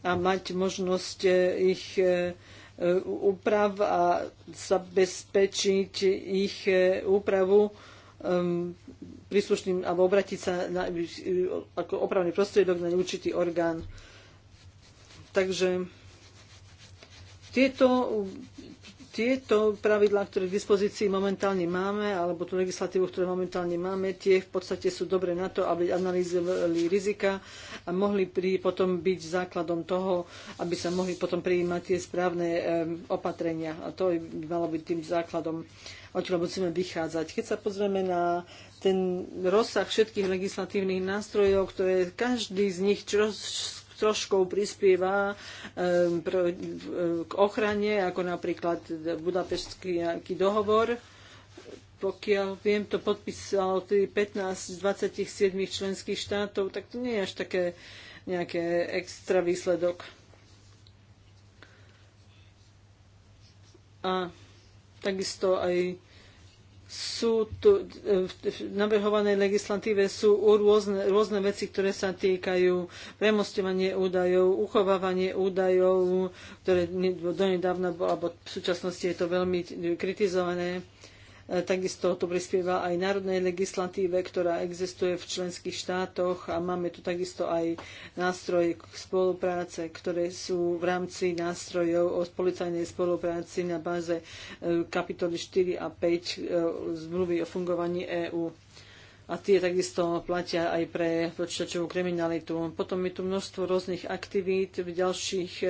a mať možnosť e, ich e, e, úprav a zabezpečiť ich úpravu um, príslušným alebo obratiť sa na, ako opravný prostriedok na určitý orgán. Takže tieto tieto pravidlá, ktoré k dispozícii momentálne máme, alebo tú legislatívu, ktorú momentálne máme, tie v podstate sú dobre na to, aby analýzovali rizika a mohli pri, potom byť základom toho, aby sa mohli potom prijímať tie správne e, opatrenia. A to by malo byť tým základom, odkiaľ musíme vychádzať. Keď sa pozrieme na ten rozsah všetkých legislatívnych nástrojov, ktoré každý z nich čo, troškou prispieva k ochrane, ako napríklad Budapešský dohovor. Pokiaľ viem, to podpísalo 15 z 27 členských štátov, tak to nie je až také nejaké extra výsledok. A takisto aj sú tu, e, v navrhovanej legislatíve sú rôzne, rôzne veci, ktoré sa týkajú premostovanie údajov, uchovávanie údajov, ktoré donedávna, alebo v súčasnosti je to veľmi kritizované. E, takisto to prispieva aj národnej legislatíve, ktorá existuje v členských štátoch a máme tu takisto aj nástroje spolupráce, ktoré sú v rámci nástrojov o policajnej spolupráci na báze e, kapitoly 4 a 5 e, zmluvy o fungovaní EÚ a tie takisto platia aj pre počítačovú kriminalitu. Potom je tu množstvo rôznych aktivít v ďalších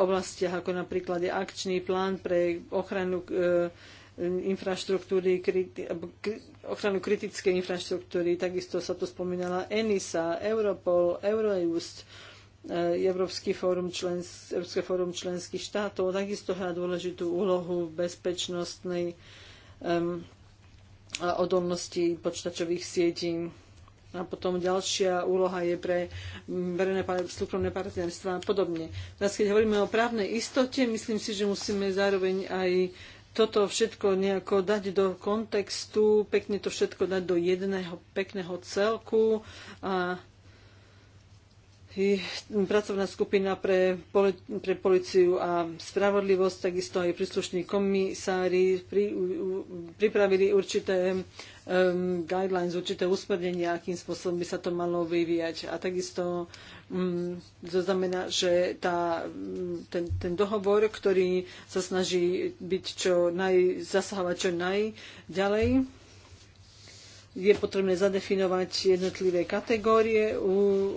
oblastiach, ako napríklad je akčný plán pre ochranu infraštruktúry, ochranu kritickej infraštruktúry, takisto sa tu spomínala ENISA, Europol, Eurojust, eh, Európsky fórum člens- Európske fórum členských štátov, takisto hrá dôležitú úlohu v bezpečnostnej um, a odolnosti počítačových sietí. A potom ďalšia úloha je pre verejné súkromné partnerstva a podobne. Teraz, keď hovoríme o právnej istote, myslím si, že musíme zároveň aj toto všetko nejako dať do kontextu, pekne to všetko dať do jedného pekného celku a pracovná skupina pre, poli, pre policiu a spravodlivosť, takisto aj príslušní komisári pri, pripravili určité um, guidelines, určité usmernenia, akým spôsobom by sa to malo vyvíjať. A takisto um, to znamená, že tá, ten, ten dohovor, ktorý sa snaží byť čo naj, zasahovať čo najďalej, je potrebné zadefinovať jednotlivé kategórie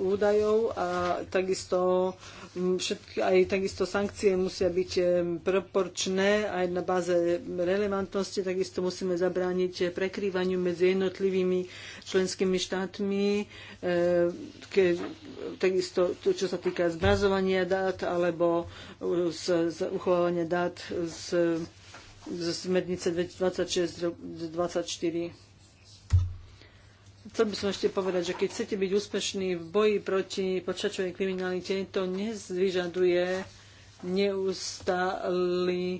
údajov a takisto, všetky, aj takisto sankcie musia byť proporčné aj na báze relevantnosti. Takisto musíme zabrániť prekrývaniu medzi jednotlivými členskými štátmi, eh, ke, takisto to, čo sa týka zbrazovania dát alebo z, z uchovávania dát z, z smernice 26 24 chcel by som ešte povedať, že keď chcete byť úspešní v boji proti počačovej kriminalite, to nezvyžaduje neustály um,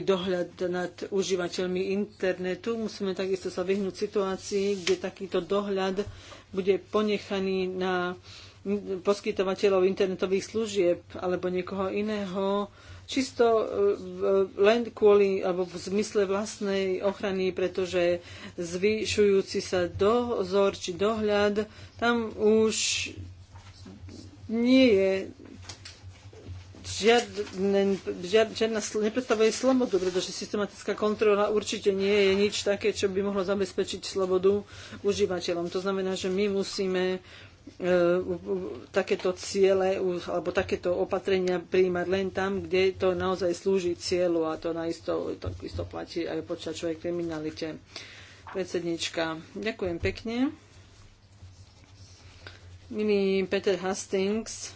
dohľad nad užívateľmi internetu. Musíme takisto sa vyhnúť situácii, kde takýto dohľad bude ponechaný na poskytovateľov internetových služieb alebo niekoho iného, čisto e, len kvôli, alebo v zmysle vlastnej ochrany, pretože zvyšujúci sa dozor či dohľad, tam už nie je žiadne, žiadne, žiadna, nepredstavuje slobodu, pretože systematická kontrola určite nie je nič také, čo by mohlo zabezpečiť slobodu užívateľom. To znamená, že my musíme E, takéto ciele alebo takéto opatrenia prijímať len tam, kde to naozaj slúži cieľu a to naisto to isto platí aj počačovej kriminalite. Predsednička, ďakujem pekne. Milý Peter Hastings,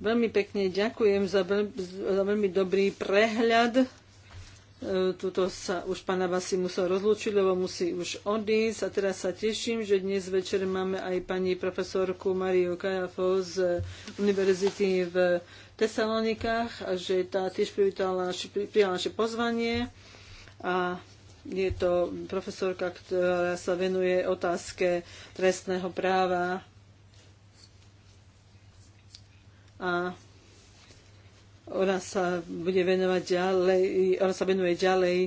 veľmi pekne ďakujem za, za veľmi dobrý prehľad E, tuto sa už pán Abasi musel rozlúčiť, lebo musí už odísť. A teraz sa teším, že dnes večer máme aj pani profesorku Mariu Kajafo z Univerzity v Tesalonikách a že tá tiež privítala naše, naše pozvanie. A je to profesorka, ktorá sa venuje otázke trestného práva. A ona sa bude venovať ďalej, ona sa venuje ďalej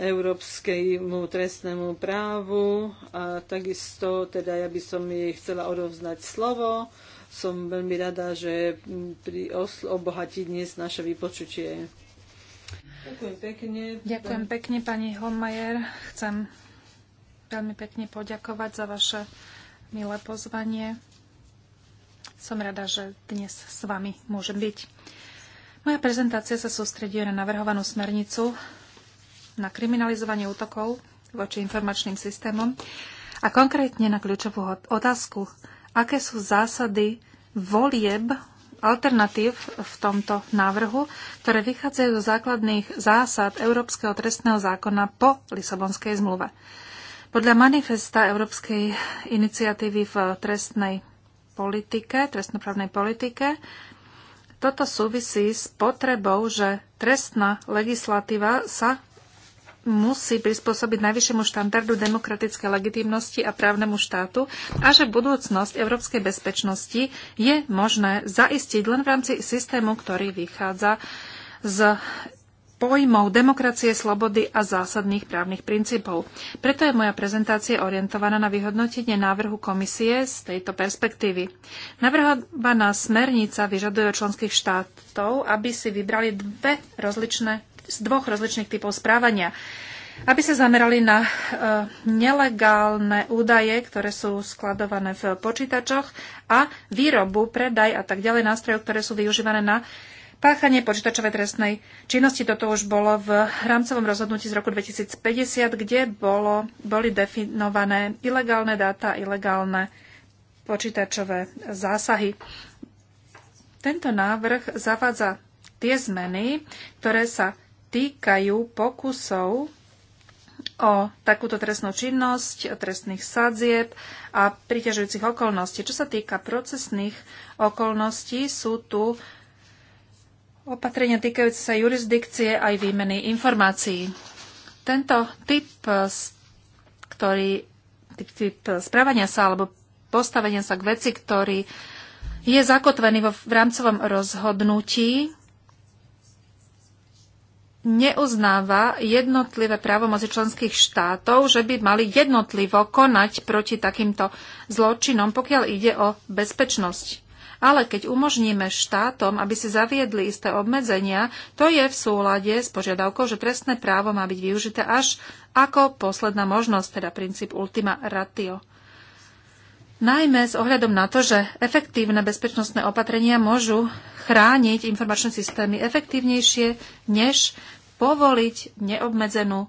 Európskemu trestnému právu a takisto teda ja by som jej chcela odovznať slovo. Som veľmi rada, že pri osl- obohatí dnes naše vypočutie. Ďakujem pekne. Ďakujem pekne, pani Holmajer. Chcem veľmi pekne poďakovať za vaše milé pozvanie. Som rada, že dnes s vami môžem byť. Moja prezentácia sa sústredí na navrhovanú smernicu na kriminalizovanie útokov voči informačným systémom a konkrétne na kľúčovú otázku, aké sú zásady volieb alternatív v tomto návrhu, ktoré vychádzajú zo základných zásad Európskeho trestného zákona po Lisabonskej zmluve. Podľa manifesta Európskej iniciatívy v trestnej politike, trestnoprávnej politike, toto súvisí s potrebou, že trestná legislatíva sa musí prispôsobiť najvyššiemu štandardu demokratickej legitimnosti a právnemu štátu a že budúcnosť európskej bezpečnosti je možné zaistiť len v rámci systému, ktorý vychádza z pojmov demokracie, slobody a zásadných právnych princípov. Preto je moja prezentácia orientovaná na vyhodnotenie návrhu komisie z tejto perspektívy. Navrhovaná smernica vyžaduje od členských štátov, aby si vybrali dve rozličné, z dvoch rozličných typov správania aby sa zamerali na e, nelegálne údaje, ktoré sú skladované v počítačoch a výrobu, predaj a tak ďalej nástrojov, ktoré sú využívané na Páchanie počítačovej trestnej činnosti, toto už bolo v rámcovom rozhodnutí z roku 2050, kde bolo, boli definované ilegálne dáta, ilegálne počítačové zásahy. Tento návrh zavádza tie zmeny, ktoré sa týkajú pokusov o takúto trestnú činnosť, trestných sadzieb a priťažujúcich okolností. Čo sa týka procesných okolností, sú tu opatrenia týkajúce sa jurisdikcie aj výmeny informácií. Tento typ, ktorý, typ, typ správania sa alebo postavenia sa k veci, ktorý je zakotvený vo, v rámcovom rozhodnutí, neuznáva jednotlivé právomoci členských štátov, že by mali jednotlivo konať proti takýmto zločinom, pokiaľ ide o bezpečnosť ale keď umožníme štátom, aby si zaviedli isté obmedzenia, to je v súlade s požiadavkou, že trestné právo má byť využité až ako posledná možnosť, teda princíp ultima ratio. Najmä s ohľadom na to, že efektívne bezpečnostné opatrenia môžu chrániť informačné systémy efektívnejšie, než povoliť neobmedzenú e,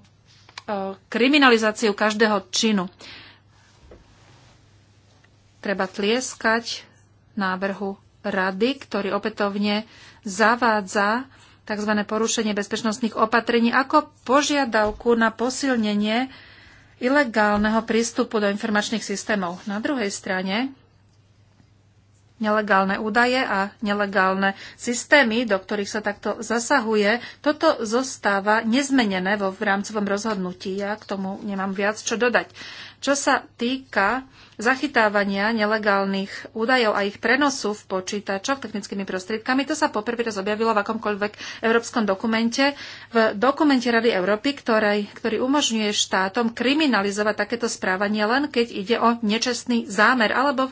kriminalizáciu každého činu. Treba tlieskať návrhu rady, ktorý opätovne zavádza tzv. porušenie bezpečnostných opatrení ako požiadavku na posilnenie ilegálneho prístupu do informačných systémov. Na druhej strane nelegálne údaje a nelegálne systémy, do ktorých sa takto zasahuje, toto zostáva nezmenené vo v rámcovom rozhodnutí. Ja k tomu nemám viac čo dodať. Čo sa týka zachytávania nelegálnych údajov a ich prenosu v počítačoch technickými prostriedkami, to sa poprvý raz objavilo v akomkoľvek európskom dokumente, v dokumente Rady Európy, ktorej, ktorý umožňuje štátom kriminalizovať takéto správanie len keď ide o nečestný zámer alebo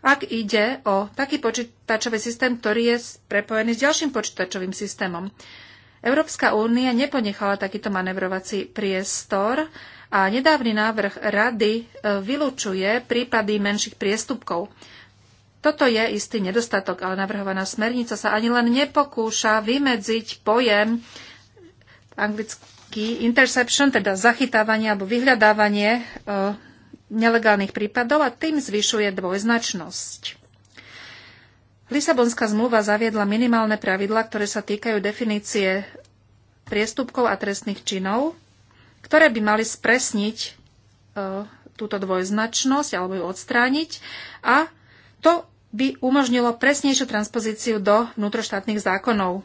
ak ide o taký počítačový systém, ktorý je prepojený s ďalším počítačovým systémom. Európska únia neponechala takýto manevrovací priestor, a nedávny návrh rady e, vylučuje prípady menších priestupkov. Toto je istý nedostatok, ale navrhovaná smernica sa ani len nepokúša vymedziť pojem anglický interception, teda zachytávanie alebo vyhľadávanie e, nelegálnych prípadov a tým zvyšuje dvojznačnosť. Lisabonská zmluva zaviedla minimálne pravidlá, ktoré sa týkajú definície priestupkov a trestných činov, ktoré by mali spresniť e, túto dvojznačnosť alebo ju odstrániť a to by umožnilo presnejšiu transpozíciu do vnútroštátnych zákonov.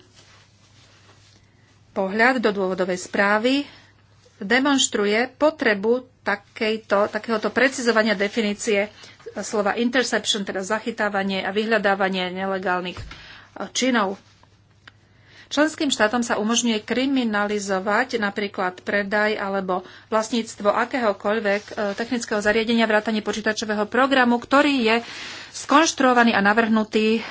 Pohľad do dôvodovej správy demonstruje potrebu takejto, takéhoto precizovania definície slova interception, teda zachytávanie a vyhľadávanie nelegálnych činov. Členským štátom sa umožňuje kriminalizovať napríklad predaj alebo vlastníctvo akéhokoľvek e, technického zariadenia vrátane počítačového programu, ktorý je skonštruovaný a navrhnutý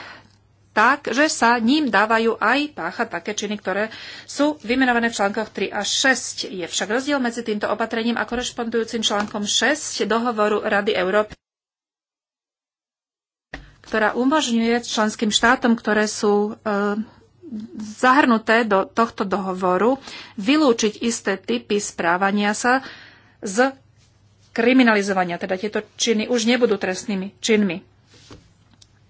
tak, že sa ním dávajú aj páchať také činy, ktoré sú vymenované v článkoch 3 a 6. Je však rozdiel medzi týmto opatrením a korešpondujúcim článkom 6 dohovoru Rady Európy ktorá umožňuje členským štátom, ktoré sú e, zahrnuté do tohto dohovoru vylúčiť isté typy správania sa z kriminalizovania. Teda tieto činy už nebudú trestnými činmi.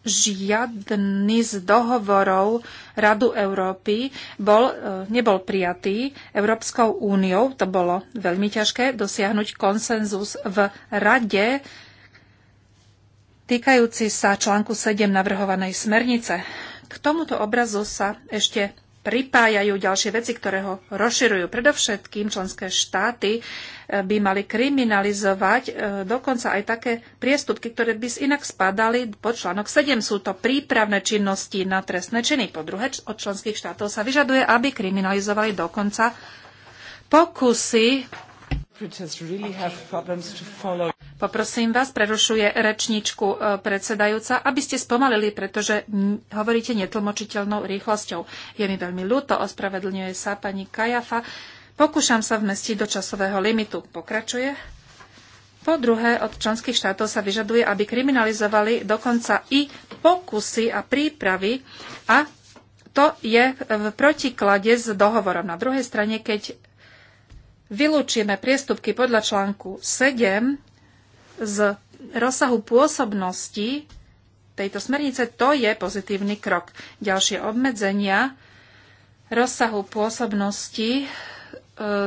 Žiadny z dohovorov Radu Európy bol, e, nebol prijatý Európskou úniou. To bolo veľmi ťažké dosiahnuť konsenzus v Rade týkajúci sa článku 7 navrhovanej smernice. K tomuto obrazu sa ešte pripájajú ďalšie veci, ktoré ho rozširujú. Predovšetkým členské štáty e, by mali kriminalizovať e, dokonca aj také priestupky, ktoré by inak spadali pod článok 7. Sú to prípravné činnosti na trestné činy. Po druhé, od členských štátov sa vyžaduje, aby kriminalizovali dokonca pokusy Poprosím vás, prerušuje rečníčku e, predsedajúca, aby ste spomalili, pretože hovoríte netlmočiteľnou rýchlosťou. Je mi veľmi ľúto, ospravedlňuje sa pani Kajafa. Pokúšam sa vmestiť do časového limitu. Pokračuje. Po druhé, od členských štátov sa vyžaduje, aby kriminalizovali dokonca i pokusy a prípravy a to je v protiklade s dohovorom. Na druhej strane, keď vylúčime priestupky podľa článku 7 z rozsahu pôsobnosti tejto smernice, to je pozitívny krok. Ďalšie obmedzenia rozsahu pôsobnosti e,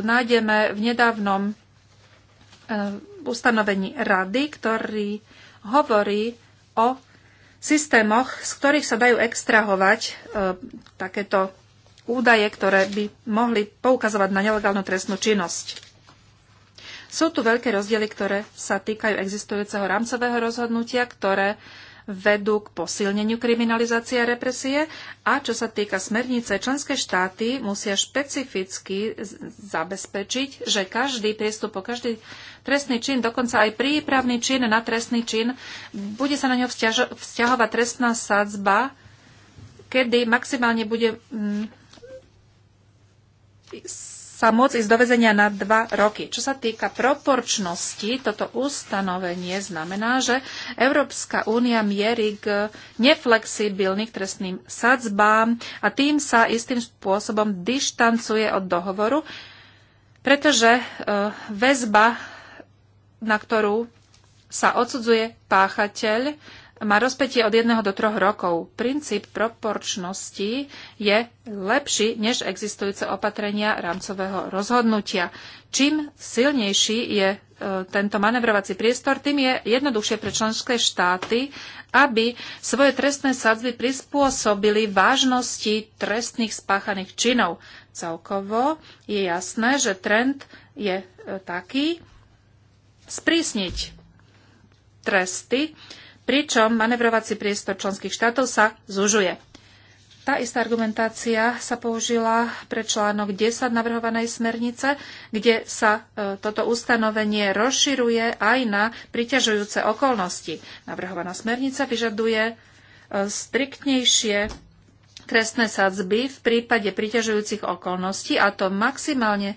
nájdeme v nedávnom e, ustanovení rady, ktorý hovorí o systémoch, z ktorých sa dajú extrahovať e, takéto údaje, ktoré by mohli poukazovať na nelegálnu trestnú činnosť. Sú tu veľké rozdiely, ktoré sa týkajú existujúceho rámcového rozhodnutia, ktoré vedú k posilneniu kriminalizácie a represie a čo sa týka smernice, členské štáty musia špecificky zabezpečiť, že každý priestupok, každý trestný čin, dokonca aj prípravný čin na trestný čin, bude sa na ňo vzťahovať trestná sadzba, kedy maximálne bude mm, sa môcť ísť do vezenia na dva roky. Čo sa týka proporčnosti, toto ustanovenie znamená, že Európska únia mierí k neflexibilných trestným sadzbám a tým sa istým spôsobom dištancuje od dohovoru, pretože e, väzba, na ktorú sa odsudzuje páchateľ, má rozpetie od 1 do 3 rokov. Princíp proporčnosti je lepší než existujúce opatrenia rámcového rozhodnutia. Čím silnejší je e, tento manevrovací priestor, tým je jednoduchšie pre členské štáty, aby svoje trestné sadzby prispôsobili vážnosti trestných spáchaných činov. Celkovo je jasné, že trend je e, taký sprísniť tresty, pričom manevrovací priestor členských štátov sa zužuje. Tá istá argumentácia sa použila pre článok 10 navrhovanej smernice, kde sa e, toto ustanovenie rozširuje aj na priťažujúce okolnosti. Navrhovaná smernica vyžaduje e, striktnejšie trestné sadzby v prípade priťažujúcich okolností, a to maximálne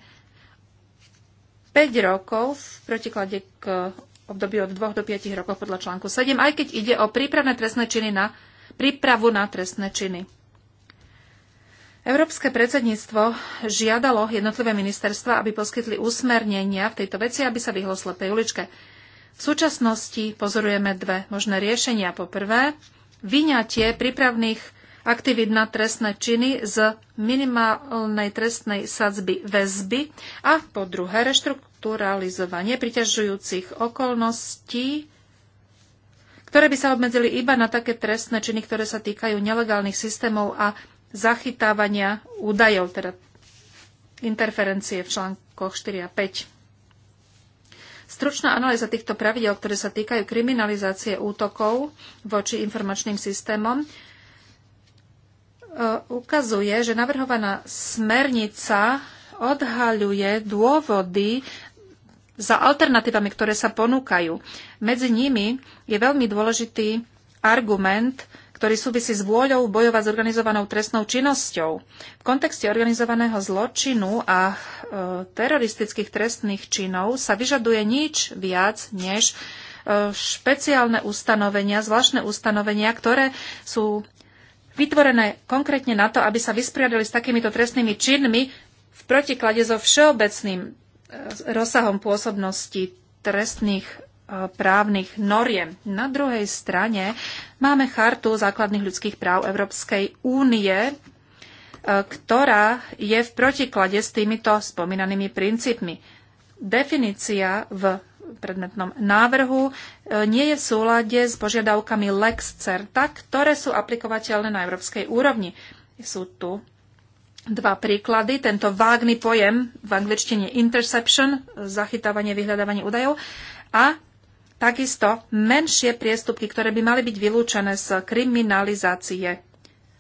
5 rokov v protiklade k období od 2 do 5 rokov podľa článku 7, aj keď ide o prípravné trestné činy na prípravu na trestné činy. Európske predsedníctvo žiadalo jednotlivé ministerstva, aby poskytli usmernenia v tejto veci, aby sa vyhlo slepej uličke. V súčasnosti pozorujeme dve možné riešenia. Po prvé, vyňatie prípravných aktivít na trestné činy z minimálnej trestnej sadzby väzby a po druhé reštrukturalizovanie priťažujúcich okolností, ktoré by sa obmedzili iba na také trestné činy, ktoré sa týkajú nelegálnych systémov a zachytávania údajov, teda interferencie v článkoch 4 a 5. Stručná analýza týchto pravidel, ktoré sa týkajú kriminalizácie útokov voči informačným systémom, E, ukazuje, že navrhovaná smernica odhaľuje dôvody za alternatívami, ktoré sa ponúkajú. Medzi nimi je veľmi dôležitý argument, ktorý súvisí s vôľou bojovať s organizovanou trestnou činnosťou. V kontexte organizovaného zločinu a e, teroristických trestných činov sa vyžaduje nič viac než e, špeciálne ustanovenia, zvláštne ustanovenia, ktoré sú vytvorené konkrétne na to, aby sa vysporiadali s takýmito trestnými činmi v protiklade so všeobecným eh, rozsahom pôsobnosti trestných eh, právnych noriem. Na druhej strane máme chartu základných ľudských práv Európskej únie, eh, ktorá je v protiklade s týmito spomínanými princípmi. Definícia v predmetnom návrhu e, nie je v súlade s požiadavkami Lex Certa, ktoré sú aplikovateľné na európskej úrovni. Sú tu dva príklady. Tento vágny pojem v angličtine interception, zachytávanie, vyhľadávanie údajov a takisto menšie priestupky, ktoré by mali byť vylúčené z kriminalizácie.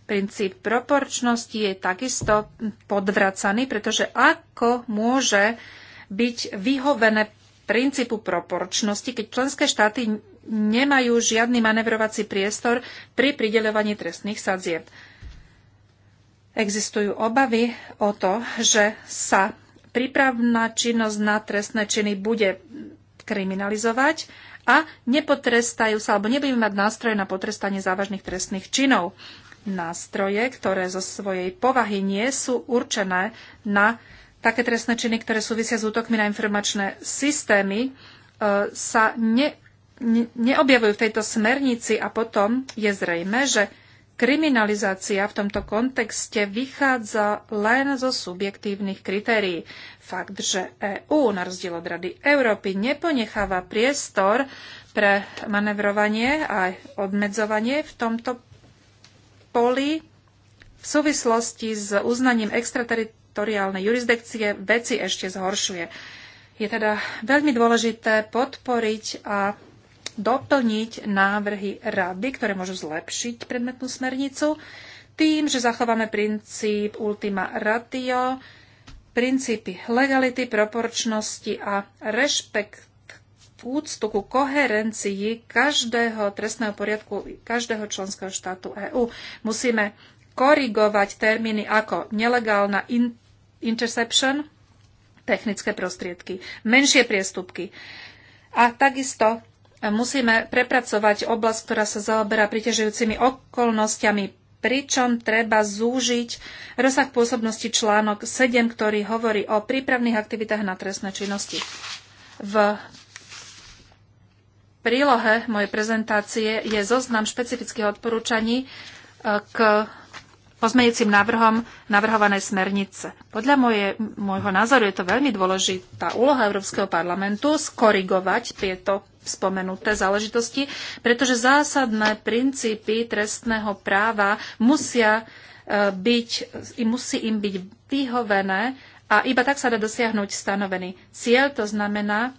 Princíp proporčnosti je takisto podvracaný, pretože ako môže byť vyhovené princípu proporčnosti, keď členské štáty nemajú žiadny manevrovací priestor pri prideľovaní trestných sadzieb. Existujú obavy o to, že sa prípravná činnosť na trestné činy bude kriminalizovať a nepotrestajú sa alebo nebudeme mať nástroje na potrestanie závažných trestných činov. Nástroje, ktoré zo svojej povahy nie sú určené na také trestné činy, ktoré súvisia s útokmi na informačné systémy, e, sa ne, ne, neobjavujú v tejto smernici a potom je zrejme, že kriminalizácia v tomto kontexte vychádza len zo subjektívnych kritérií. Fakt, že EÚ, na rozdiel od Rady Európy, neponecháva priestor pre manevrovanie a obmedzovanie v tomto poli v súvislosti s uznaním extrateritoriálnych teritoriálnej jurisdikcie veci ešte zhoršuje. Je teda veľmi dôležité podporiť a doplniť návrhy rady, ktoré môžu zlepšiť predmetnú smernicu, tým, že zachováme princíp ultima ratio, princípy legality, proporčnosti a rešpekt úctu ku koherencii každého trestného poriadku každého členského štátu EÚ. Musíme korigovať termíny ako nelegálna in- interception, technické prostriedky, menšie priestupky. A takisto e, musíme prepracovať oblasť, ktorá sa zaoberá priťažujúcimi okolnostiami, pričom treba zúžiť rozsah pôsobnosti článok 7, ktorý hovorí o prípravných aktivitách na trestné činnosti. V prílohe mojej prezentácie je zoznam špecifických odporúčaní e, k pozmeňujúcim návrhom navrhovanej smernice. Podľa moje, môjho názoru je to veľmi dôležitá úloha Európskeho parlamentu skorigovať tieto spomenuté záležitosti, pretože zásadné princípy trestného práva musia e, byť, musí im byť vyhovené a iba tak sa dá dosiahnuť stanovený cieľ. To znamená,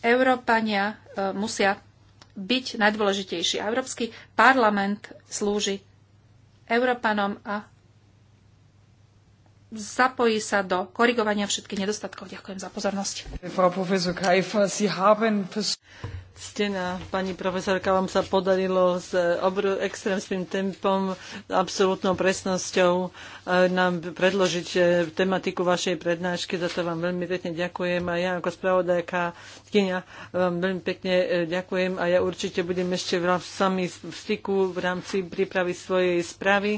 Európania e, musia byť najdôležitejší. Európsky parlament slúži Európanom a zapojí sa do korigovania všetkých nedostatkov. Ďakujem za pozornosť. Stená pani profesorka, vám sa podarilo s e, obr- extrémským tempom, absolútnou presnosťou e, nám predložiť e, tematiku vašej prednášky. Za to vám veľmi pekne ďakujem a ja ako spravodajka Kenia vám veľmi pekne ďakujem a ja určite budem ešte sami v styku v rámci prípravy svojej správy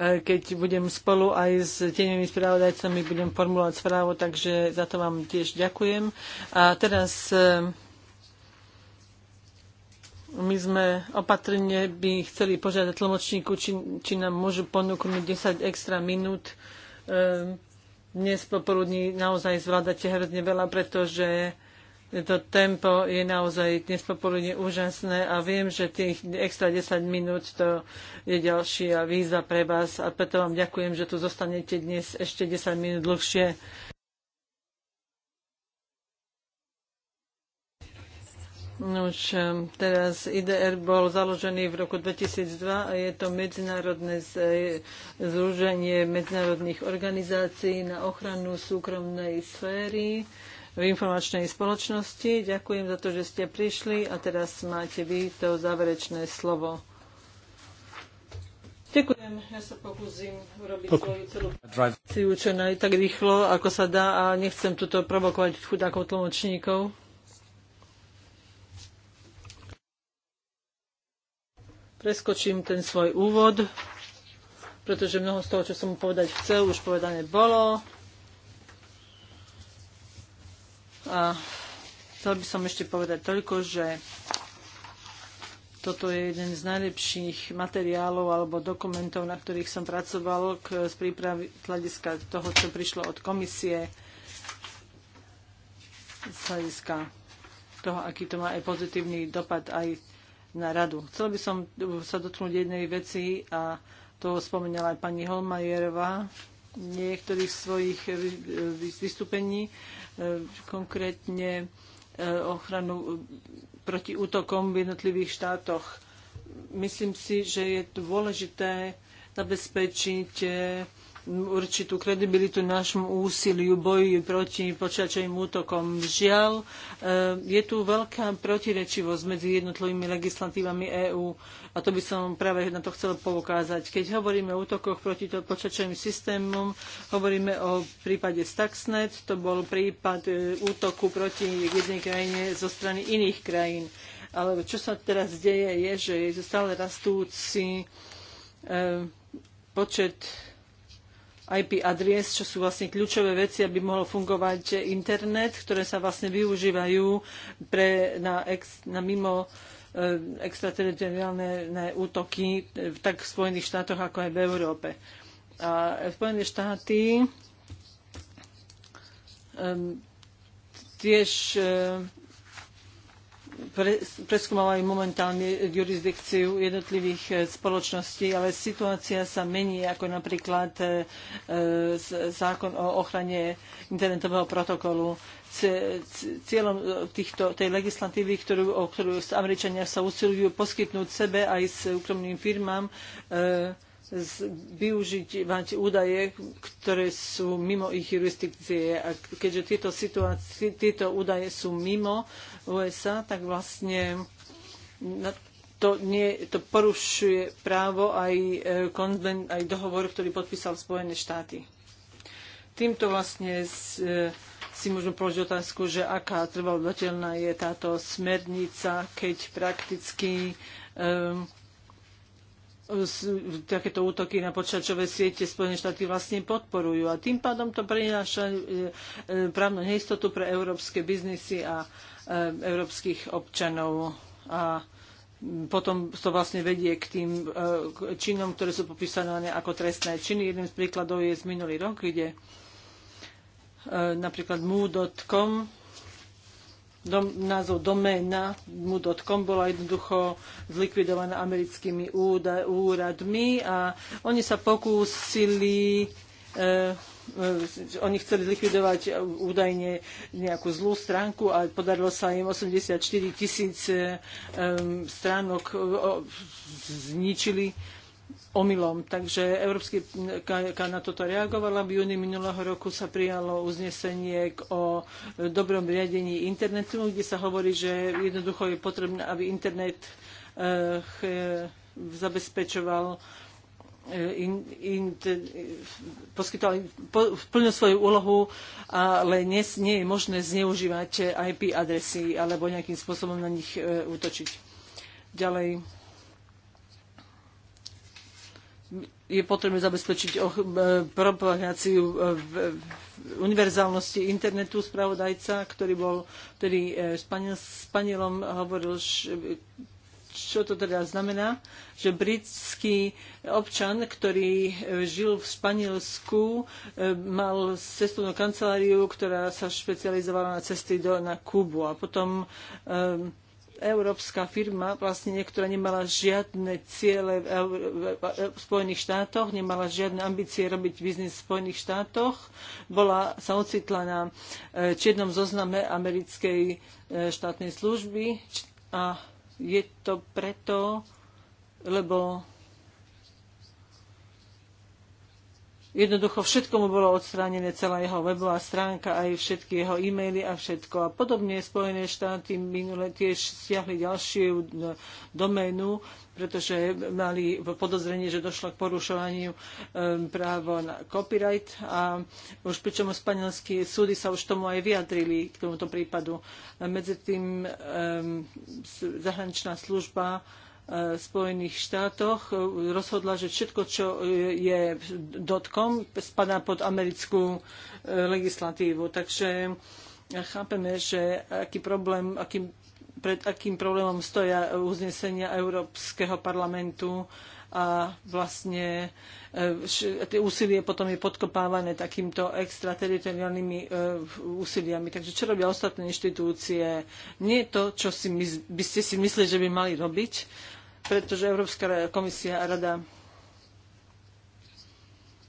keď budem spolu aj s tenými spravodajcami budem formulovať správu, takže za to vám tiež ďakujem. A teraz my sme opatrne by chceli požiadať tlmočníku, či, či nám môžu ponúknuť 10 extra minút. Ehm, dnes popoludní naozaj zvládate hrozne veľa, pretože to tempo je naozaj dnes popoludne úžasné a viem, že tých extra 10 minút to je ďalšia výzva pre vás a preto vám ďakujem, že tu zostanete dnes ešte 10 minút dlhšie. Už ehm, teraz IDR bol založený v roku 2002 a je to medzinárodné zruženie e, medzinárodných organizácií na ochranu súkromnej sféry v informačnej spoločnosti. Ďakujem za to, že ste prišli a teraz máte vy to záverečné slovo. Ďakujem, ja sa pokúsim urobiť svoju celú prácu čo tak rýchlo, ako sa dá a nechcem tuto provokovať chudákov tlmočníkov. Preskočím ten svoj úvod, pretože mnoho z toho, čo som mu povedať chcel, už povedané bolo. A chcel by som ešte povedať toľko, že toto je jeden z najlepších materiálov alebo dokumentov, na ktorých som pracoval k, z prípravy hľadiska toho, čo prišlo od komisie, z hľadiska toho, aký to má aj pozitívny dopad aj na radu. Chcel by som sa dotknúť jednej veci a to spomenala aj pani Holmajerová niektorých svojich eh, eh, vystúpení, eh, konkrétne ochranu proti útokom v jednotlivých štátoch. Myslím si, že je dôležité zabezpečiť určitú kredibilitu nášmu úsiliu boji proti počačovým útokom. Žiaľ, eh, je tu veľká protirečivosť medzi jednotlivými legislatívami EÚ a to by som práve na to chcela poukázať. Keď hovoríme o útokoch proti počačovým systémom, hovoríme o prípade Stuxnet, to bol prípad eh, útoku proti jednej krajine zo strany iných krajín. Ale čo sa teraz deje, je, že je stále rastúci eh, počet IP adries, čo sú vlastne kľúčové veci, aby mohol fungovať internet, ktoré sa vlastne využívajú pre, na, ex, na mimo e, extrateritoriálne útoky v eh, tak v Spojených štátoch, ako aj v Európe. A Spojené štáty um, tiež eh, preskúmavajú momentálne jurisdikciu jednotlivých e, spoločností, ale situácia sa mení, ako napríklad e, e, zákon o ochrane internetového protokolu. Cieľom týchto, tej legislatívy, ktorú, o ktorú Američania sa usilujú poskytnúť sebe aj s súkromným firmám, využívať údaje, ktoré sú mimo ich jurisdikcie. A keďže tieto, situácie, tieto údaje sú mimo USA, tak vlastne to, nie, to porušuje právo aj, e, konven, aj dohovor, ktorý podpísal Spojené štáty. Týmto vlastne z, e, si môžeme položiť otázku, že aká trvalodateľná je táto smernica, keď prakticky um, takéto útoky na počítačové siete Spojené štáty vlastne podporujú. A tým pádom to prináša e, právnu neistotu pre európske biznisy a Eh, európskych občanov. A potom to vlastne vedie k tým eh, činom, ktoré sú popísané ako trestné činy. Jedným z príkladov je z minulý rok, kde eh, napríklad mu.com dom, názov doména mu.com bola jednoducho zlikvidovaná americkými úradmi a oni sa pokúsili e, E, oni chceli zlikvidovať údajne nejakú zlú stránku a podarilo sa im 84 tisíc e, stránok e, zničili omylom. Takže Európsky na toto reagovala. V júni minulého roku sa prijalo uznesenie o dobrom riadení internetu, kde sa hovorí, že jednoducho je potrebné, aby internet zabezpečoval E, in, in, e, poskytoval, plnil svoju úlohu, ale dnes nie je možné zneužívať IP adresy alebo nejakým spôsobom na nich e, útočiť. Ďalej je potrebné zabezpečiť e, propagáciu univerzálnosti internetu. Spravodajca, ktorý bol s Španielom, hovoril, čo to teda znamená, že britský občan, ktorý e, žil v Španielsku, e, mal cestovnú kanceláriu, ktorá sa špecializovala na cesty do, na Kubu. A potom um, európska firma, vlastne niektorá nemala žiadne ciele v, Eur- v Spojených štátoch, nemala žiadne ambície robiť biznis v Spojených štátoch, bola, sa ocitla na čiernom zozname americkej štátnej služby a je to preto, lebo jednoducho všetko mu bolo odstránené, celá jeho webová stránka, aj všetky jeho e-maily a všetko. A podobne Spojené štáty minule tiež stiahli ďalšiu e, doménu, pretože mali podozrenie, že došlo k porušovaniu e, právo na copyright a už pričom španielskí súdy sa už tomu aj vyjadrili k tomuto prípadu. Medzi tým e, zahraničná služba Spojených štátoch e, rozhodla, že všetko, čo je dotkom, spadá pod americkú e, legislatívu. Takže e, chápeme, že aký problém, aký, pred akým problémom stoja uznesenia Európskeho parlamentu a vlastne e, tie úsilie potom je podkopávané takýmto extrateritoriálnymi e, úsiliami. Takže čo robia ostatné inštitúcie? Nie je to, čo si my, by ste si mysleli, že by mali robiť, pretože Európska komisia a rada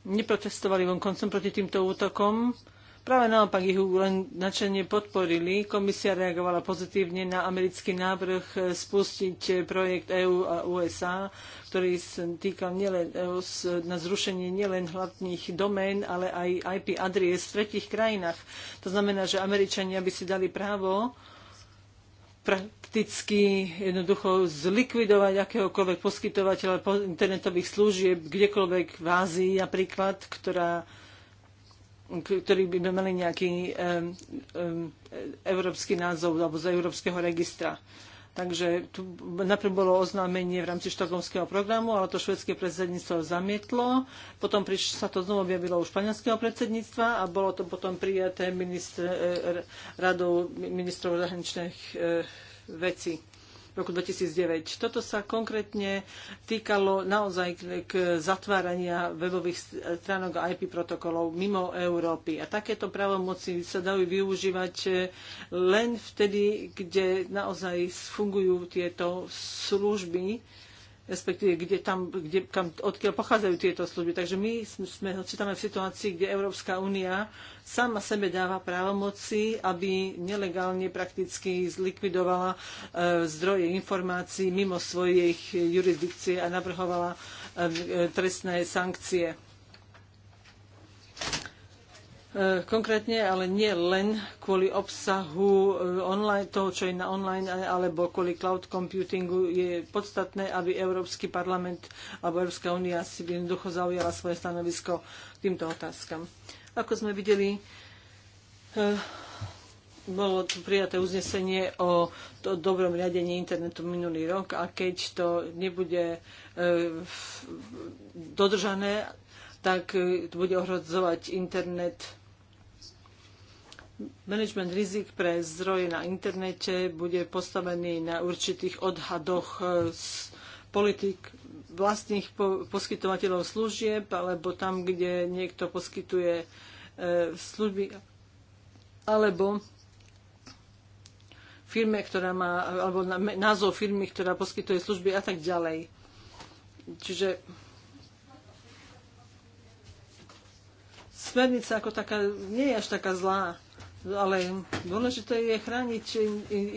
neprotestovali vonkoncom proti týmto útokom Práve naopak ich len načenie podporili. Komisia reagovala pozitívne na americký návrh spustiť projekt EÚ a USA, ktorý sa týkal nielen e, na zrušenie nielen hlavných domén, ale aj IP adries v tretich krajinách. To znamená, že Američania by si dali právo prakticky jednoducho zlikvidovať akéhokoľvek poskytovateľa internetových služieb, kdekoľvek v Ázii napríklad, ktorá ktorí by mali nejaký um, um, európsky názov alebo z Európskeho registra. Takže tu najprv bolo oznámenie v rámci štokholmského programu, ale to švedské predsedníctvo zamietlo. Potom priš, sa to znovu objavilo u španielského predsedníctva a bolo to potom prijaté ministr, e, e, radou ministrov zahraničných e, vecí v roku 2009. Toto sa konkrétne týkalo naozaj k zatvárania webových stránok a IP protokolov mimo Európy. A takéto právomoci sa dajú využívať e, len vtedy, kde naozaj fungujú tieto služby, respektíve kde tam, kde, kam, odkiaľ pochádzajú tieto služby. Takže my sme čítame v situácii, kde Európska únia sama sebe dáva právomoci, aby nelegálne prakticky zlikvidovala e, zdroje informácií mimo svojich jurisdikcie a navrhovala e, trestné sankcie. E, konkrétne, ale nie len kvôli obsahu e, online, toho, čo je na online, alebo kvôli cloud computingu, je podstatné, aby Európsky parlament alebo Európska únia si jednoducho zaujala svoje stanovisko k týmto otázkam. Ako sme videli, e, bolo tu prijaté uznesenie o to dobrom riadení internetu minulý rok a keď to nebude dodržané, tak to bude ohrozovať internet management rizik pre zdroje na internete bude postavený na určitých odhadoch z e, politik vlastných poskytovateľov služieb, alebo tam, kde niekto poskytuje e, služby, alebo firme, ktorá má, alebo názov firmy, ktorá poskytuje služby a tak ďalej. Čiže smernica ako taká nie je až taká zlá ale dôležité je chrániť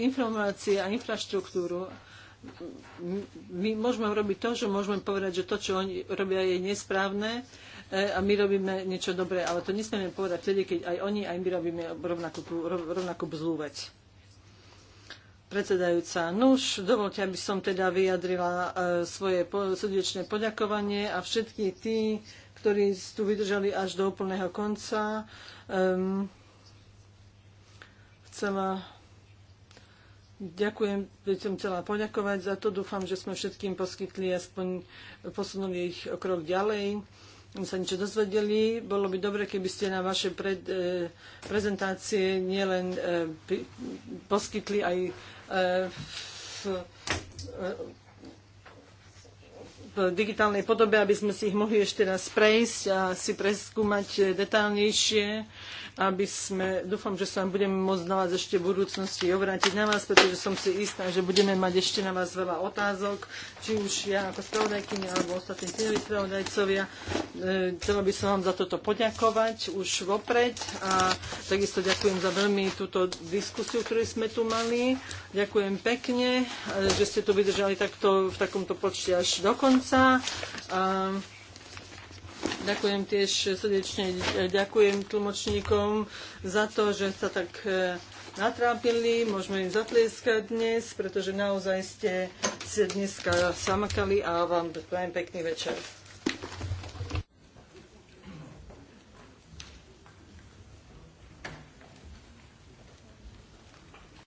informácie a infraštruktúru. My môžeme robiť to, že môžeme povedať, že to, čo oni robia, je nesprávne e, a my robíme niečo dobré, ale to nesmieme povedať vtedy, keď aj oni, aj my robíme rovnakú, rovnakú bzlú vec. Predsedajúca, nuž, dovolte, aby som teda vyjadrila e, svoje srdečné poďakovanie a všetky tí, ktorí tu vydržali až do úplného konca. Um, chcela Ďakujem, by som chcela poďakovať za to. Dúfam, že sme všetkým poskytli aspoň posunuli ich o krok ďalej sa niečo dozvedeli. Bolo by dobre, keby ste na vaše pred, e, prezentácie nielen e, poskytli aj e, f, e, v digitálnej podobe, aby sme si ich mohli ešte raz prejsť a si preskúmať detálnejšie, aby sme, dúfam, že sa vám budeme môcť na vás ešte v budúcnosti obrátiť na vás, pretože som si istá, že budeme mať ešte na vás veľa otázok, či už ja ako spravodajkynia alebo ostatní tieňoví spravodajcovia. E, chcela by som vám za toto poďakovať už vopred a takisto ďakujem za veľmi túto diskusiu, ktorú sme tu mali. Ďakujem pekne, e, že ste tu vydržali takto v takomto počte až do konca konca. A ďakujem tiež srdečne, ďakujem tlmočníkom za to, že sa tak e, natrápili, môžeme im zatlieskať dnes, pretože naozaj ste si dneska samakali a vám prajem pekný večer.